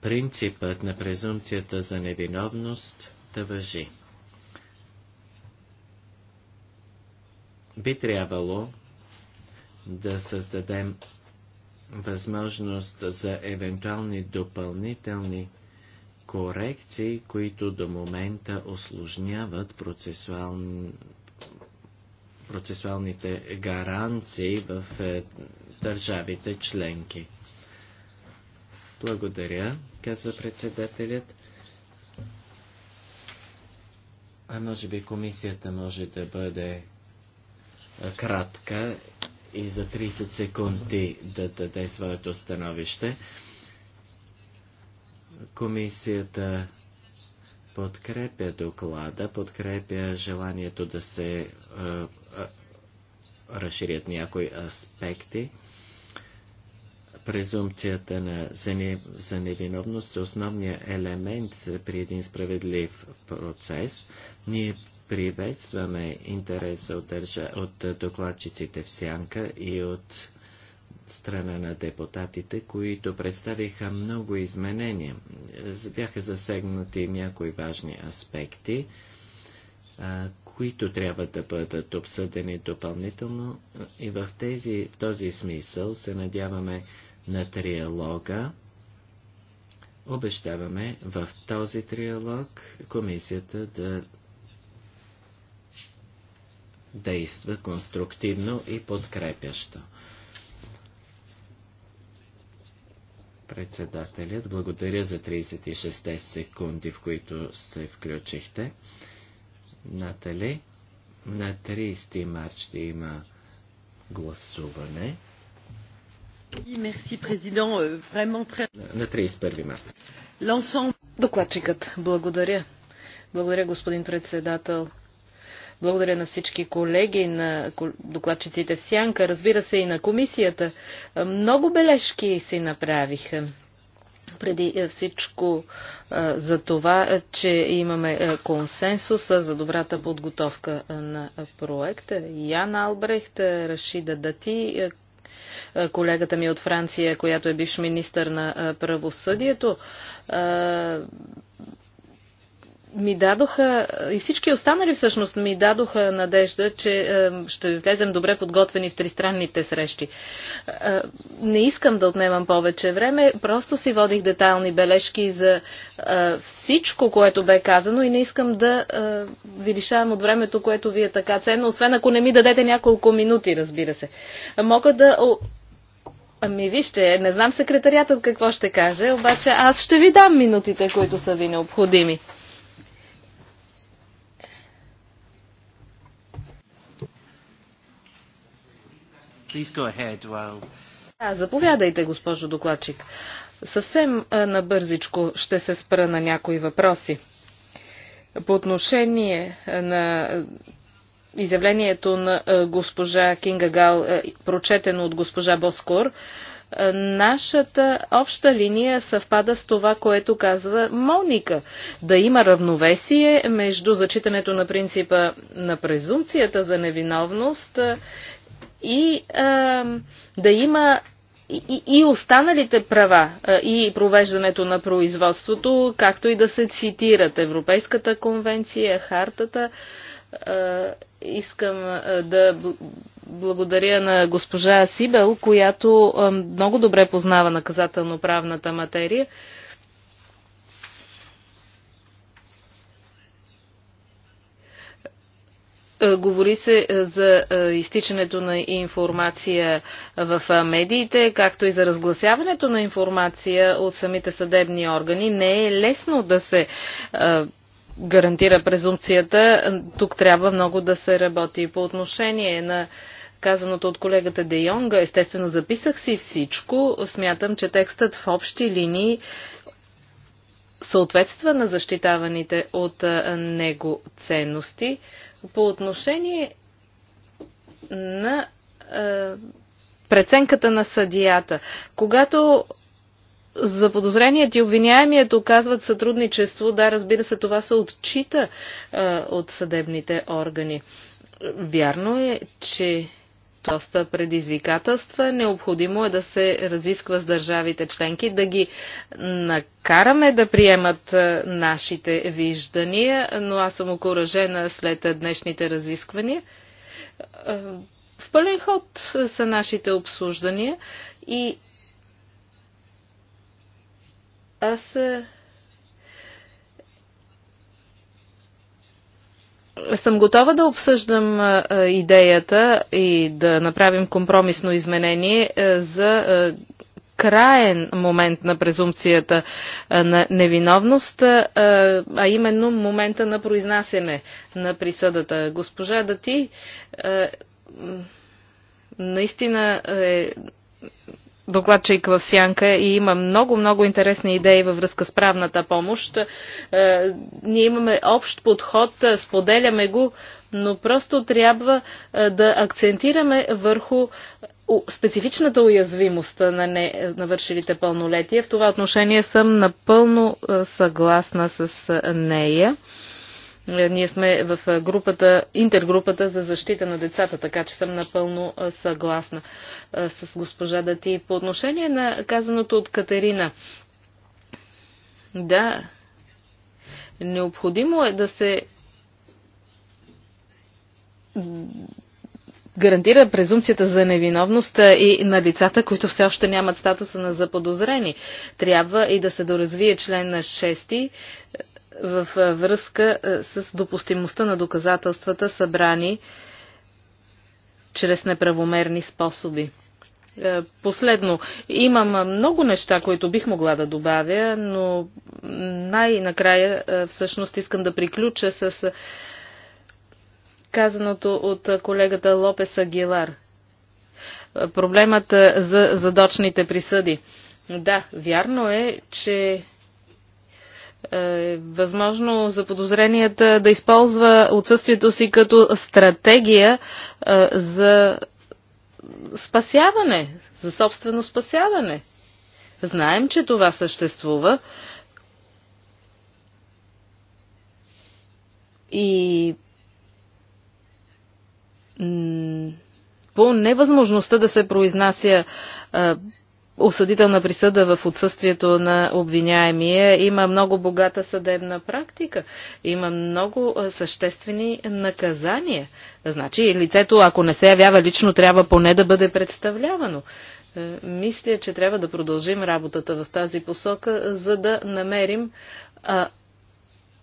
принципът на презумцията за невиновност да въжи. Би трябвало да създадем възможност за евентуални допълнителни корекции, които до момента осложняват процесуал процесуалните гаранции в е, държавите членки. Благодаря, казва председателят. А може би комисията може да бъде е, кратка и за 30 секунди да даде своето становище. Комисията подкрепя доклада, подкрепя желанието да се е, разширят някои аспекти. Презумпцията на, за, за невиновност е основният елемент при един справедлив процес. Ние приветстваме интереса от, държа, от докладчиците в Сянка и от страна на депутатите, които представиха много изменения. Бяха засегнати някои важни аспекти които трябва да бъдат обсъдени допълнително. И в, тези, в този смисъл се надяваме на триалога. Обещаваме в този триалог комисията да действа конструктивно и подкрепящо. Председателят, благодаря за 36 секунди, в които се включихте. Натали. На 30 март ще има гласуване. Е, на 31 март. Докладчикът, благодаря. Благодаря, господин председател. Благодаря на всички колеги, на докладчиците в Сянка, разбира се и на комисията. Много бележки си направиха преди е, всичко е, за това, е, че имаме консенсуса за добрата подготовка на проекта. Ян Албрехт, Рашида Дати, колегата ми от Франция, която е бивш министър на правосъдието, ми дадоха, и всички останали всъщност ми дадоха надежда, че е, ще влезем добре подготвени в тристранните срещи. Е, не искам да отнемам повече време, просто си водих детайлни бележки за е, всичко, което бе казано и не искам да ви лишавам от времето, което ви е така ценно, освен ако не ми дадете няколко минути, разбира се. Мога да Ами вижте, не знам секретариатът какво ще каже, обаче аз ще ви дам минутите, които са ви необходими. ahead, while... Да, заповядайте, госпожо докладчик. Съвсем набързичко ще се спра на някои въпроси. По отношение на изявлението на госпожа Кинга Гал, прочетено от госпожа Боскор, нашата обща линия съвпада с това, което казва Моника. Да има равновесие между зачитането на принципа на презумцията за невиновност и а, да има и, и останалите права и провеждането на производството, както и да се цитират Европейската конвенция, хартата. Искам да благодаря на госпожа Сибел, която много добре познава наказателно-правната материя Е, говори се е, за е, изтичането на информация в медиите, както и за разгласяването на информация от самите съдебни органи. Не е лесно да се гарантира презумпцията. Тук трябва много да се работи. По отношение на казаното от колегата Де Йонга, естествено записах си всичко. Смятам, че текстът в общи линии съответства на защитаваните от него ценности по отношение на е, преценката на съдията. Когато за подозреният и обвиняемият оказват сътрудничество, да, разбира се, това се отчита е, от съдебните органи. Вярно е, че доста предизвикателства. Необходимо е да се разисква с държавите членки, да ги накараме да приемат е, нашите виждания, но аз съм окоръжена след днешните разисквания. Е, в пълен ход е, са нашите обсуждания и аз съм готова да обсъждам идеята и да направим компромисно изменение за краен момент на презумпцията на невиновност, а именно момента на произнасяне на присъдата. Госпожа Дати наистина е докладчик в Сянка и има много, много интересни идеи във връзка с правната помощ. Е, ние имаме общ подход, е, споделяме го, но просто трябва е, да акцентираме върху специфичната уязвимост на навършилите пълнолетие. В това отношение съм напълно съгласна с нея. Е, ние сме в групата, интергрупата за защита на децата, така че съм напълно съгласна с госпожа Дати. По отношение на казаното от Катерина, да, необходимо е да се гарантира презумцията за невиновност и на лицата, които все още нямат статуса на заподозрени. Трябва и да се доразвие член на 6 в връзка с допустимостта на доказателствата, събрани чрез неправомерни способи. Последно, имам много неща, които бих могла да добавя, но най-накрая всъщност искам да приключа с казаното от колегата Лопес Агилар. Проблемът за задочните присъди. Да, вярно е, че е възможно за подозренията да използва отсъствието си като стратегия е, за спасяване, за собствено спасяване. Знаем, че това съществува. И по невъзможността да се произнася е, осъдителна присъда в отсъствието на обвиняемия. Има много богата съдебна практика. Има много съществени наказания. Значи лицето, ако не се явява лично, трябва поне да бъде представлявано. Е, мисля, че трябва да продължим работата в тази посока, за да намерим а,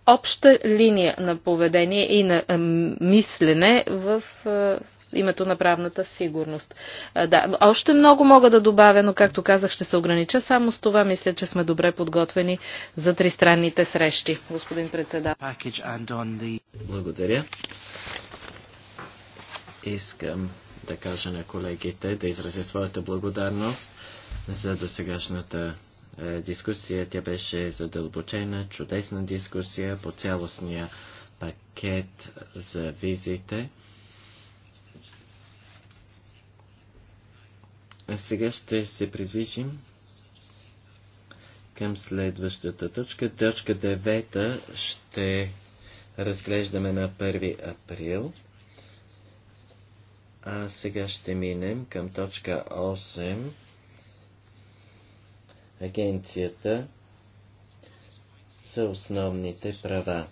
обща линия на поведение и на а, мислене в а, името на правната сигурност. Да, още много мога да добавя, но както казах, ще се огранича. Само с това мисля, че сме добре подготвени за тристранните срещи, господин председател. Благодаря. Искам да кажа на колегите да изразя своята благодарност за досегашната е, дискусия. Тя беше задълбочена, чудесна дискусия по цялостния пакет за визите. А сега ще се придвижим към следващата точка. Точка 9 ще разглеждаме на 1 април. А сега ще минем към точка 8. Агенцията за основните права.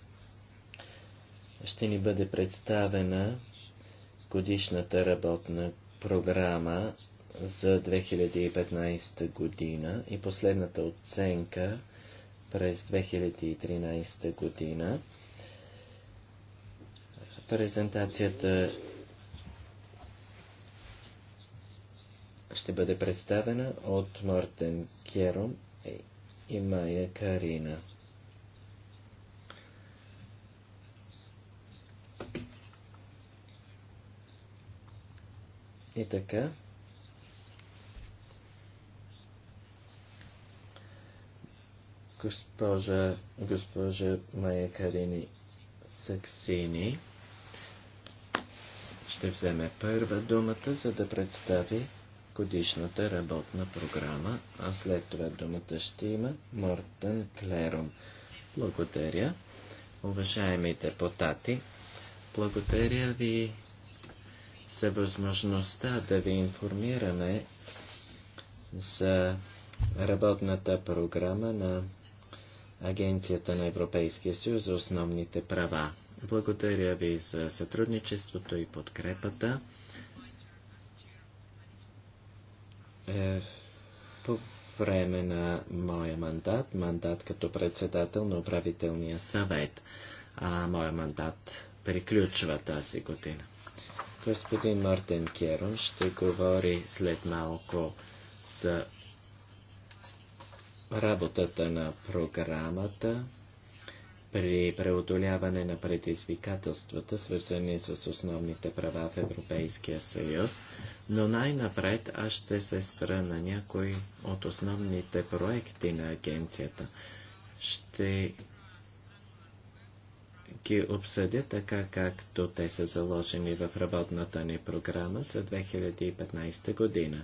Ще ни бъде представена годишната работна програма за 2015 година и последната оценка през 2013 година. Презентацията ще бъде представена от Мартен Кером и Майя Карина. И така, госпожа, госпожа Майя Карини Саксини ще вземе първа думата, за да представи годишната работна програма, а след това думата ще има Мортен Клерон. Благодаря, уважаеми депутати. Благодаря ви за възможността да ви информираме за работната програма на Агенцията на Европейския съюз за основните права. Благодаря ви за сътрудничеството и подкрепата. Е, по време на моя мандат, мандат като председател на управителния съвет, а моя мандат приключва тази година. Господин Мартин Керон ще говори след малко за работата на програмата при преодоляване на предизвикателствата, свързани с основните права в Европейския съюз, но най-напред аз ще се спра на някои от основните проекти на агенцията. Ще ги обсъдя така, както те са заложени в работната ни програма за 2015 година.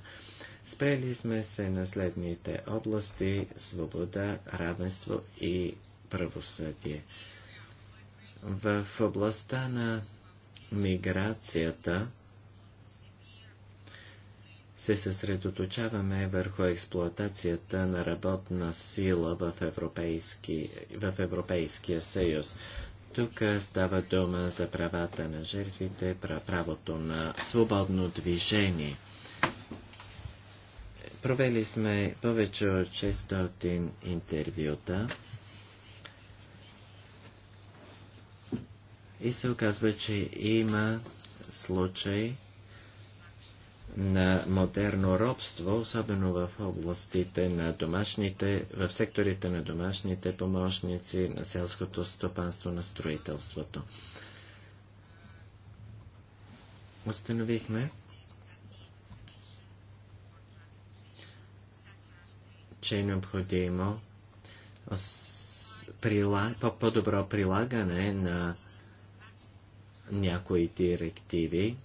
Спрели сме се на следните области – свобода, равенство и правосъдие. В областта на миграцията се съсредоточаваме върху експлоатацията на работна сила в, европейски, в Европейския съюз. Тук става дума за правата на жертвите, правото на свободно движение. Провели сме повече от 600 интервюта и се оказва, че има случай на модерно робство, особено в областите на домашните, в секторите на домашните помощници, на селското стопанство, на строителството. Установихме, че е необходимо по-добро прилагане на някои директиви,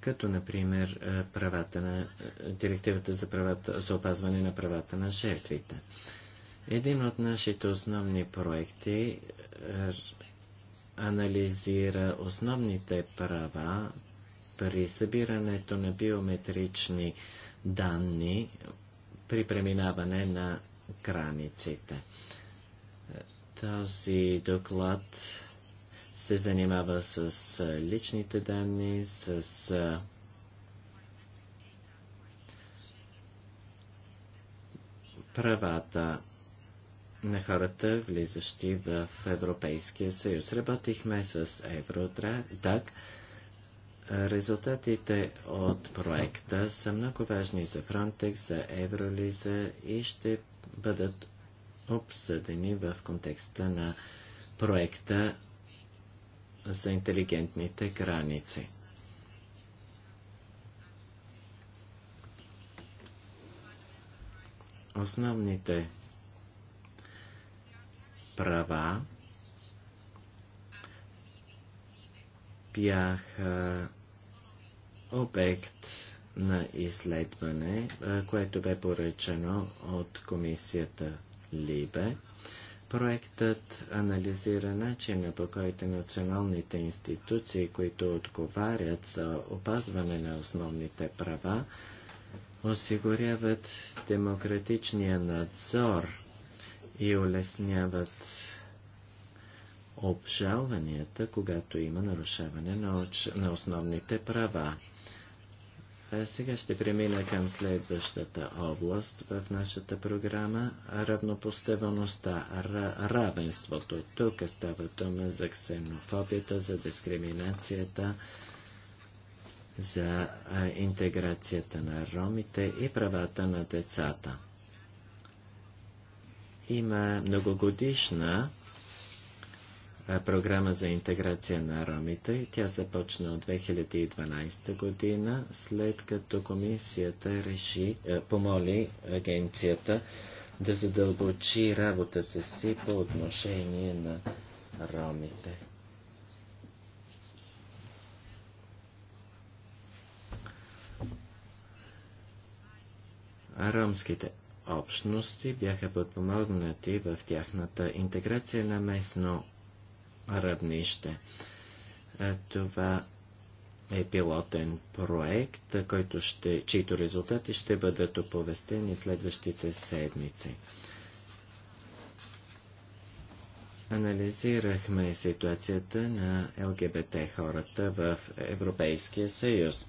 като например е, правата на, е, директивата за, правата, за опазване на правата на жертвите. Един от нашите основни проекти е, анализира основните права при събирането на биометрични данни при преминаване на границите. Този доклад се занимава с личните данни, с правата на хората, влизащи в Европейския съюз. Работихме с Евродак, Резултатите от проекта са много важни за Frontex, за Евролиза и ще бъдат обсъдени в контекста на проекта за интелигентните граници. Основните права бяха обект на изследване, което бе поръчено от комисията Либе. Проектът анализира начина по който националните институции, които отговарят за опазване на основните права, осигуряват демократичния надзор и улесняват обжалванията, когато има нарушаване на, на основните права. Сега ще премина към следващата област в нашата програма равнопоставеността, равенството. Тук става дума за ксенофобията, за дискриминацията, за интеграцията на ромите и правата на децата. Има многогодишна програма за интеграция на ромите. Тя започна от 2012 година, след като комисията реши, помоли агенцията да задълбочи работата си по отношение на ромите. Ромските общности бяха подпомогнати в тяхната интеграция на местно равнище. Е, това е пилотен проект, който ще, чието резултати ще бъдат оповестени следващите седмици. Анализирахме ситуацията на ЛГБТ хората в Европейския съюз.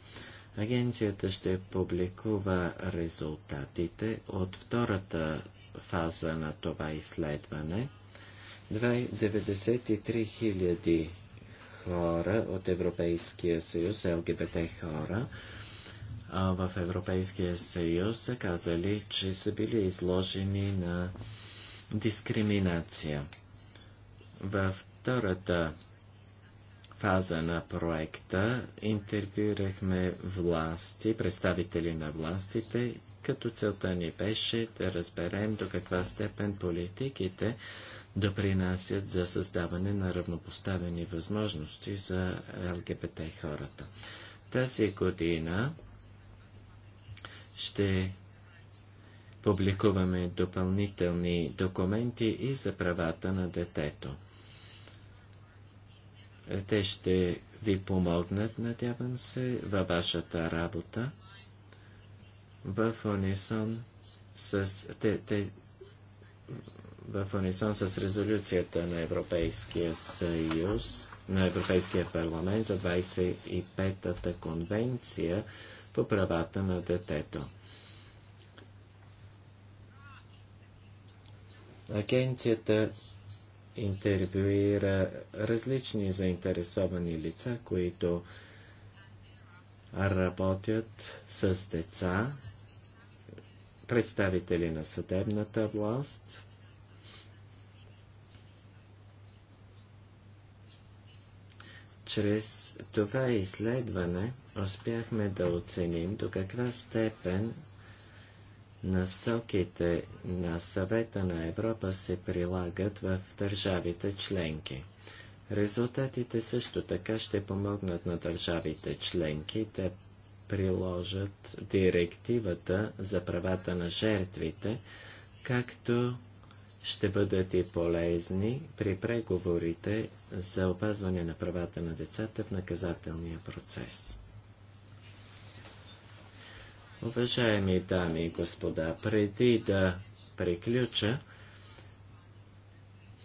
Агенцията ще публикува резултатите от втората фаза на това изследване – 93 хиляди хора от Европейския съюз, ЛГБТ хора, а в Европейския съюз са казали, че са били изложени на дискриминация. Във втората фаза на проекта интервюирахме власти, представители на властите, като целта ни беше да разберем до каква степен политиките да принасят за създаване на равнопоставени възможности за ЛГБТ хората. Тази година ще публикуваме допълнителни документи и за правата на детето. Те ще ви помогнат, надявам се, във вашата работа в унисон с те, те, в унисон с резолюцията на Европейския съюз, на Европейския парламент за 25-та конвенция по правата на детето. Агенцията интервюира различни заинтересовани лица, които работят с деца, представители на съдебната власт, чрез това изследване успяхме да оценим до каква степен насоките на съвета на Европа се прилагат в държавите членки. Резултатите също така ще помогнат на държавите членки да приложат директивата за правата на жертвите, както ще бъдат и полезни при преговорите за опазване на правата на децата в наказателния процес. Уважаеми дами и господа, преди да приключа,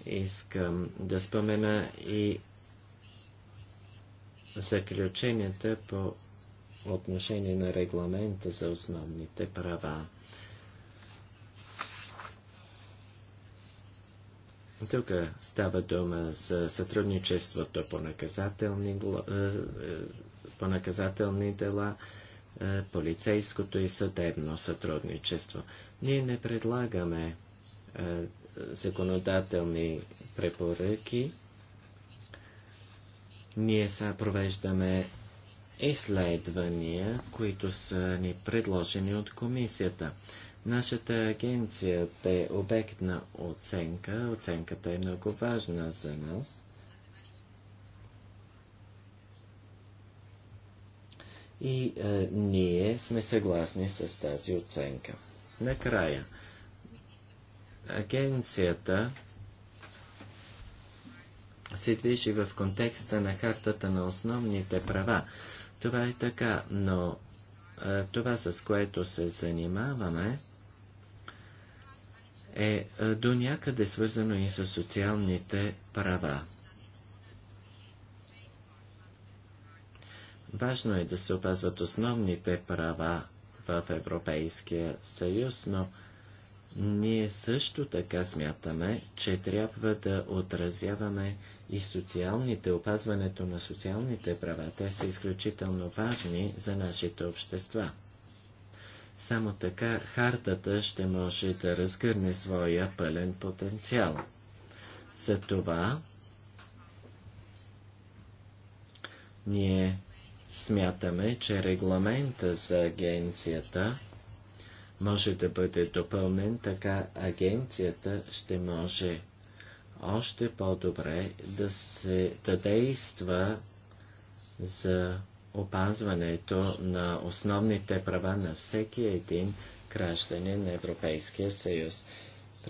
искам да спомена и заключенията по отношение на регламента за основните права. Тук става дума за сътрудничеството по наказателни, е, е, по наказателни дела, е, полицейското и съдебно сътрудничество. Ние не предлагаме законодателни препоръки. Ние са провеждаме изследвания, които са ни предложени от комисията. Нашата агенция бе обект на оценка. Оценката е много важна за нас. И е, ние сме съгласни с тази оценка. Накрая, агенцията се движи в контекста на хартата на основните права. Това е така, но е, това, с което се занимаваме, е, е до някъде свързано и с социалните права. Важно е да се опазват основните права в Европейския съюз, но ние също така смятаме, че трябва да отразяваме и социалните, опазването на социалните права. Те са изключително важни за нашите общества. Само така хартата ще може да разгърне своя пълен потенциал. Затова ние смятаме, че регламента за агенцията може да бъде допълнен, така агенцията ще може още по-добре да, се, да действа за опазването на основните права на всеки един гражданин на Европейския съюз.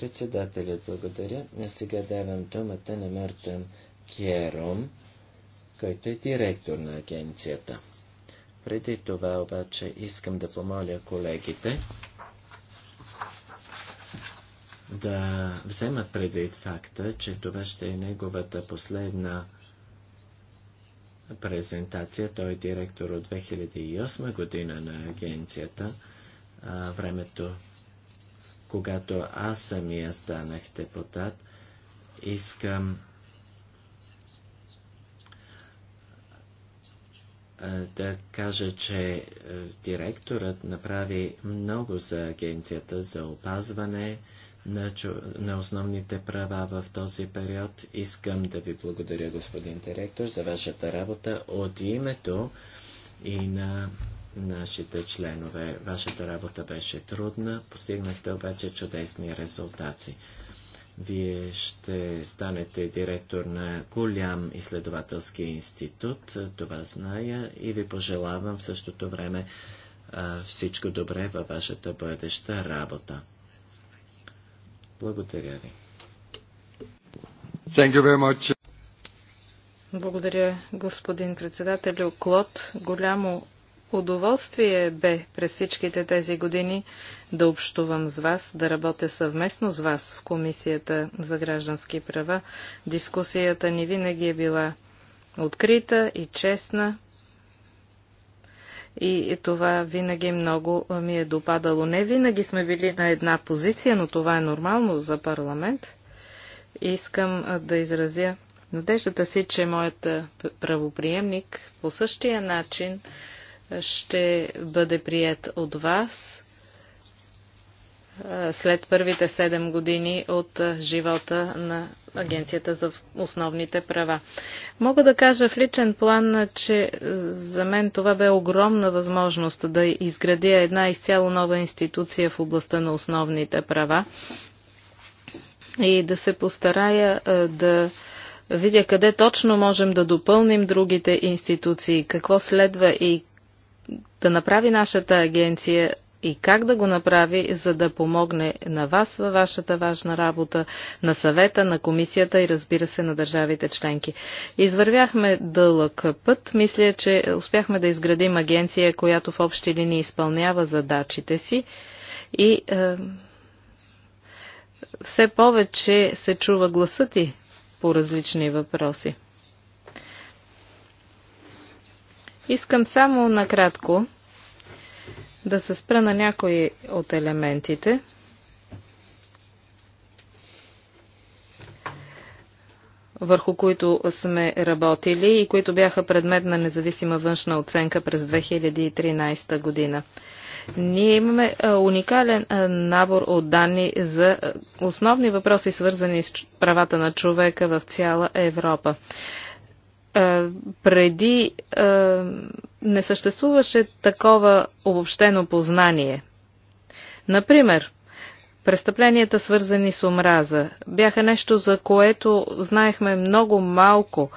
Председателят благодаря. А сега давам думата на Мартин Кьером, който е директор на агенцията. Преди това обаче искам да помоля колегите да вземат предвид факта, че това ще е неговата последна презентация. Той е директор от 2008 година на агенцията. А, времето, когато аз самия станах депутат, искам да кажа, че директорът направи много за агенцията за опазване, на, на основните права в този период. Искам да ви благодаря, господин директор, за вашата работа от името и на нашите членове. Вашата работа беше трудна, постигнахте обаче чудесни резултати. Вие ще станете директор на голям изследователски институт, това зная и ви пожелавам в същото време всичко добре във вашата бъдеща работа. Благодаря ви. Thank you very much. Благодаря, господин председател Клод. Голямо удоволствие бе през всичките тези години да общувам с вас, да работя съвместно с вас в Комисията за граждански права. Дискусията ни винаги е била открита и честна и това винаги много ми е допадало. Не винаги сме били на една позиция, но това е нормално за парламент. Искам да изразя надеждата си, че моят правоприемник по същия начин ще бъде прият от вас след първите 7 години от живота на Агенцията за основните права. Мога да кажа в личен план, че за мен това бе огромна възможност да изградя една изцяло нова институция в областта на основните права и да се постарая да видя къде точно можем да допълним другите институции, какво следва и да направи нашата агенция и как да го направи, за да помогне на вас във вашата важна работа, на съвета, на комисията и разбира се на държавите членки. Извървяхме дълъг път. Мисля, че успяхме да изградим агенция, която в общи линии изпълнява задачите си и е, все повече се чува гласът и по различни въпроси. Искам само накратко да се спра на някои от елементите. върху които сме работили и които бяха предмет на независима външна оценка през 2013 година. Ние имаме уникален набор от данни за основни въпроси, свързани с правата на човека в цяла Европа преди не съществуваше такова обобщено познание. Например, престъпленията свързани с омраза бяха нещо, за което знаехме много малко.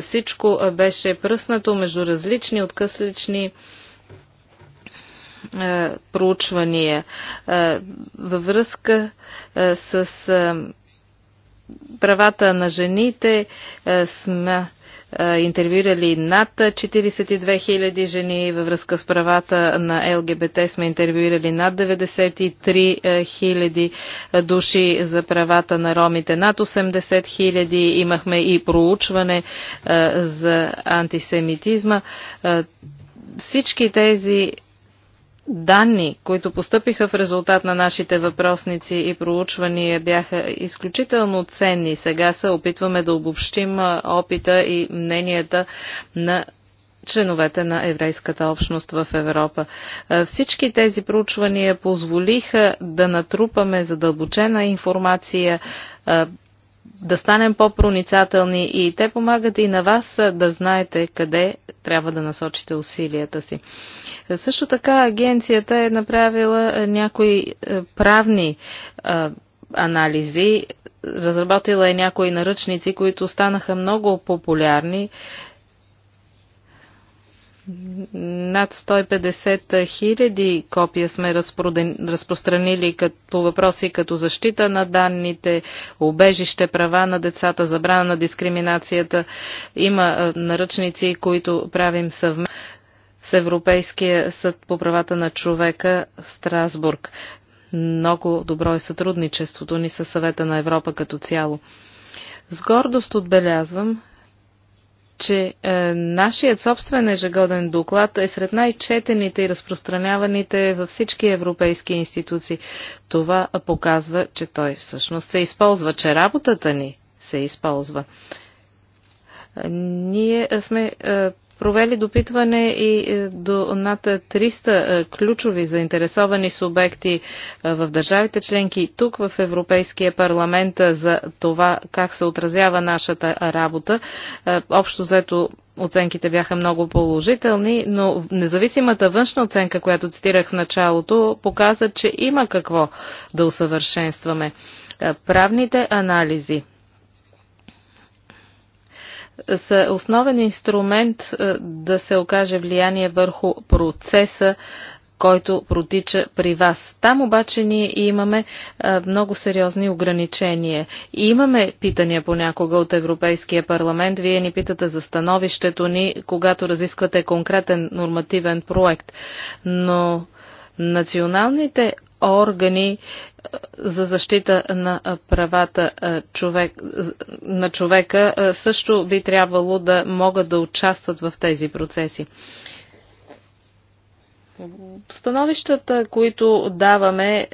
Всичко беше пръснато между различни откъслични проучвания във връзка с правата на жените сме е, интервюирали над 42 000 жени във връзка с правата на ЛГБТ. Сме интервюирали над 93 000 е, е, души за правата на ромите. Над 80 000 имахме и проучване за антисемитизма. Всички тези данни, които постъпиха в резултат на нашите въпросници и проучвания, бяха изключително ценни. Сега се опитваме да обобщим опита и мненията на членовете на еврейската общност в Европа. Всички тези проучвания позволиха да натрупаме задълбочена информация да станем по-проницателни и те помагат и на вас да знаете къде трябва да насочите усилията си. Също така агенцията е направила някои правни анализи, разработила е някои наръчници, които станаха много популярни над 150 хиляди копия сме разпространили по въпроси като защита на данните, обежище, права на децата, забрана на дискриминацията. Има наръчници, които правим съвместно с Европейския съд по правата на човека в Страсбург. Много добро е сътрудничеството ни със съвета на Европа като цяло. С гордост отбелязвам, че е, нашият собствен ежегоден доклад е сред най-четените и разпространяваните във всички европейски институции. Това показва, че той всъщност се използва, че работата ни се използва. Е, ние сме е, провели допитване и е, до над 300 е, ключови заинтересовани субекти е, в държавите членки тук в Европейския парламент за това как се отразява нашата работа. Общо взето оценките бяха много положителни, но независимата външна оценка, която цитирах в началото, показа, че има какво да усъвършенстваме. Правните анализи са основен инструмент е, да се окаже влияние върху процеса, който протича при вас. Там обаче ние имаме е, много сериозни ограничения. И имаме питания понякога от Европейския парламент. Вие ни питате за становището ни, когато разисквате конкретен нормативен проект. Но националните органи е, за защита на е, правата е, човек, на човека също би трябвало да могат да участват в тези процеси. Становищата, които даваме,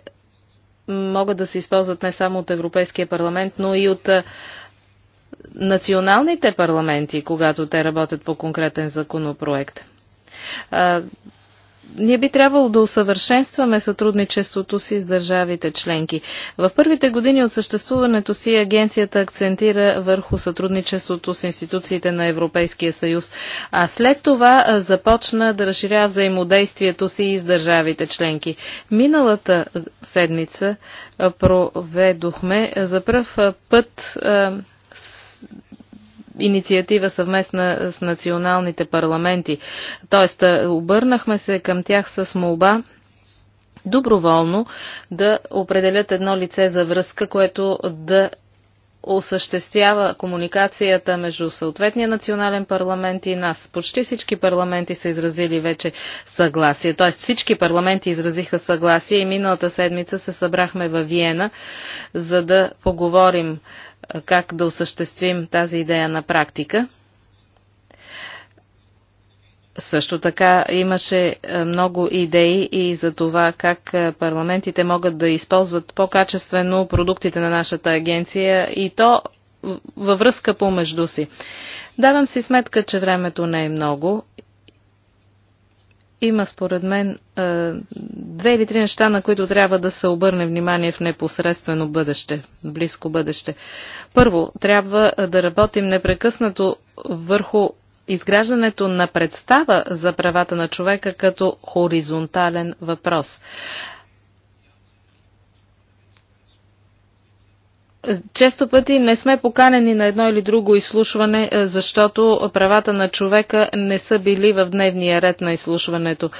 могат да се използват не само от Европейския парламент, но и от националните парламенти, когато те работят по конкретен законопроект ние би трябвало да усъвършенстваме сътрудничеството си с държавите членки. В първите години от съществуването си агенцията акцентира върху сътрудничеството с институциите на Европейския съюз, а след това започна да разширява взаимодействието си и с държавите членки. Миналата седмица проведохме за първ път инициатива съвместна с националните парламенти. Тоест, обърнахме се към тях с молба доброволно да определят едно лице за връзка, което да осъществява комуникацията между съответния национален парламент и нас. Почти всички парламенти са изразили вече съгласие. Тоест всички парламенти изразиха съгласие и миналата седмица се събрахме във Виена, за да поговорим как да осъществим тази идея на практика. Също така имаше е, много идеи и за това как е, парламентите могат да използват по-качествено продуктите на нашата агенция и то във връзка помежду си. Давам си сметка, че времето не е много има според мен е, две или три неща, на които трябва да се обърне внимание в непосредствено бъдеще, близко бъдеще. Първо, трябва да работим непрекъснато върху изграждането на представа за правата на човека като хоризонтален въпрос. Често пъти не сме поканени на едно или друго изслушване, е, защото правата на човека не са били в дневния ред на изслушването.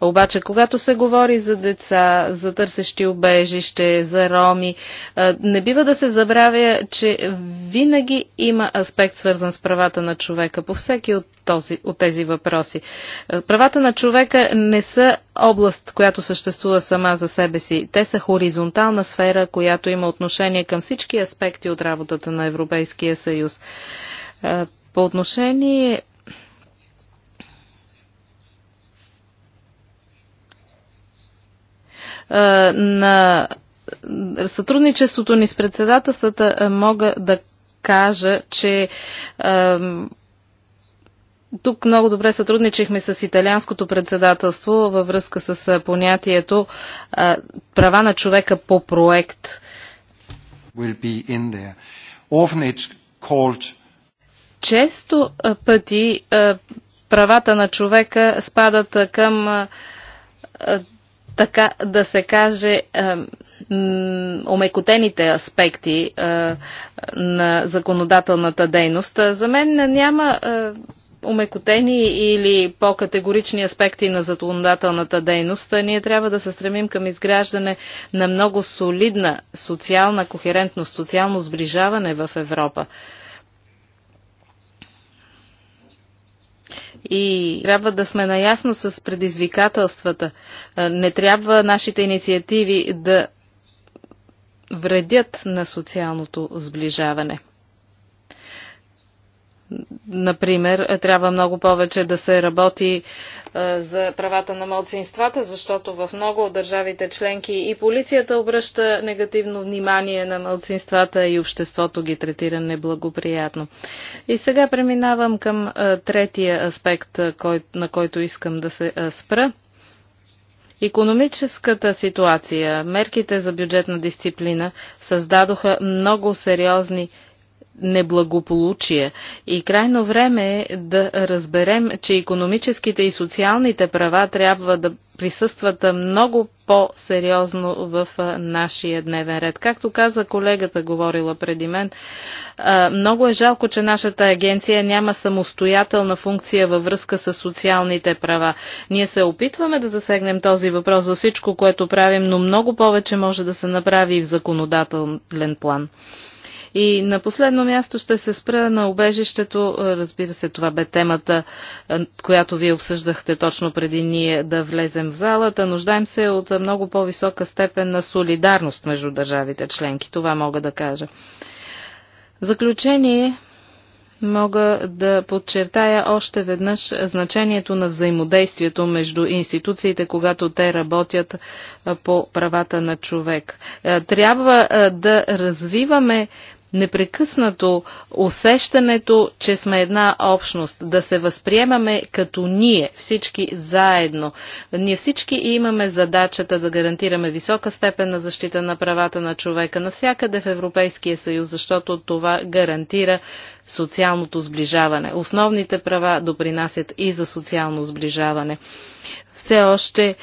Обаче, когато се говори за деца, за търсещи обежище, за роми, е, не бива да се забравя, че винаги има аспект свързан с правата на човека по всеки от, този, от тези въпроси. Е, правата на човека не са област, която съществува сама за себе си. Те са хоризонтална сфера, която има отношение към всички аспекти от работата на Европейския съюз. По отношение на сътрудничеството ни с председателствата мога да кажа, че тук много добре сътрудничихме с италианското председателство във връзка с понятието права на човека по проект will be in there. Often it's called... Често пъти правата на човека спадат към така да се каже омекотените аспекти на законодателната дейност. За мен няма умекотени или по-категорични аспекти на законодателната дейност, ние трябва да се стремим към изграждане на много солидна социална кохерентност, социално сближаване в Европа. и трябва да сме наясно с предизвикателствата. Не трябва нашите инициативи да вредят на социалното сближаване. Например, трябва много повече да се работи е, за правата на младсинствата, защото в много от държавите членки и полицията обръща негативно внимание на младсинствата и обществото ги третира неблагоприятно. И сега преминавам към е, третия аспект, е, на който искам да се спра. Економическата ситуация, мерките за бюджетна дисциплина създадоха много сериозни неблагополучие. И крайно време е да разберем, че економическите и социалните права трябва да присъстват много по-сериозно в нашия дневен ред. Както каза колегата, говорила преди мен, много е жалко, че нашата агенция няма самостоятелна функция във връзка с социалните права. Ние се опитваме да засегнем този въпрос за всичко, което правим, но много повече може да се направи и в законодателен план. И на последно място ще се спра на обежището. Е, разбира се, това бе темата, е, която вие обсъждахте точно преди ние да влезем в залата. Нуждаем се от много по-висока степен на солидарност между държавите членки. Това мога да кажа. В заключение, мога да подчертая още веднъж значението на взаимодействието между институциите, когато те работят е, по правата на човек. Трябва да развиваме непрекъснато усещането, че сме една общност, да се възприемаме като ние, всички заедно. Ние всички имаме задачата да гарантираме висока степен на защита на правата на човека навсякъде в Европейския съюз, защото това гарантира социалното сближаване. Основните права допринасят и за социално сближаване. Все още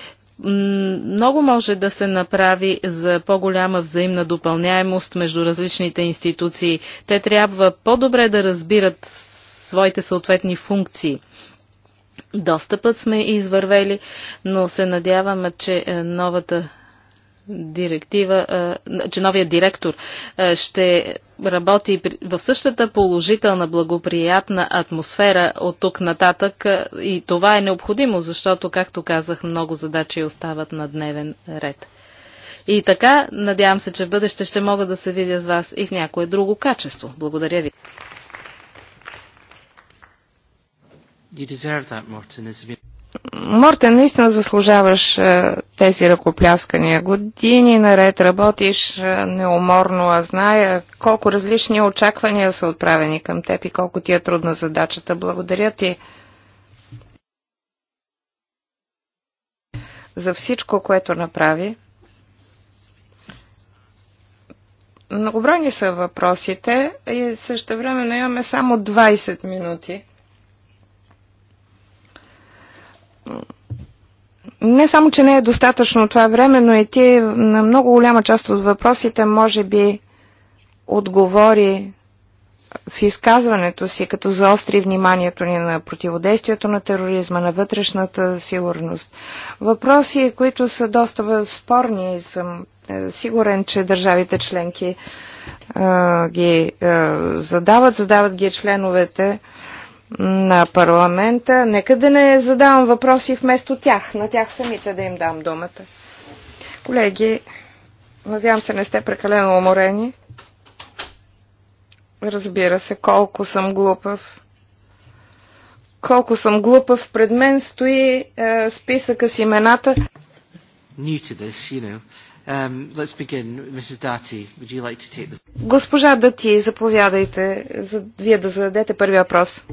много може да се направи за по-голяма взаимна допълняемост между различните институции. Те трябва по-добре да разбират своите съответни функции. Доста път сме извървели, но се надяваме, че е, новата директива, че новия директор ще работи в същата положителна, благоприятна атмосфера от тук нататък и това е необходимо, защото, както казах, много задачи остават на дневен ред. И така, надявам се, че в бъдеще ще мога да се видя с вас и в някое друго качество. Благодаря ви. You deserve that, Martin. Мортен, наистина заслужаваш е, тези ръкопляскания. Години наред работиш е, неуморно, а зная колко различни очаквания са отправени към теб и колко ти е трудна задачата. Благодаря ти за всичко, което направи. Многобройни са въпросите и също време имаме само 20 минути. не само, че не е достатъчно това време, но и ти на много голяма част от въпросите може би отговори в изказването си, като заостри вниманието ни на противодействието на тероризма, на вътрешната сигурност. Въпроси, които са доста спорни и съм е, сигурен, че държавите членки а, ги а, задават, задават ги членовете на парламента. Нека да не задавам въпроси вместо тях, на тях самите да им дам думата. Колеги, надявам се не сте прекалено уморени. Разбира се, колко съм глупав. Колко съм глупав, пред мен стои е, списъка с имената. Ние to this, you know. Um, let's begin. Mrs. Dati, would you like to take the... Госпожа Дати, заповядайте, за, вие да зададете първи въпрос.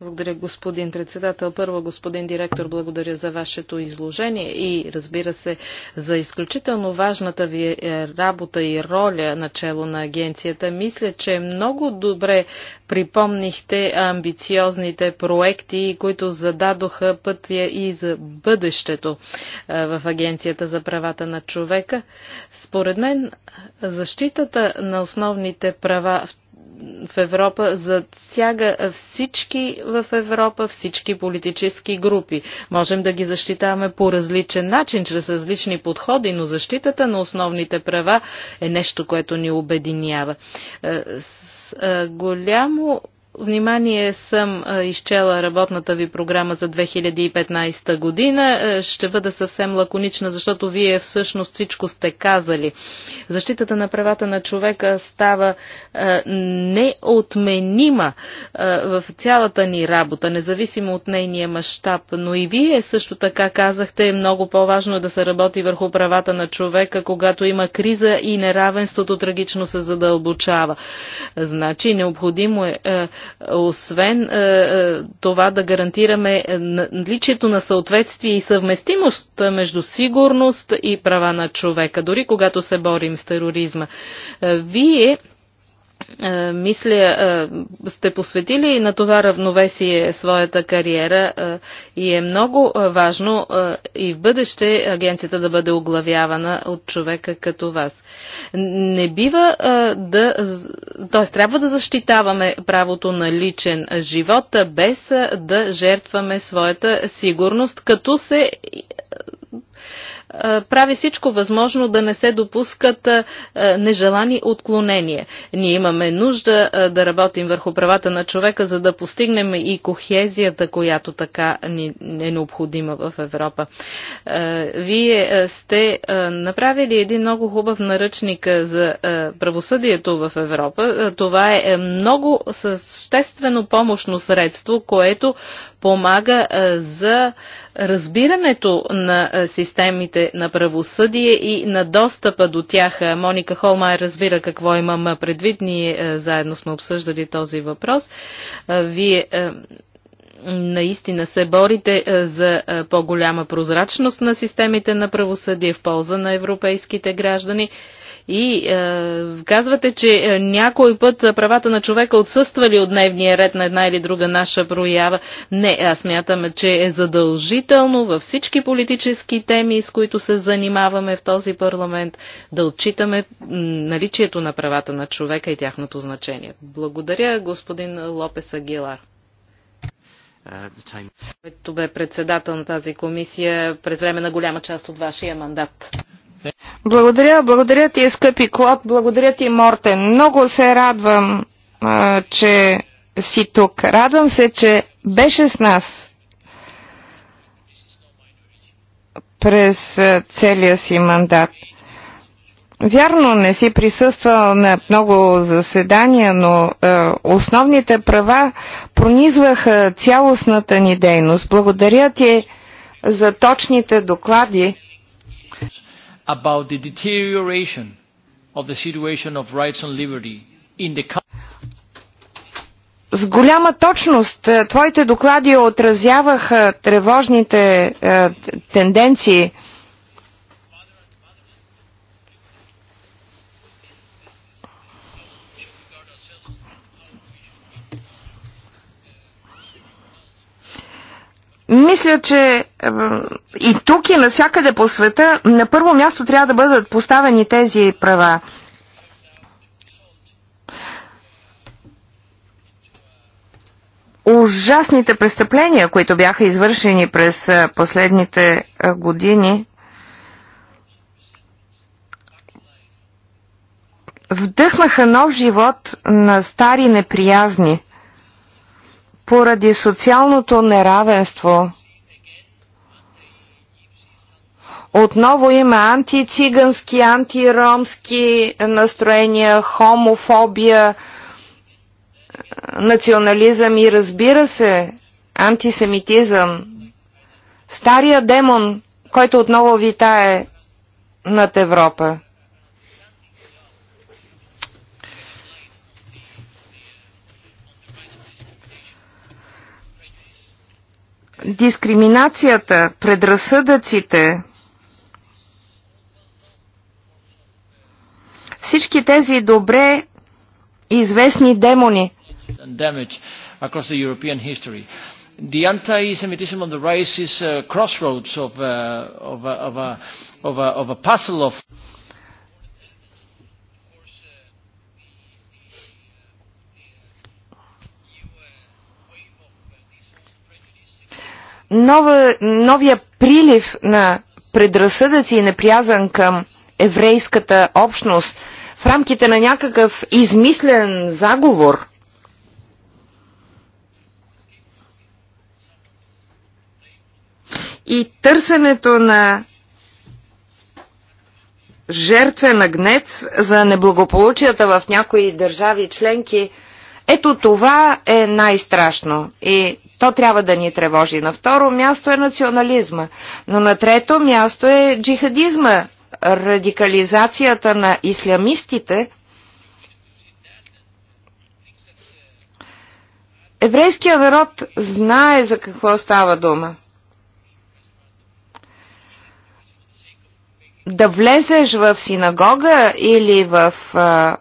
Благодаря, господин председател. Първо, господин директор, благодаря за вашето изложение и, разбира се, за изключително важната ви е работа и роля начало на агенцията. Мисля, че много добре припомнихте амбициозните проекти, които зададоха пътя и за бъдещето в Агенцията за правата на човека така. според мен, защитата на основните права в в Европа засяга всички в Европа, всички политически групи. Можем да ги защитаваме по различен начин, чрез различни подходи, но защитата на основните права е нещо, което ни обединява. Е, с е, голямо внимание съм изчела работната ви програма за 2015 година. Ще бъда съвсем лаконична, защото вие всъщност всичко сте казали. Защитата на правата на човека става неотменима в цялата ни работа, независимо от нейния мащаб. Но и вие също така казахте, много по-важно е да се работи върху правата на човека, когато има криза и неравенството трагично се задълбочава. Значи, необходимо е освен е, е, това да гарантираме наличието на съответствие и съвместимост между сигурност и права на човека, дори когато се борим с тероризма. Е, вие е, мисля, е, сте посветили на това равновесие своята кариера е, и е много важно и в бъдеще агенцията да бъде оглавявана от човека като вас. Не бива да. т.е. трябва да защитаваме правото на личен живот, без да жертваме своята сигурност, като се прави всичко възможно да не се допускат нежелани отклонения. Ние имаме нужда да работим върху правата на човека, за да постигнем и кохезията, която така ни е необходима в Европа. Вие сте направили един много хубав наръчник за правосъдието в Европа. Това е, е много съществено помощно средство, което помага за разбирането на системите на правосъдие и на достъпа до тях. Моника Холмай разбира какво имам предвид. Ние заедно сме обсъждали този въпрос. Вие наистина се борите за по-голяма прозрачност на системите на правосъдие в полза на европейските граждани. И е, казвате, че е, някой път правата на човека отсъствали от дневния ред на една или друга наша проява. Не, аз смятам, че е задължително във всички политически теми, с които се занимаваме в този парламент, да отчитаме наличието на правата на човека и тяхното значение. Благодаря, господин Лопес Агилар. Е, Който бе председател на тази комисия през време на голяма част от вашия мандат. Благодаря, благодаря ти, скъпи Клод, благодаря ти, Мортен. Много се радвам, че си тук. Радвам се, че беше с нас през целия си мандат. Вярно, не си присъствал на много заседания, но е, основните права пронизваха цялостната ни дейност. Благодаря ти за точните доклади about the deterioration of the situation of rights and liberty in the country. С голяма точност твоите доклади отразяваха тревожните е, тенденции Мисля, че и тук и навсякъде по света на първо място трябва да бъдат поставени тези права. Ужасните престъпления, които бяха извършени през последните години, вдъхнаха нов живот на стари неприязни – поради социалното неравенство отново има антицигански, антиромски настроения, хомофобия, национализъм и разбира се, антисемитизъм. Стария демон, който отново витае над Европа. дискриминацията, предразсъдъците, всички тези добре известни демони. The anti-Semitism on the rise is a crossroads of a, of a, of a, of a, of a puzzle of нова, новия прилив на предразсъдъци и неприязан към еврейската общност в рамките на някакъв измислен заговор – и търсенето на жертвен гнец за неблагополучията в някои държави членки, ето това е най-страшно. И то трябва да ни тревожи. На второ място е национализма, но на трето място е джихадизма, радикализацията на ислямистите. Еврейският народ знае за какво става дума. Да влезеш в синагога или в а,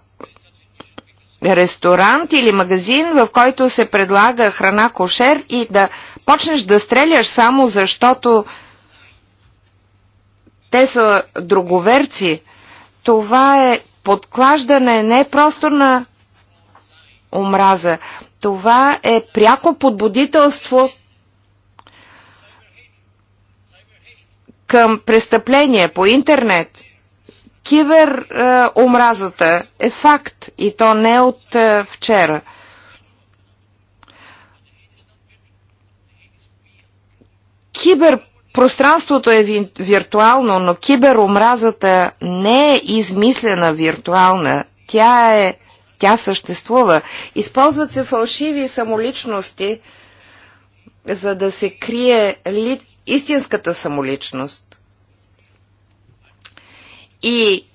ресторант или магазин, в който се предлага храна кошер и да почнеш да стреляш само защото те са друговерци. Това е подклаждане не просто на омраза. Това е пряко подбудителство към престъпление по интернет – Кибер е, омразата е факт и то не от е, вчера. Киберпространството е виртуално, но киберомразата не е измислена виртуална. Тя е тя съществува. Използват се фалшиви самоличности, за да се крие ли, истинската самоличност. И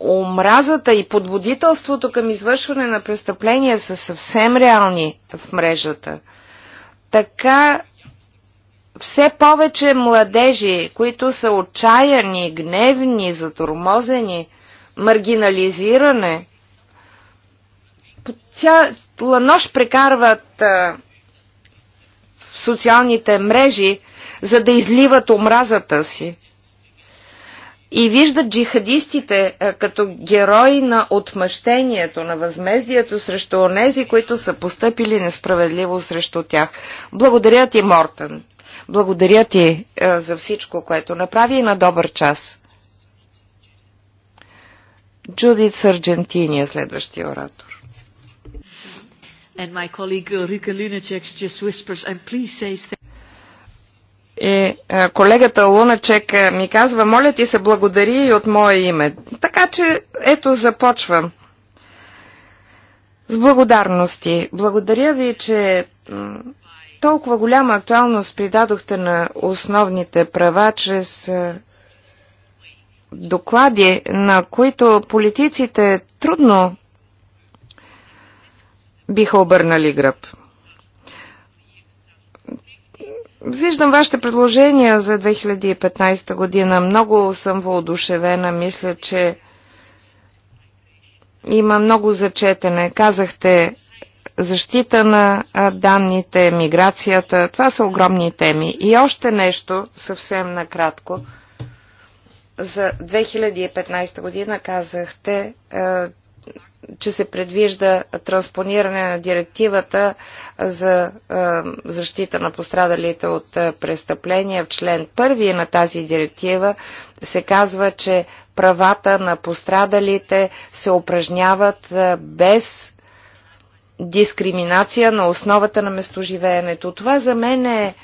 омразата и подводителството към извършване на престъпления са съвсем реални в мрежата. Така все повече младежи, които са отчаяни, гневни, затормозени, маргинализиране, цяла нощ прекарват а, в социалните мрежи, за да изливат омразата си и виждат джихадистите е, като герои на отмъщението, на възмездието срещу онези, които са постъпили несправедливо срещу тях. Благодаря ти, Мортън. Благодаря ти е, за всичко, което направи и на добър час. Джудит Сърджентини е следващия оратор. And my colleague Lunacek just whispers, and please say и а, е, колегата Луначек е, ми казва, моля ти се, благодари и от мое име. Така че, ето, започвам. С благодарности. Благодаря ви, че толкова голяма актуалност придадохте на основните права чрез е, доклади, на които политиците трудно биха обърнали гръб. Виждам вашите предложения за 2015 година. Много съм воодушевена. Мисля, че има много зачетене. Казахте защита на данните, миграцията. Това са огромни теми. И още нещо, съвсем накратко. За 2015 година казахте, че се предвижда транспониране на директивата за защита на пострадалите от престъпления. В член 1 на тази директива се казва, че правата на пострадалите се упражняват без дискриминация на основата на местоживеенето. Това за мен е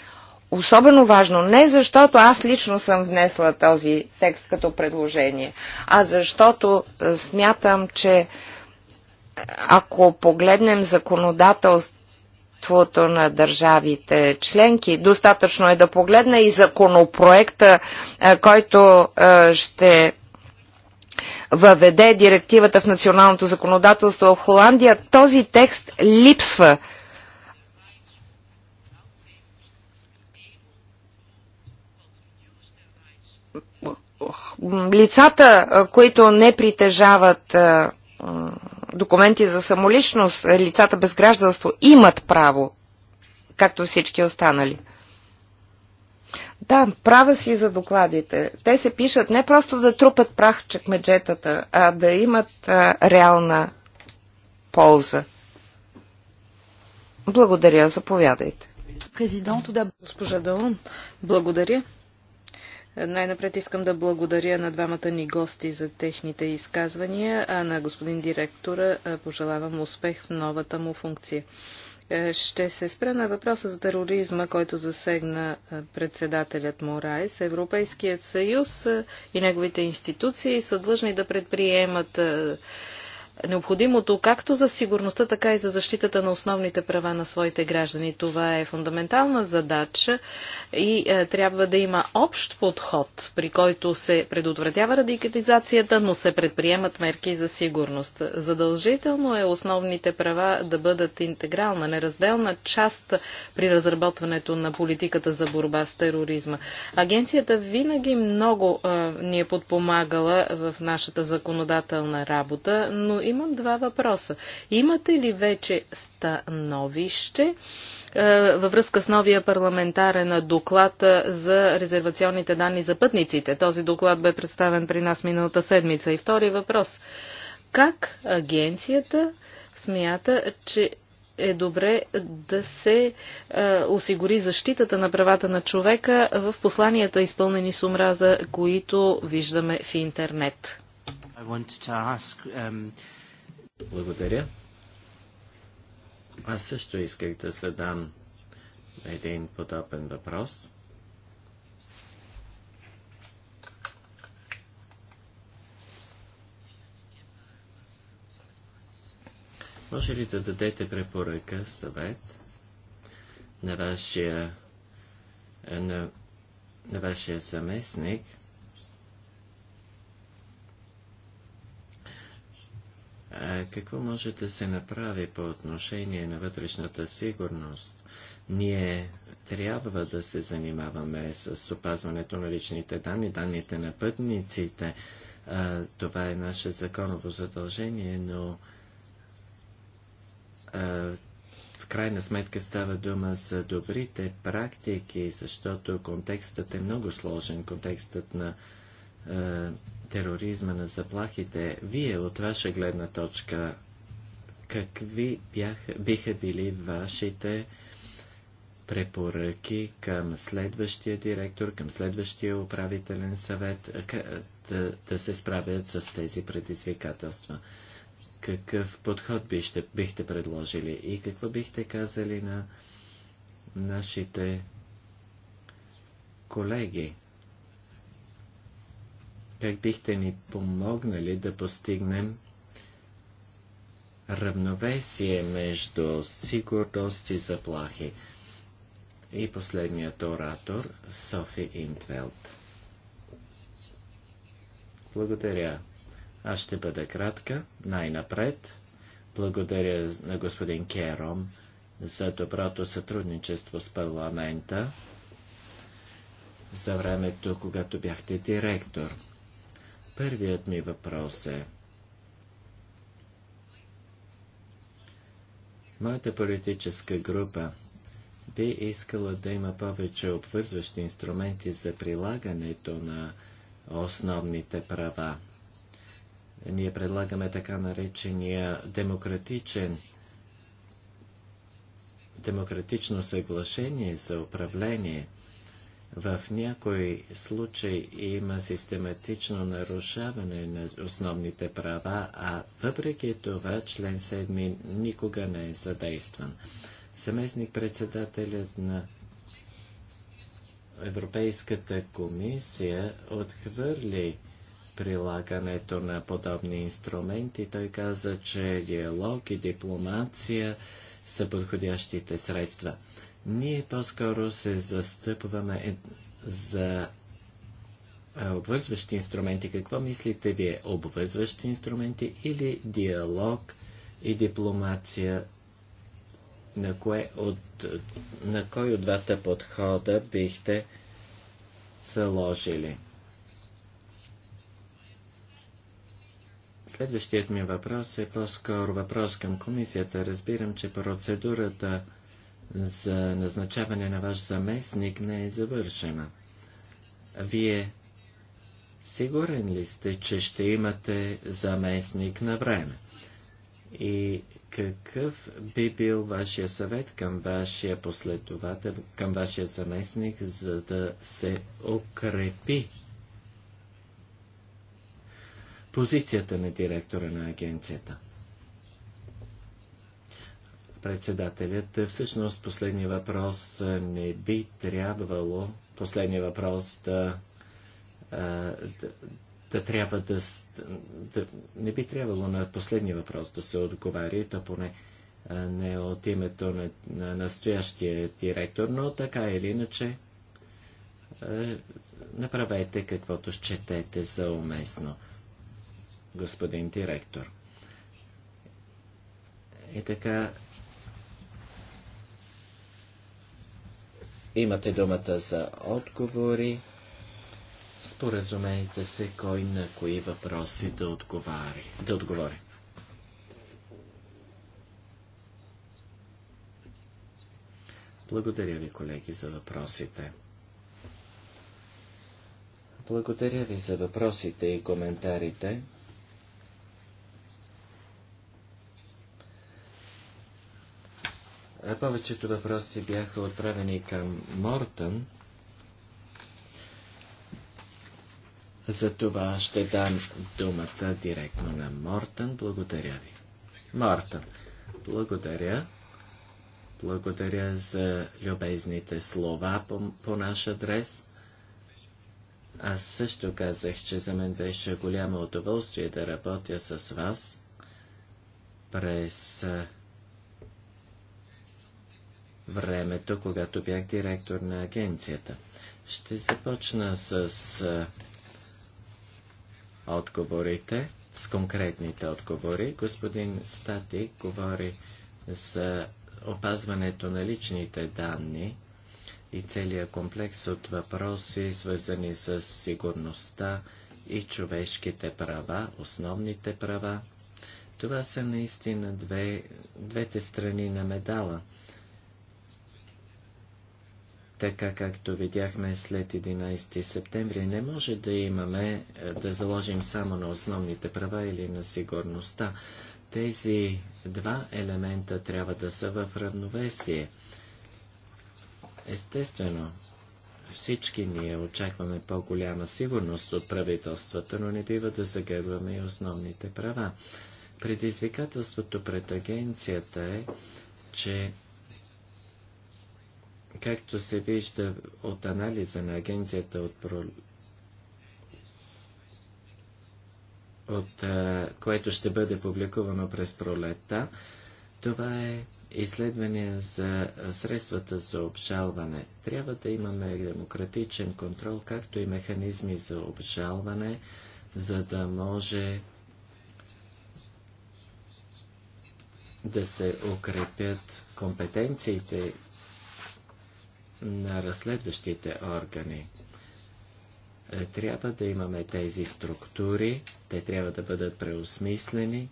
особено важно, не защото аз лично съм внесла този текст като предложение, а защото смятам, че ако погледнем законодателството на държавите членки, достатъчно е да погледна и законопроекта, е, който е, ще въведе директивата в националното законодателство в Холандия, този текст липсва. Лицата, е, които не притежават документи за самоличност, лицата без гражданство имат право, както всички останали. Да, права си за докладите. Те се пишат не просто да трупат прах в чекмеджетата, а да имат а, реална полза. Благодаря, заповядайте. Президент, да, госпожа Далон, благодаря. Най-напред искам да благодаря на двамата ни гости за техните изказвания, а на господин директора пожелавам успех в новата му функция. Е, ще се спра на въпроса за тероризма, който засегна председателят Морайс. Европейският съюз и неговите институции са длъжни да предприемат необходимото както за сигурността, така и за защитата на основните права на своите граждани. Това е фундаментална задача и е, трябва да има общ подход, при който се предотвратява радикализацията, но се предприемат мерки за сигурност. Задължително е основните права да бъдат интегрална, неразделна част при разработването на политиката за борба с тероризма. Агенцията винаги много е, ни е подпомагала в нашата законодателна работа, но имам два въпроса. Имате ли вече становище е, във връзка с новия парламентарен доклад е, за резервационните данни за пътниците? Този доклад бе представен при нас миналата седмица. И втори въпрос. Как агенцията смята, че е добре да се е, осигури защитата на правата на човека в посланията, изпълнени с омраза, които виждаме в интернет ask, um... Благодаря. Аз също исках да задам един подобен въпрос. Може ли да дадете препоръка, съвет на вашия, на, на вашия заместник – какво може да се направи по отношение на вътрешната сигурност? Ние трябва да се занимаваме с опазването на личните данни, данните на пътниците. Това е наше законово задължение, но в крайна сметка става дума за добрите практики, защото контекстът е много сложен, контекстът на тероризма, на заплахите, вие от ваша гледна точка, какви бяха, биха били вашите препоръки към следващия директор, към следващия управителен съвет да, да се справят с тези предизвикателства? Какъв подход бихте, бихте предложили и какво бихте казали на нашите колеги? Как бихте ни помогнали да постигнем равновесие между сигурност и заплахи? И последният оратор Софи Интвелт. Благодаря. Аз ще бъда кратка. Най-напред. Благодаря на господин Кером за доброто сътрудничество с парламента за времето, когато бяхте директор. Първият ми въпрос е. Моята политическа група би искала да има повече обвързващи инструменти за прилагането на основните права. Ние предлагаме така наречения демократичен демократично съглашение за управление – в някои случаи има систематично нарушаване на основните права, а въпреки това член 7 никога не е задействан. Съместник председателят на Европейската комисия отхвърли прилагането на подобни инструменти. Той каза, че диалог и дипломация са подходящите средства. Ние по-скоро се застъпваме за обвързващи инструменти. Какво мислите вие? Обвързващи инструменти или диалог и дипломация? На, кое от, на кой от двата подхода бихте заложили? Следващият ми въпрос е по-скоро въпрос към комисията. Разбирам, че процедурата за назначаване на ваш заместник не е завършена. Вие сигурен ли сте, че ще имате заместник на време? И какъв би бил вашия съвет към вашия последовател, към вашия заместник, за да се укрепи позицията на директора на агенцията? председателят. Всъщност последния въпрос не би трябвало, последния въпрос да, да, да трябва да, да, не би трябвало на последния въпрос да се отговаря, то поне не от името на, на настоящия директор, но така или иначе направете каквото счетете за уместно, господин директор. И така, Имате думата за отговори. Споразумейте се кой на кои въпроси да отговори. Да отговори. Благодаря ви, колеги, за въпросите. Благодаря ви за въпросите и коментарите. Повечето въпроси бяха отправени към Мортън. За това ще дам думата директно на Мортън. Благодаря ви. Мортън, благодаря. Благодаря за любезните слова по, по наш адрес. Аз също казах, че за мен беше голямо удоволствие да работя с вас през времето, когато бях директор на агенцията. Ще започна с отговорите, с конкретните отговори. Господин Стати говори за опазването на личните данни и целият комплекс от въпроси, свързани с сигурността и човешките права, основните права. Това са наистина две, двете страни на медала – така както видяхме след 11 септември, не може да имаме, е, да заложим само на основните права или на сигурността. Тези два елемента трябва да са в равновесие. Естествено, всички ние очакваме по-голяма сигурност от правителствата, но не бива да загърбваме и основните права. Предизвикателството пред агенцията е, че Както се вижда от анализа на агенцията от от което ще бъде публикувано през пролета, Това е изследване за средствата за обжалване. Трябва да имаме демократичен контрол, както и механизми за обжалване, за да може да се укрепят компетенциите на разследващите органи. Е, трябва да имаме тези структури, те трябва да бъдат преосмислени,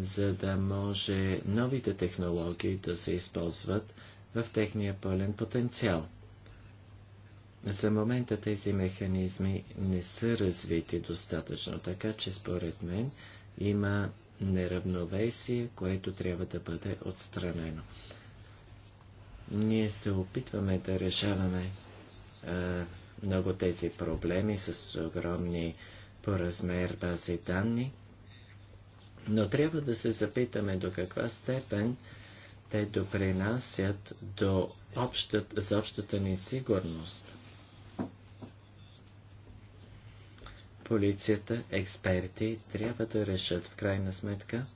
за да може новите технологии да се използват в техния пълен потенциал. За момента тези механизми не са развити достатъчно, така че според мен има неравновесие, което трябва да бъде отстранено. Ние се опитваме да решаваме а, много тези проблеми с огромни по размер бази данни, но трябва да се запитаме до каква степен те допринасят до общът, за общата ни сигурност. Полицията, експерти трябва да решат в крайна сметка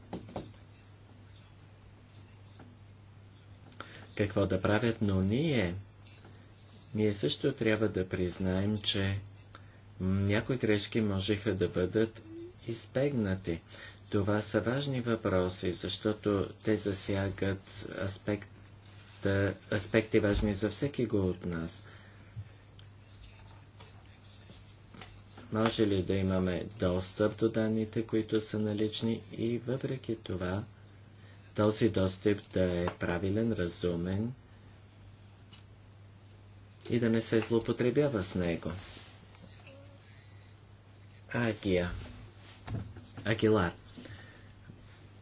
какво да правят, но ние, ние също трябва да признаем, че някои грешки можеха да бъдат избегнати. Това са важни въпроси, защото те засягат аспекта, аспекти важни за всеки го от нас. Може ли да имаме достъп до данните, които са налични и въпреки това този достъп да е правилен, разумен и да не се злоупотребява с него. Агия. Агилар.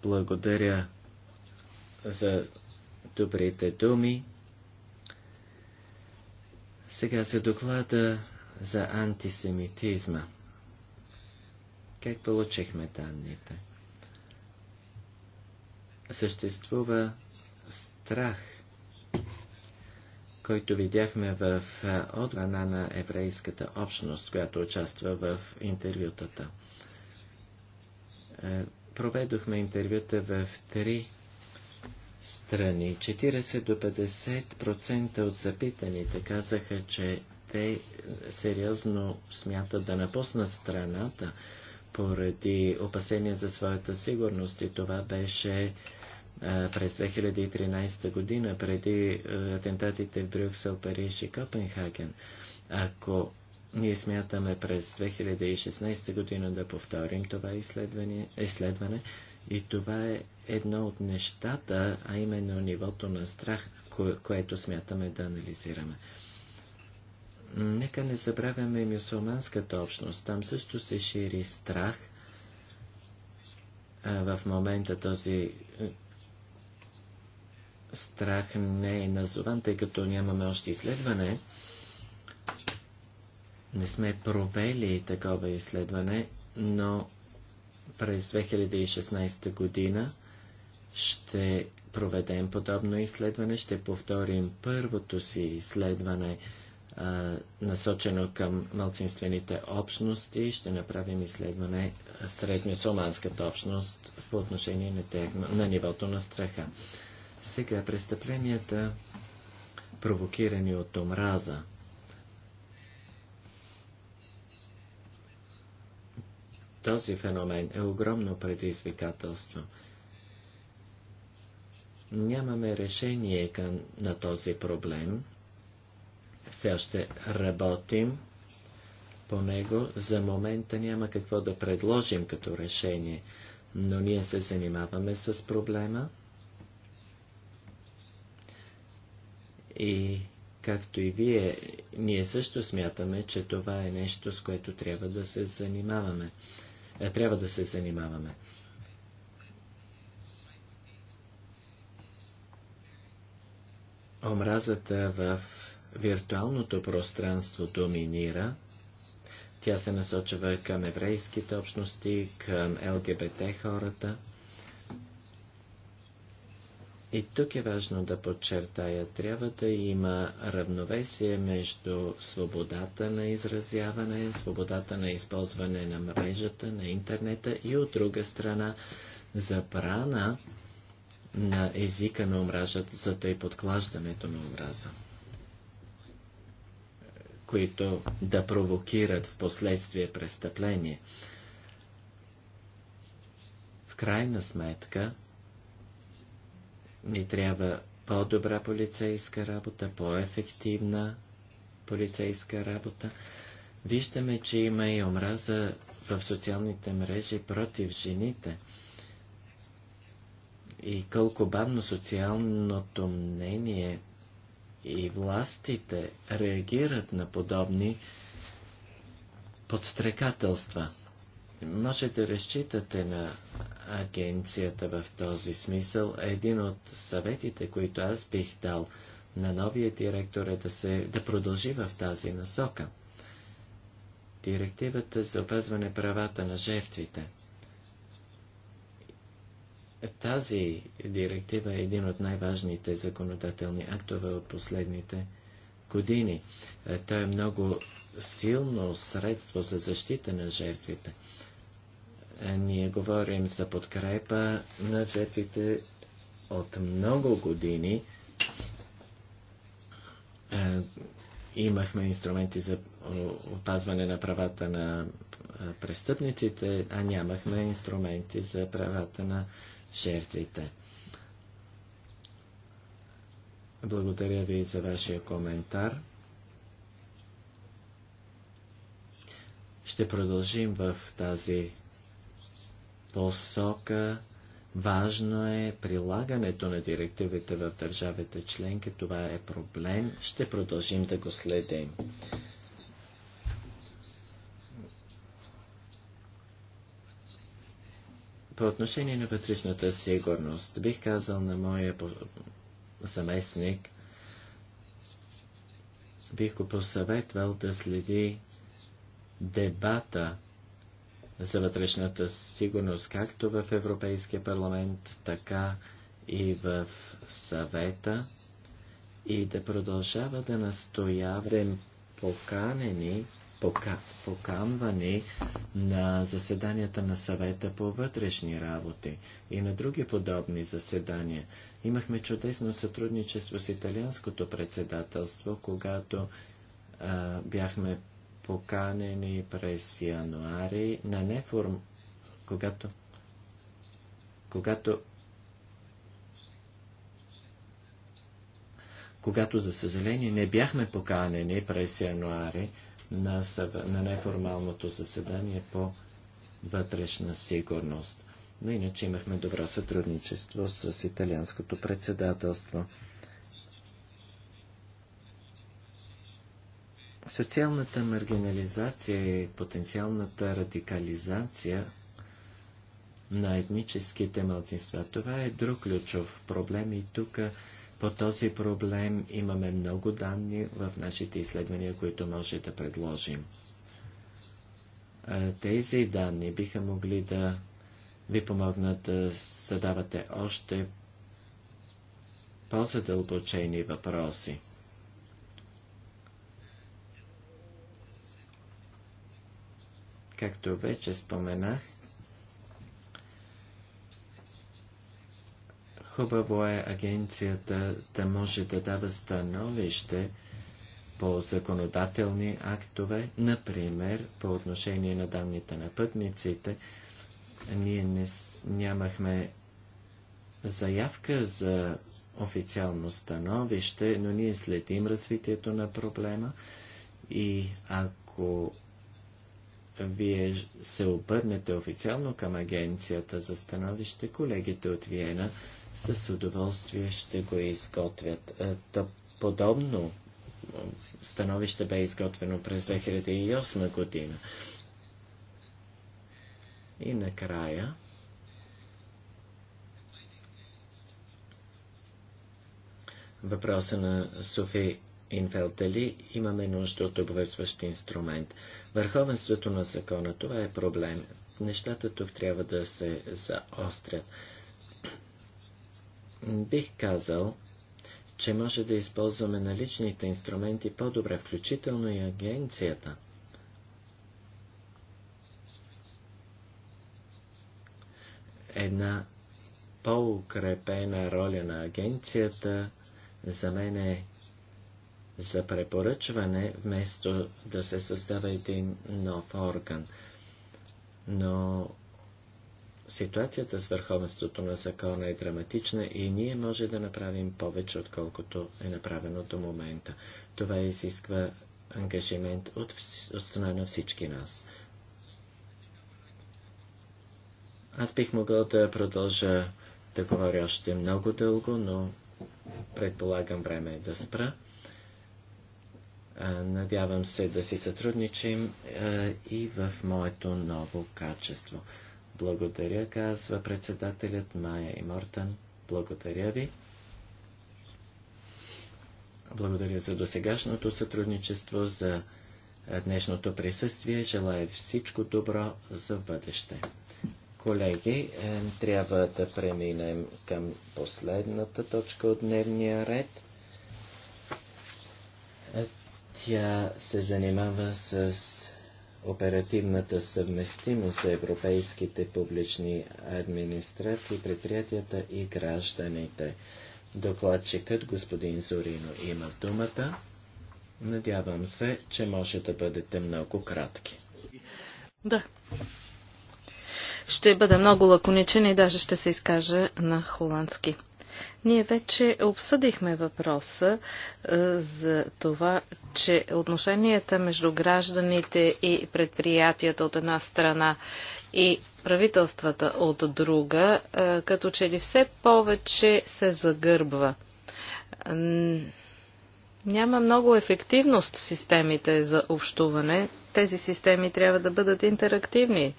Благодаря за добрите думи. Сега за доклада за антисемитизма. Как получихме данните? съществува страх, който видяхме в отбрана на еврейската общност, която участва в интервютата. Проведохме интервюта в три страни. 40 до 50% от запитаните казаха, че те сериозно смятат да напуснат страната, поради опасения за своята сигурност и това беше през 2013 година, преди атентатите в Брюксел, Париж и Копенхаген. Ако ние смятаме през 2016 година да повторим това изследване, изследване и това е едно от нещата, а именно нивото на страх, кое, което смятаме да анализираме. Нека не забравяме мюсулманската общност. Там също се шири страх. А в момента този е, страх не е назован, тъй като нямаме още изследване. Не сме провели такова изследване, но през 2016 година ще проведем подобно изследване, ще повторим първото си изследване насочено към малцинствените общности. Ще направим изследване сред мусулманската общност по отношение на, тех, на нивото на страха. Сега престъпленията, провокирани от омраза, Този феномен е огромно предизвикателство. Нямаме решение към, на този проблем, все още работим по него. За момента няма какво да предложим като решение, но ние се занимаваме с проблема. И както и вие, ние също смятаме, че това е нещо, с което трябва да се занимаваме. Е, трябва да се занимаваме. Омразата в виртуалното пространство доминира, тя се насочва към еврейските общности, към ЛГБТ хората. И тук е важно да подчертая, трябва да има равновесие между свободата на изразяване, свободата на използване на мрежата, на интернета и от друга страна забрана на езика на омражата, за да и подклаждането на омраза които да провокират в последствие престъпление. В крайна сметка, ни трябва по-добра полицейска работа, по-ефективна полицейска работа. Виждаме, че има и омраза в социалните мрежи против жените. И колко бавно социалното мнение и властите реагират на подобни подстрекателства. Може да разчитате на агенцията в този смисъл. Един от съветите, които аз бих дал на новия директор е да, се, да продължи в тази насока. Директивата за опазване правата на жертвите. Тази директива е един от най-важните законодателни актове от последните години. Е, той е много силно средство за защита на жертвите. Е, ние говорим за подкрепа на жертвите от много години. Е, имахме инструменти за опазване на правата на престъпниците, а нямахме инструменти за правата на жертвите. Благодаря ви за вашия коментар. Ще продължим в тази посока. Важно е прилагането на директивите в държавите членки. Това е проблем. Ще продължим да го следим. По отношение на вътрешната сигурност, бих казал на моя заместник, бих го посъветвал да следи дебата за вътрешната сигурност, както в Европейския парламент, така и в съвета, и да продължава да настояваме поканени пока, поканвани на заседанията на съвета по вътрешни работи и на други подобни заседания. Имахме чудесно сътрудничество с италианското председателство, когато а, бяхме поканени през януари на неформ... когато... когато когато, за съжаление, не бяхме поканени през януари, на, съв... на неформалното заседание по вътрешна сигурност. Но иначе имахме добро сътрудничество с италианското председателство. Социалната маргинализация и потенциалната радикализация на етническите мълцинства. Това е друг ключов проблем и тук по този проблем имаме много данни в нашите изследвания, които може да предложим. Тези данни биха могли да ви помогнат да задавате още по-задълбочени въпроси. Както вече споменах, Хубаво е агенцията да може да дава становище по законодателни актове, например по отношение на данните на пътниците. Ние не, нямахме заявка за официално становище, но ние следим развитието на проблема и ако вие се обърнете официално към агенцията за становище, колегите от Виена с удоволствие ще го изготвят. Е, подобно становище бе изготвено през 2008 година. И накрая въпроса на Софи Инфелд дали имаме нужда от обвързващ инструмент. Върховенството на закона, това е проблем. Нещата тук трябва да се заострят. Бих казал, че може да използваме наличните инструменти по-добре, включително и агенцията. Една по-укрепена роля на агенцията за мен е за препоръчване, вместо да се създава един нов орган. Но Ситуацията с върховенството на закона е драматична и ние може да направим повече, отколкото е направено до момента. Това изисква ангажимент от, от страна на всички нас. Аз бих могъл да продължа да говоря още много дълго, но предполагам време е да спра. Надявам се да си сътрудничим и в моето ново качество. Благодаря, казва председателят Майя и Мортън. Благодаря ви. Благодаря за досегашното сътрудничество, за днешното присъствие. Желая всичко добро за бъдеще. Колеги, е, трябва да преминем към последната точка от дневния ред. Е, тя се занимава с оперативната съвместимост за европейските публични администрации, предприятията и гражданите. Докладчикът господин Зорино има думата. Надявам се, че може да бъдете много кратки. Да. Ще бъда много лаконичен и даже ще се изкажа на холандски. Ние вече обсъдихме въпроса е, за това, че отношенията между гражданите и предприятията от една страна и правителствата от друга, е, като че ли все повече се загърбва. Няма много ефективност в системите за общуване тези системи трябва да бъдат интерактивни,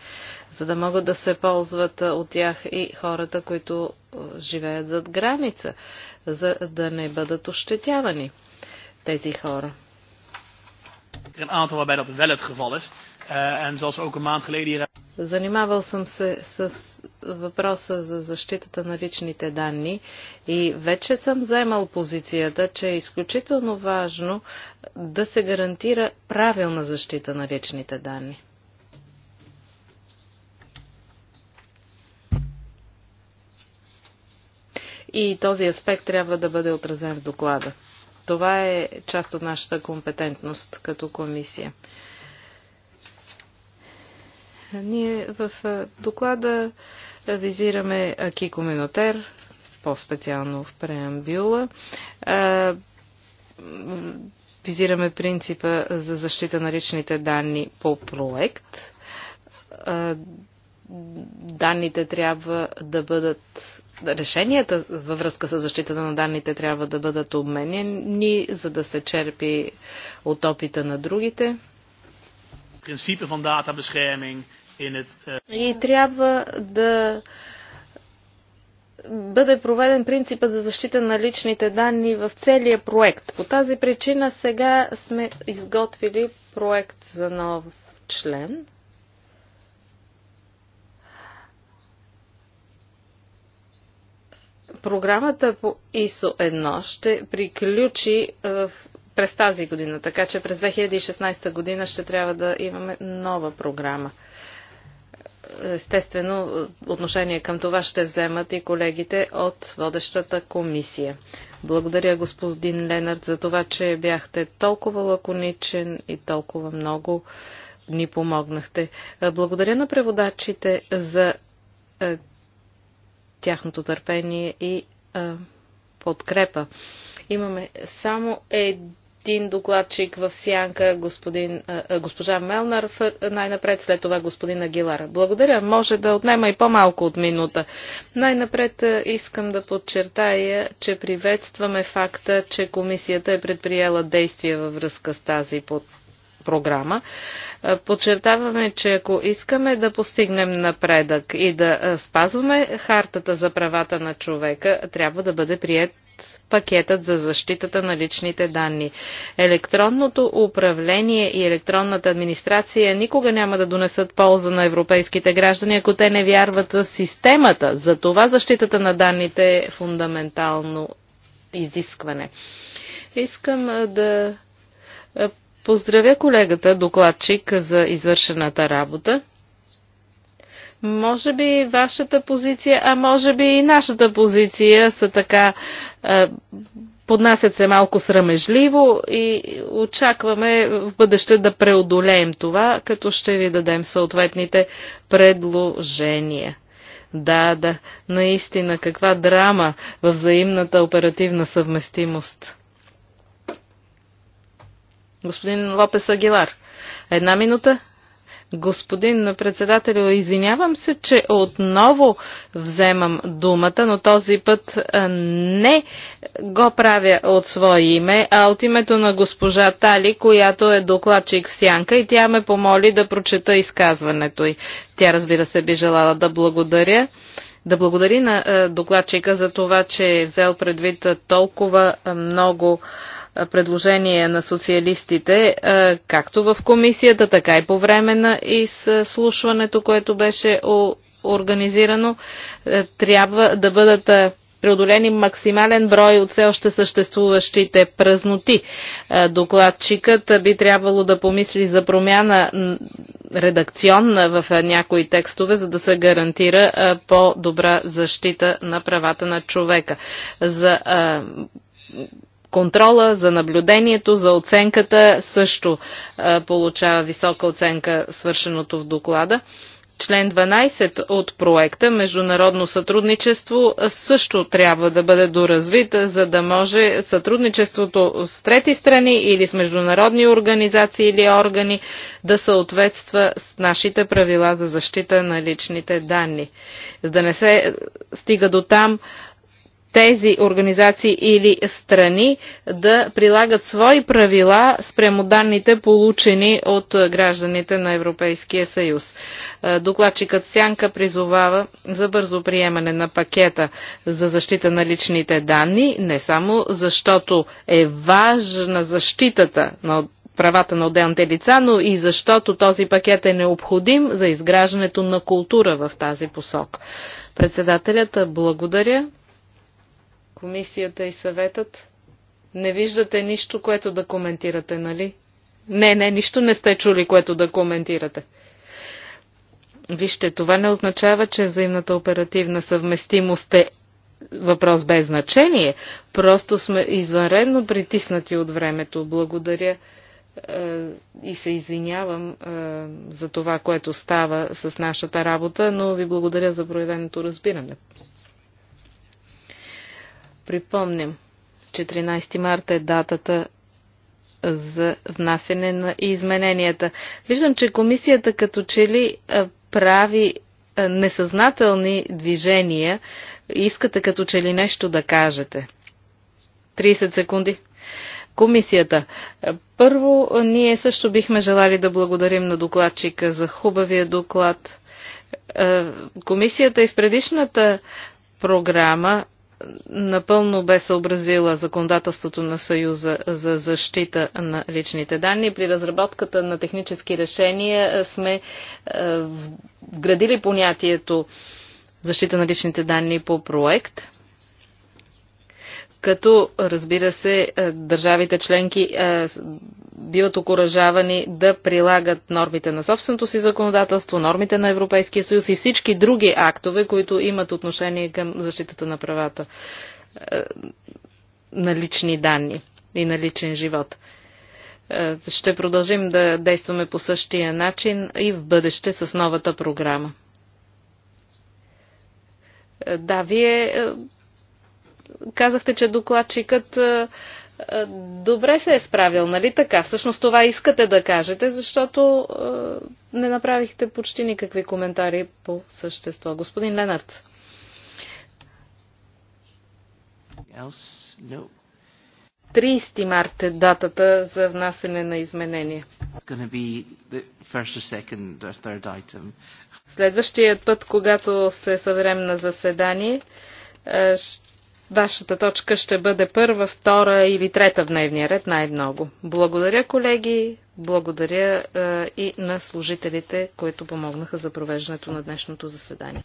за да могат да се ползват от тях и хората, които живеят зад граница, за да не бъдат ощетявани тези хора. Een aantal waarbij dat wel het geval is. Eh, en zoals ook een maand geleden hier... Занимавал съм се с въпроса за защитата на личните данни и вече съм заемал позицията, че е изключително важно да се гарантира правилна защита на личните данни. И този аспект трябва да бъде отразен в доклада. Това е част от нашата компетентност като комисия. Ние в доклада визираме Акико Минотер, по-специално в преамбюла. Визираме принципа за защита на личните данни по проект данните трябва да бъдат, решенията във връзка с защитата на данните трябва да бъдат обменени, за да се черпи от опита на другите. Е, и трябва да бъде проведен принципът за защита на личните данни в целия проект. По тази причина сега сме изготвили проект за нов член, Програмата по ИСО 1 ще приключи е, през тази година, така че през 2016 година ще трябва да имаме нова програма. Естествено, отношение към това ще вземат и колегите от водещата комисия. Благодаря господин Ленард за това, че бяхте толкова лаконичен и толкова много ни помогнахте. Благодаря на преводачите за е, тяхното търпение и а, подкрепа. Имаме само един докладчик в сянка, господин, а, госпожа Мелнар, най-напред след това господин Агилар. Благодаря, може да отнема и по-малко от минута. Най-напред искам да подчертая, че приветстваме факта, че комисията е предприела действия във връзка с тази под програма. Е, подчертаваме, че ако искаме да постигнем напредък и да е, спазваме хартата за правата на човека, трябва да бъде прият пакетът за защитата на личните данни. Електронното управление и електронната администрация никога няма да донесат полза на европейските граждани, ако те не вярват в системата. За това защитата на данните е фундаментално изискване. Искам е, да поздравя колегата докладчик за извършената работа. Може би вашата позиция, а може би и нашата позиция са така, поднасят се малко срамежливо и очакваме в бъдеще да преодолеем това, като ще ви дадем съответните предложения. Да, да, наистина, каква драма в взаимната оперативна съвместимост. Господин Лопес Агилар. Една минута. Господин председател, извинявам се, че отново вземам думата, но този път не го правя от свое име, а от името на госпожа Тали, която е докладчик в Сянка и тя ме помоли да прочета изказването й. Тя разбира се би желала да благодаря. Да благодари на докладчика за това, че е взел предвид толкова много предложение на социалистите, е, както в комисията, така и по време на изслушването, което беше организирано, е, трябва да бъдат е, преодолени максимален брой от все още съществуващите празноти. Докладчикът би трябвало да помисли за промяна редакционна в някои текстове, за да се гарантира по-добра защита на правата на човека. За контрола, за наблюдението, за оценката също е, получава висока оценка свършеното в доклада. Член 12 от проекта Международно сътрудничество също трябва да бъде доразвит, за да може сътрудничеството с трети страни или с международни организации или органи да съответства с нашите правила за защита на личните данни. За да не се стига до там, тези организации или страни да прилагат свои правила спрямо данните, получени от гражданите на Европейския съюз. Е, докладчикът Сянка призовава за бързо приемане на пакета за защита на личните данни, не само защото е важна защитата на правата на отделните лица, но и защото този пакет е необходим за изграждането на култура в тази посок. Председателят благодаря комисията и съветът? Не виждате нищо, което да коментирате, нали? Не, не, нищо не сте чули, което да коментирате. Вижте, това не означава, че взаимната оперативна съвместимост е въпрос без значение. Просто сме извънредно притиснати от времето. Благодаря е, и се извинявам е, за това, което става с нашата работа, но ви благодаря за проявеното разбиране припомним, 14 марта е датата за внасене на измененията. Виждам, че комисията като че ли прави несъзнателни движения. Искате като че ли нещо да кажете. 30 секунди. Комисията. Първо, ние също бихме желали да благодарим на докладчика за хубавия доклад. Комисията и в предишната програма напълно бе съобразила законодателството на Съюза за защита на личните данни. При разработката на технически решения сме вградили понятието защита на личните данни по проект – като разбира се е, държавите членки е, биват окоръжавани да прилагат нормите на собственото си законодателство, нормите на Европейския съюз и всички други актове, които имат отношение към защитата на правата е, на лични данни и на личен живот. Ще продължим да действаме по същия начин и в бъдеще с новата програма. Да, вие Казахте, че докладчикът е, е, добре се е справил, нали така? Всъщност това искате да кажете, защото е, не направихте почти никакви коментари по същество. Господин Ленард. No. 30 март е датата за внасене на изменения. Следващият път, когато се съберем на заседание, ще Вашата точка ще бъде първа, втора или трета в дневния ред най-много. Благодаря, колеги. Благодаря е, и на служителите, които помогнаха за провеждането на днешното заседание.